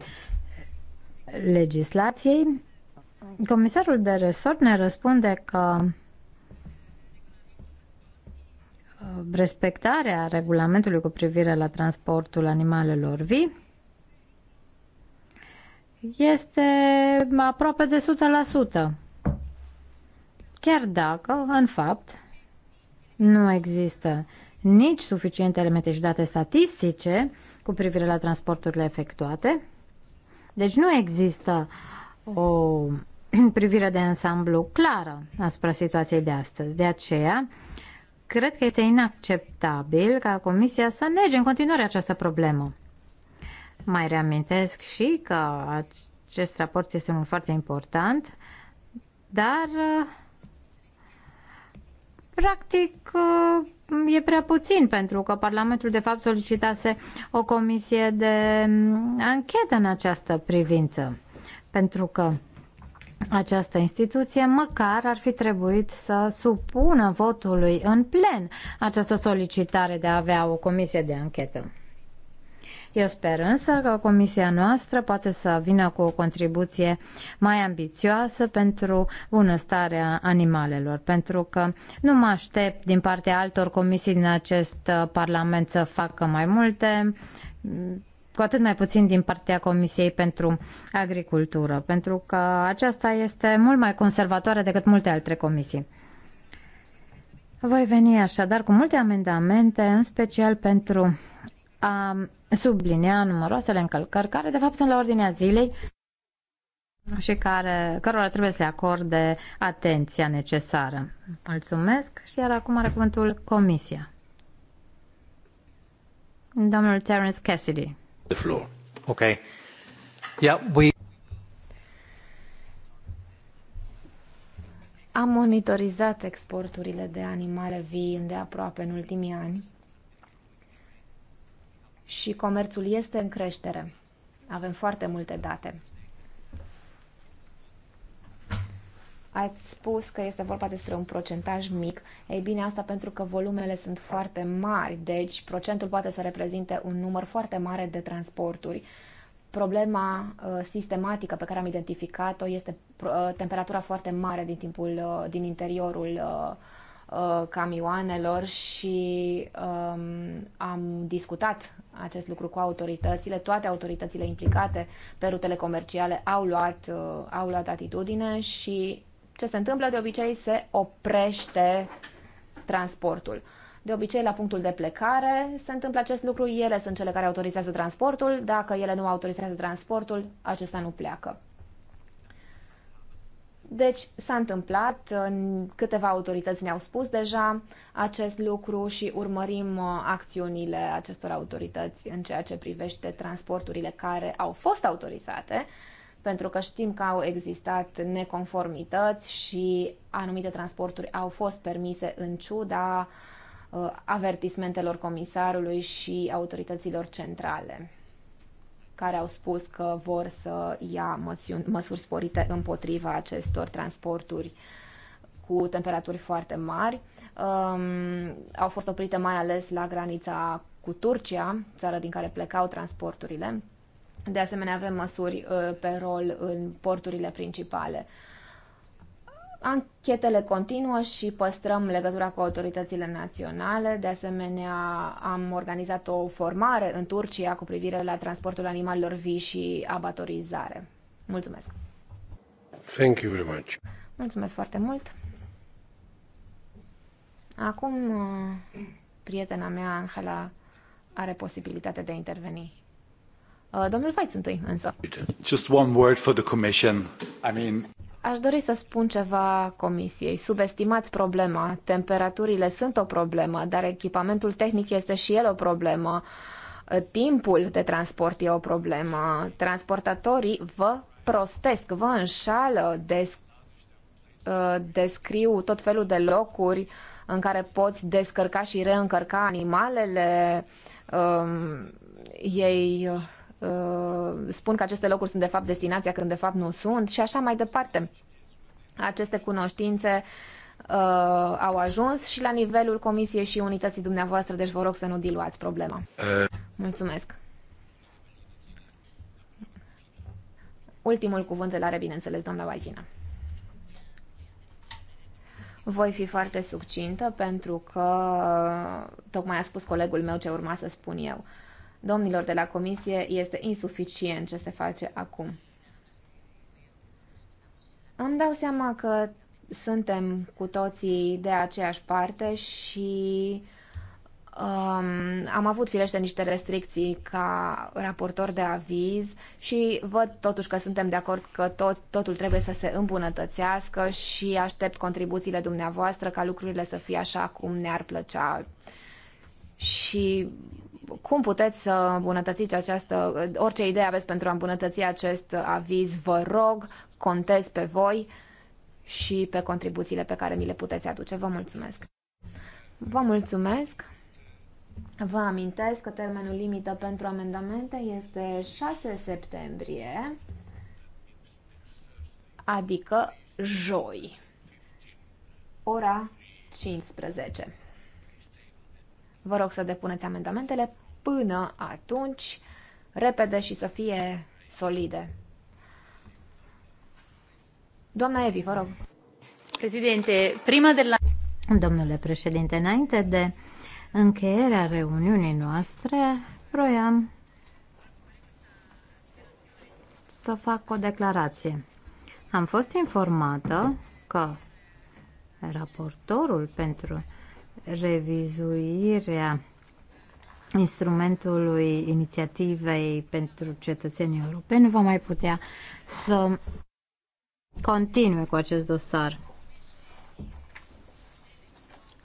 legislației. Comisarul de resort ne răspunde că uh, respectarea regulamentului cu privire la transportul animalelor vii este aproape de 100%. Chiar dacă, în fapt, nu există nici suficiente elemente și date statistice cu privire la transporturile efectuate. Deci nu există o privire de ansamblu clară asupra situației de astăzi. De aceea, cred că este inacceptabil ca Comisia să nege în continuare această problemă. Mai reamintesc și că acest raport este unul foarte important, dar uh, practic uh, e prea puțin pentru că Parlamentul de fapt solicitase o comisie de um, anchetă în această privință pentru că această instituție măcar ar fi trebuit să supună votului în plen această solicitare de a avea o comisie de anchetă. Eu sper însă că comisia noastră poate să vină cu o contribuție mai ambițioasă pentru bunăstarea animalelor, pentru că nu mă aștept din partea altor comisii din acest uh, Parlament să facă mai multe cu atât mai puțin din partea Comisiei pentru Agricultură, pentru că aceasta este mult mai conservatoare decât multe alte comisii. Voi veni așadar cu multe amendamente, în special pentru a sublinea numeroasele încălcări care de fapt sunt la ordinea zilei și care, cărora trebuie să le acorde atenția necesară. Mulțumesc și iar acum are cuvântul Comisia. Domnul Terence Cassidy. The floor. ok. Yeah, we... Am monitorizat exporturile de animale vii îndeaproape în ultimii ani și comerțul este în creștere. Avem foarte multe date. Ați spus că este vorba despre un procentaj mic. Ei bine, asta pentru că volumele sunt foarte mari, deci procentul poate să reprezinte un număr foarte mare de transporturi. Problema uh, sistematică pe care am identificat-o este uh, temperatura foarte mare din timpul uh, din interiorul uh, Uh, camioanelor și um, am discutat acest lucru cu autoritățile. Toate autoritățile implicate pe rutele comerciale au luat, uh, au luat atitudine și ce se întâmplă de obicei se oprește transportul. De obicei, la punctul de plecare se întâmplă acest lucru, ele sunt cele care autorizează transportul, dacă ele nu autorizează transportul, acesta nu pleacă. Deci s-a întâmplat, câteva autorități ne-au spus deja acest lucru și urmărim uh, acțiunile acestor autorități în ceea ce privește transporturile care au fost autorizate, pentru că știm că au existat neconformități și anumite transporturi au fost permise în ciuda uh, avertismentelor comisarului și autorităților centrale care au spus că vor să ia măsuri sporite împotriva acestor transporturi cu temperaturi foarte mari. Um, au fost oprite mai ales la granița cu Turcia, țară din care plecau transporturile. De asemenea, avem măsuri uh, pe rol în porturile principale. Uh, Anchetele continuă și păstrăm legătura cu autoritățile naționale. De asemenea, am organizat o formare în Turcia cu privire la transportul animalelor vii și abatorizare. Mulțumesc! Thank you very much! Mulțumesc foarte mult! Acum, prietena mea, Angela, are posibilitatea de a interveni. Uh, domnul Faiț întâi, însă. Just one word for the commission. I mean... Aș dori să spun ceva comisiei. Subestimați problema. Temperaturile sunt o problemă, dar echipamentul tehnic este și el o problemă. Timpul de transport e o problemă. Transportatorii vă prostesc, vă înșală, des, uh, descriu tot felul de locuri în care poți descărca și reîncărca animalele. Um, ei uh, Uh, spun că aceste locuri sunt de fapt destinația când de fapt nu sunt și așa mai departe. Aceste cunoștințe uh, au ajuns și la nivelul comisiei și unității dumneavoastră, deci vă rog să nu diluați problema. Uh. Mulțumesc. Ultimul cuvânt îl are, bineînțeles, doamna Vagina. Voi fi foarte succintă pentru că tocmai a spus colegul meu ce urma să spun eu. Uh, domnilor de la comisie este insuficient ce se face acum. Îmi dau seama că suntem cu toții de aceeași parte și um, am avut firește niște restricții ca raportor de aviz și văd totuși că suntem de acord că tot, totul trebuie să se îmbunătățească și aștept contribuțiile dumneavoastră ca lucrurile să fie așa cum ne-ar plăcea. Și cum puteți să îmbunătățiți această, orice idee aveți pentru a îmbunătăți acest aviz, vă rog, contez pe voi și pe contribuțiile pe care mi le puteți aduce. Vă mulțumesc! Vă mulțumesc! Vă amintesc că termenul limită pentru amendamente este 6 septembrie, adică joi, ora 15. Vă rog să depuneți amendamentele până atunci, repede și să fie solide. Doamna Evi, vă rog. Președinte, prima de la... Domnule președinte, înainte de încheierea reuniunii noastre, vroiam să fac o declarație. Am fost informată că raportorul pentru revizuirea instrumentului inițiativei pentru cetățenii europeni va mai putea să continue cu acest dosar.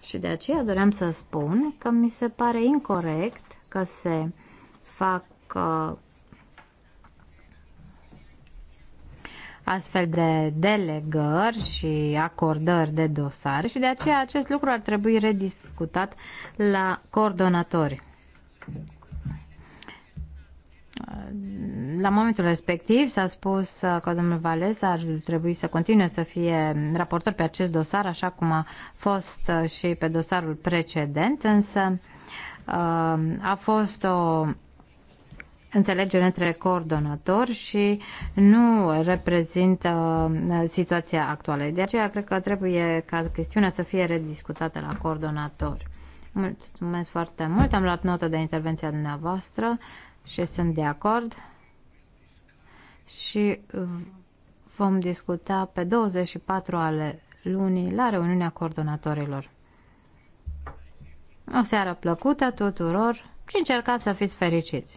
Și de aceea doream să spun că mi se pare incorrect că se fac astfel de delegări și acordări de dosare și de aceea acest lucru ar trebui rediscutat la coordonatori. La momentul respectiv s-a spus că domnul Vales ar trebui să continue să fie raportor pe acest dosar, așa cum a fost și pe dosarul precedent, însă uh, a fost o înțelegere între coordonator și nu reprezintă uh, situația actuală. De aceea cred că trebuie ca chestiunea să fie rediscutată la coordonator. Mulțumesc foarte mult, am luat notă de intervenția dumneavoastră și sunt de acord. Și vom discuta pe 24 ale lunii la reuniunea coordonatorilor. O seară plăcută tuturor și încercați să fiți fericiți!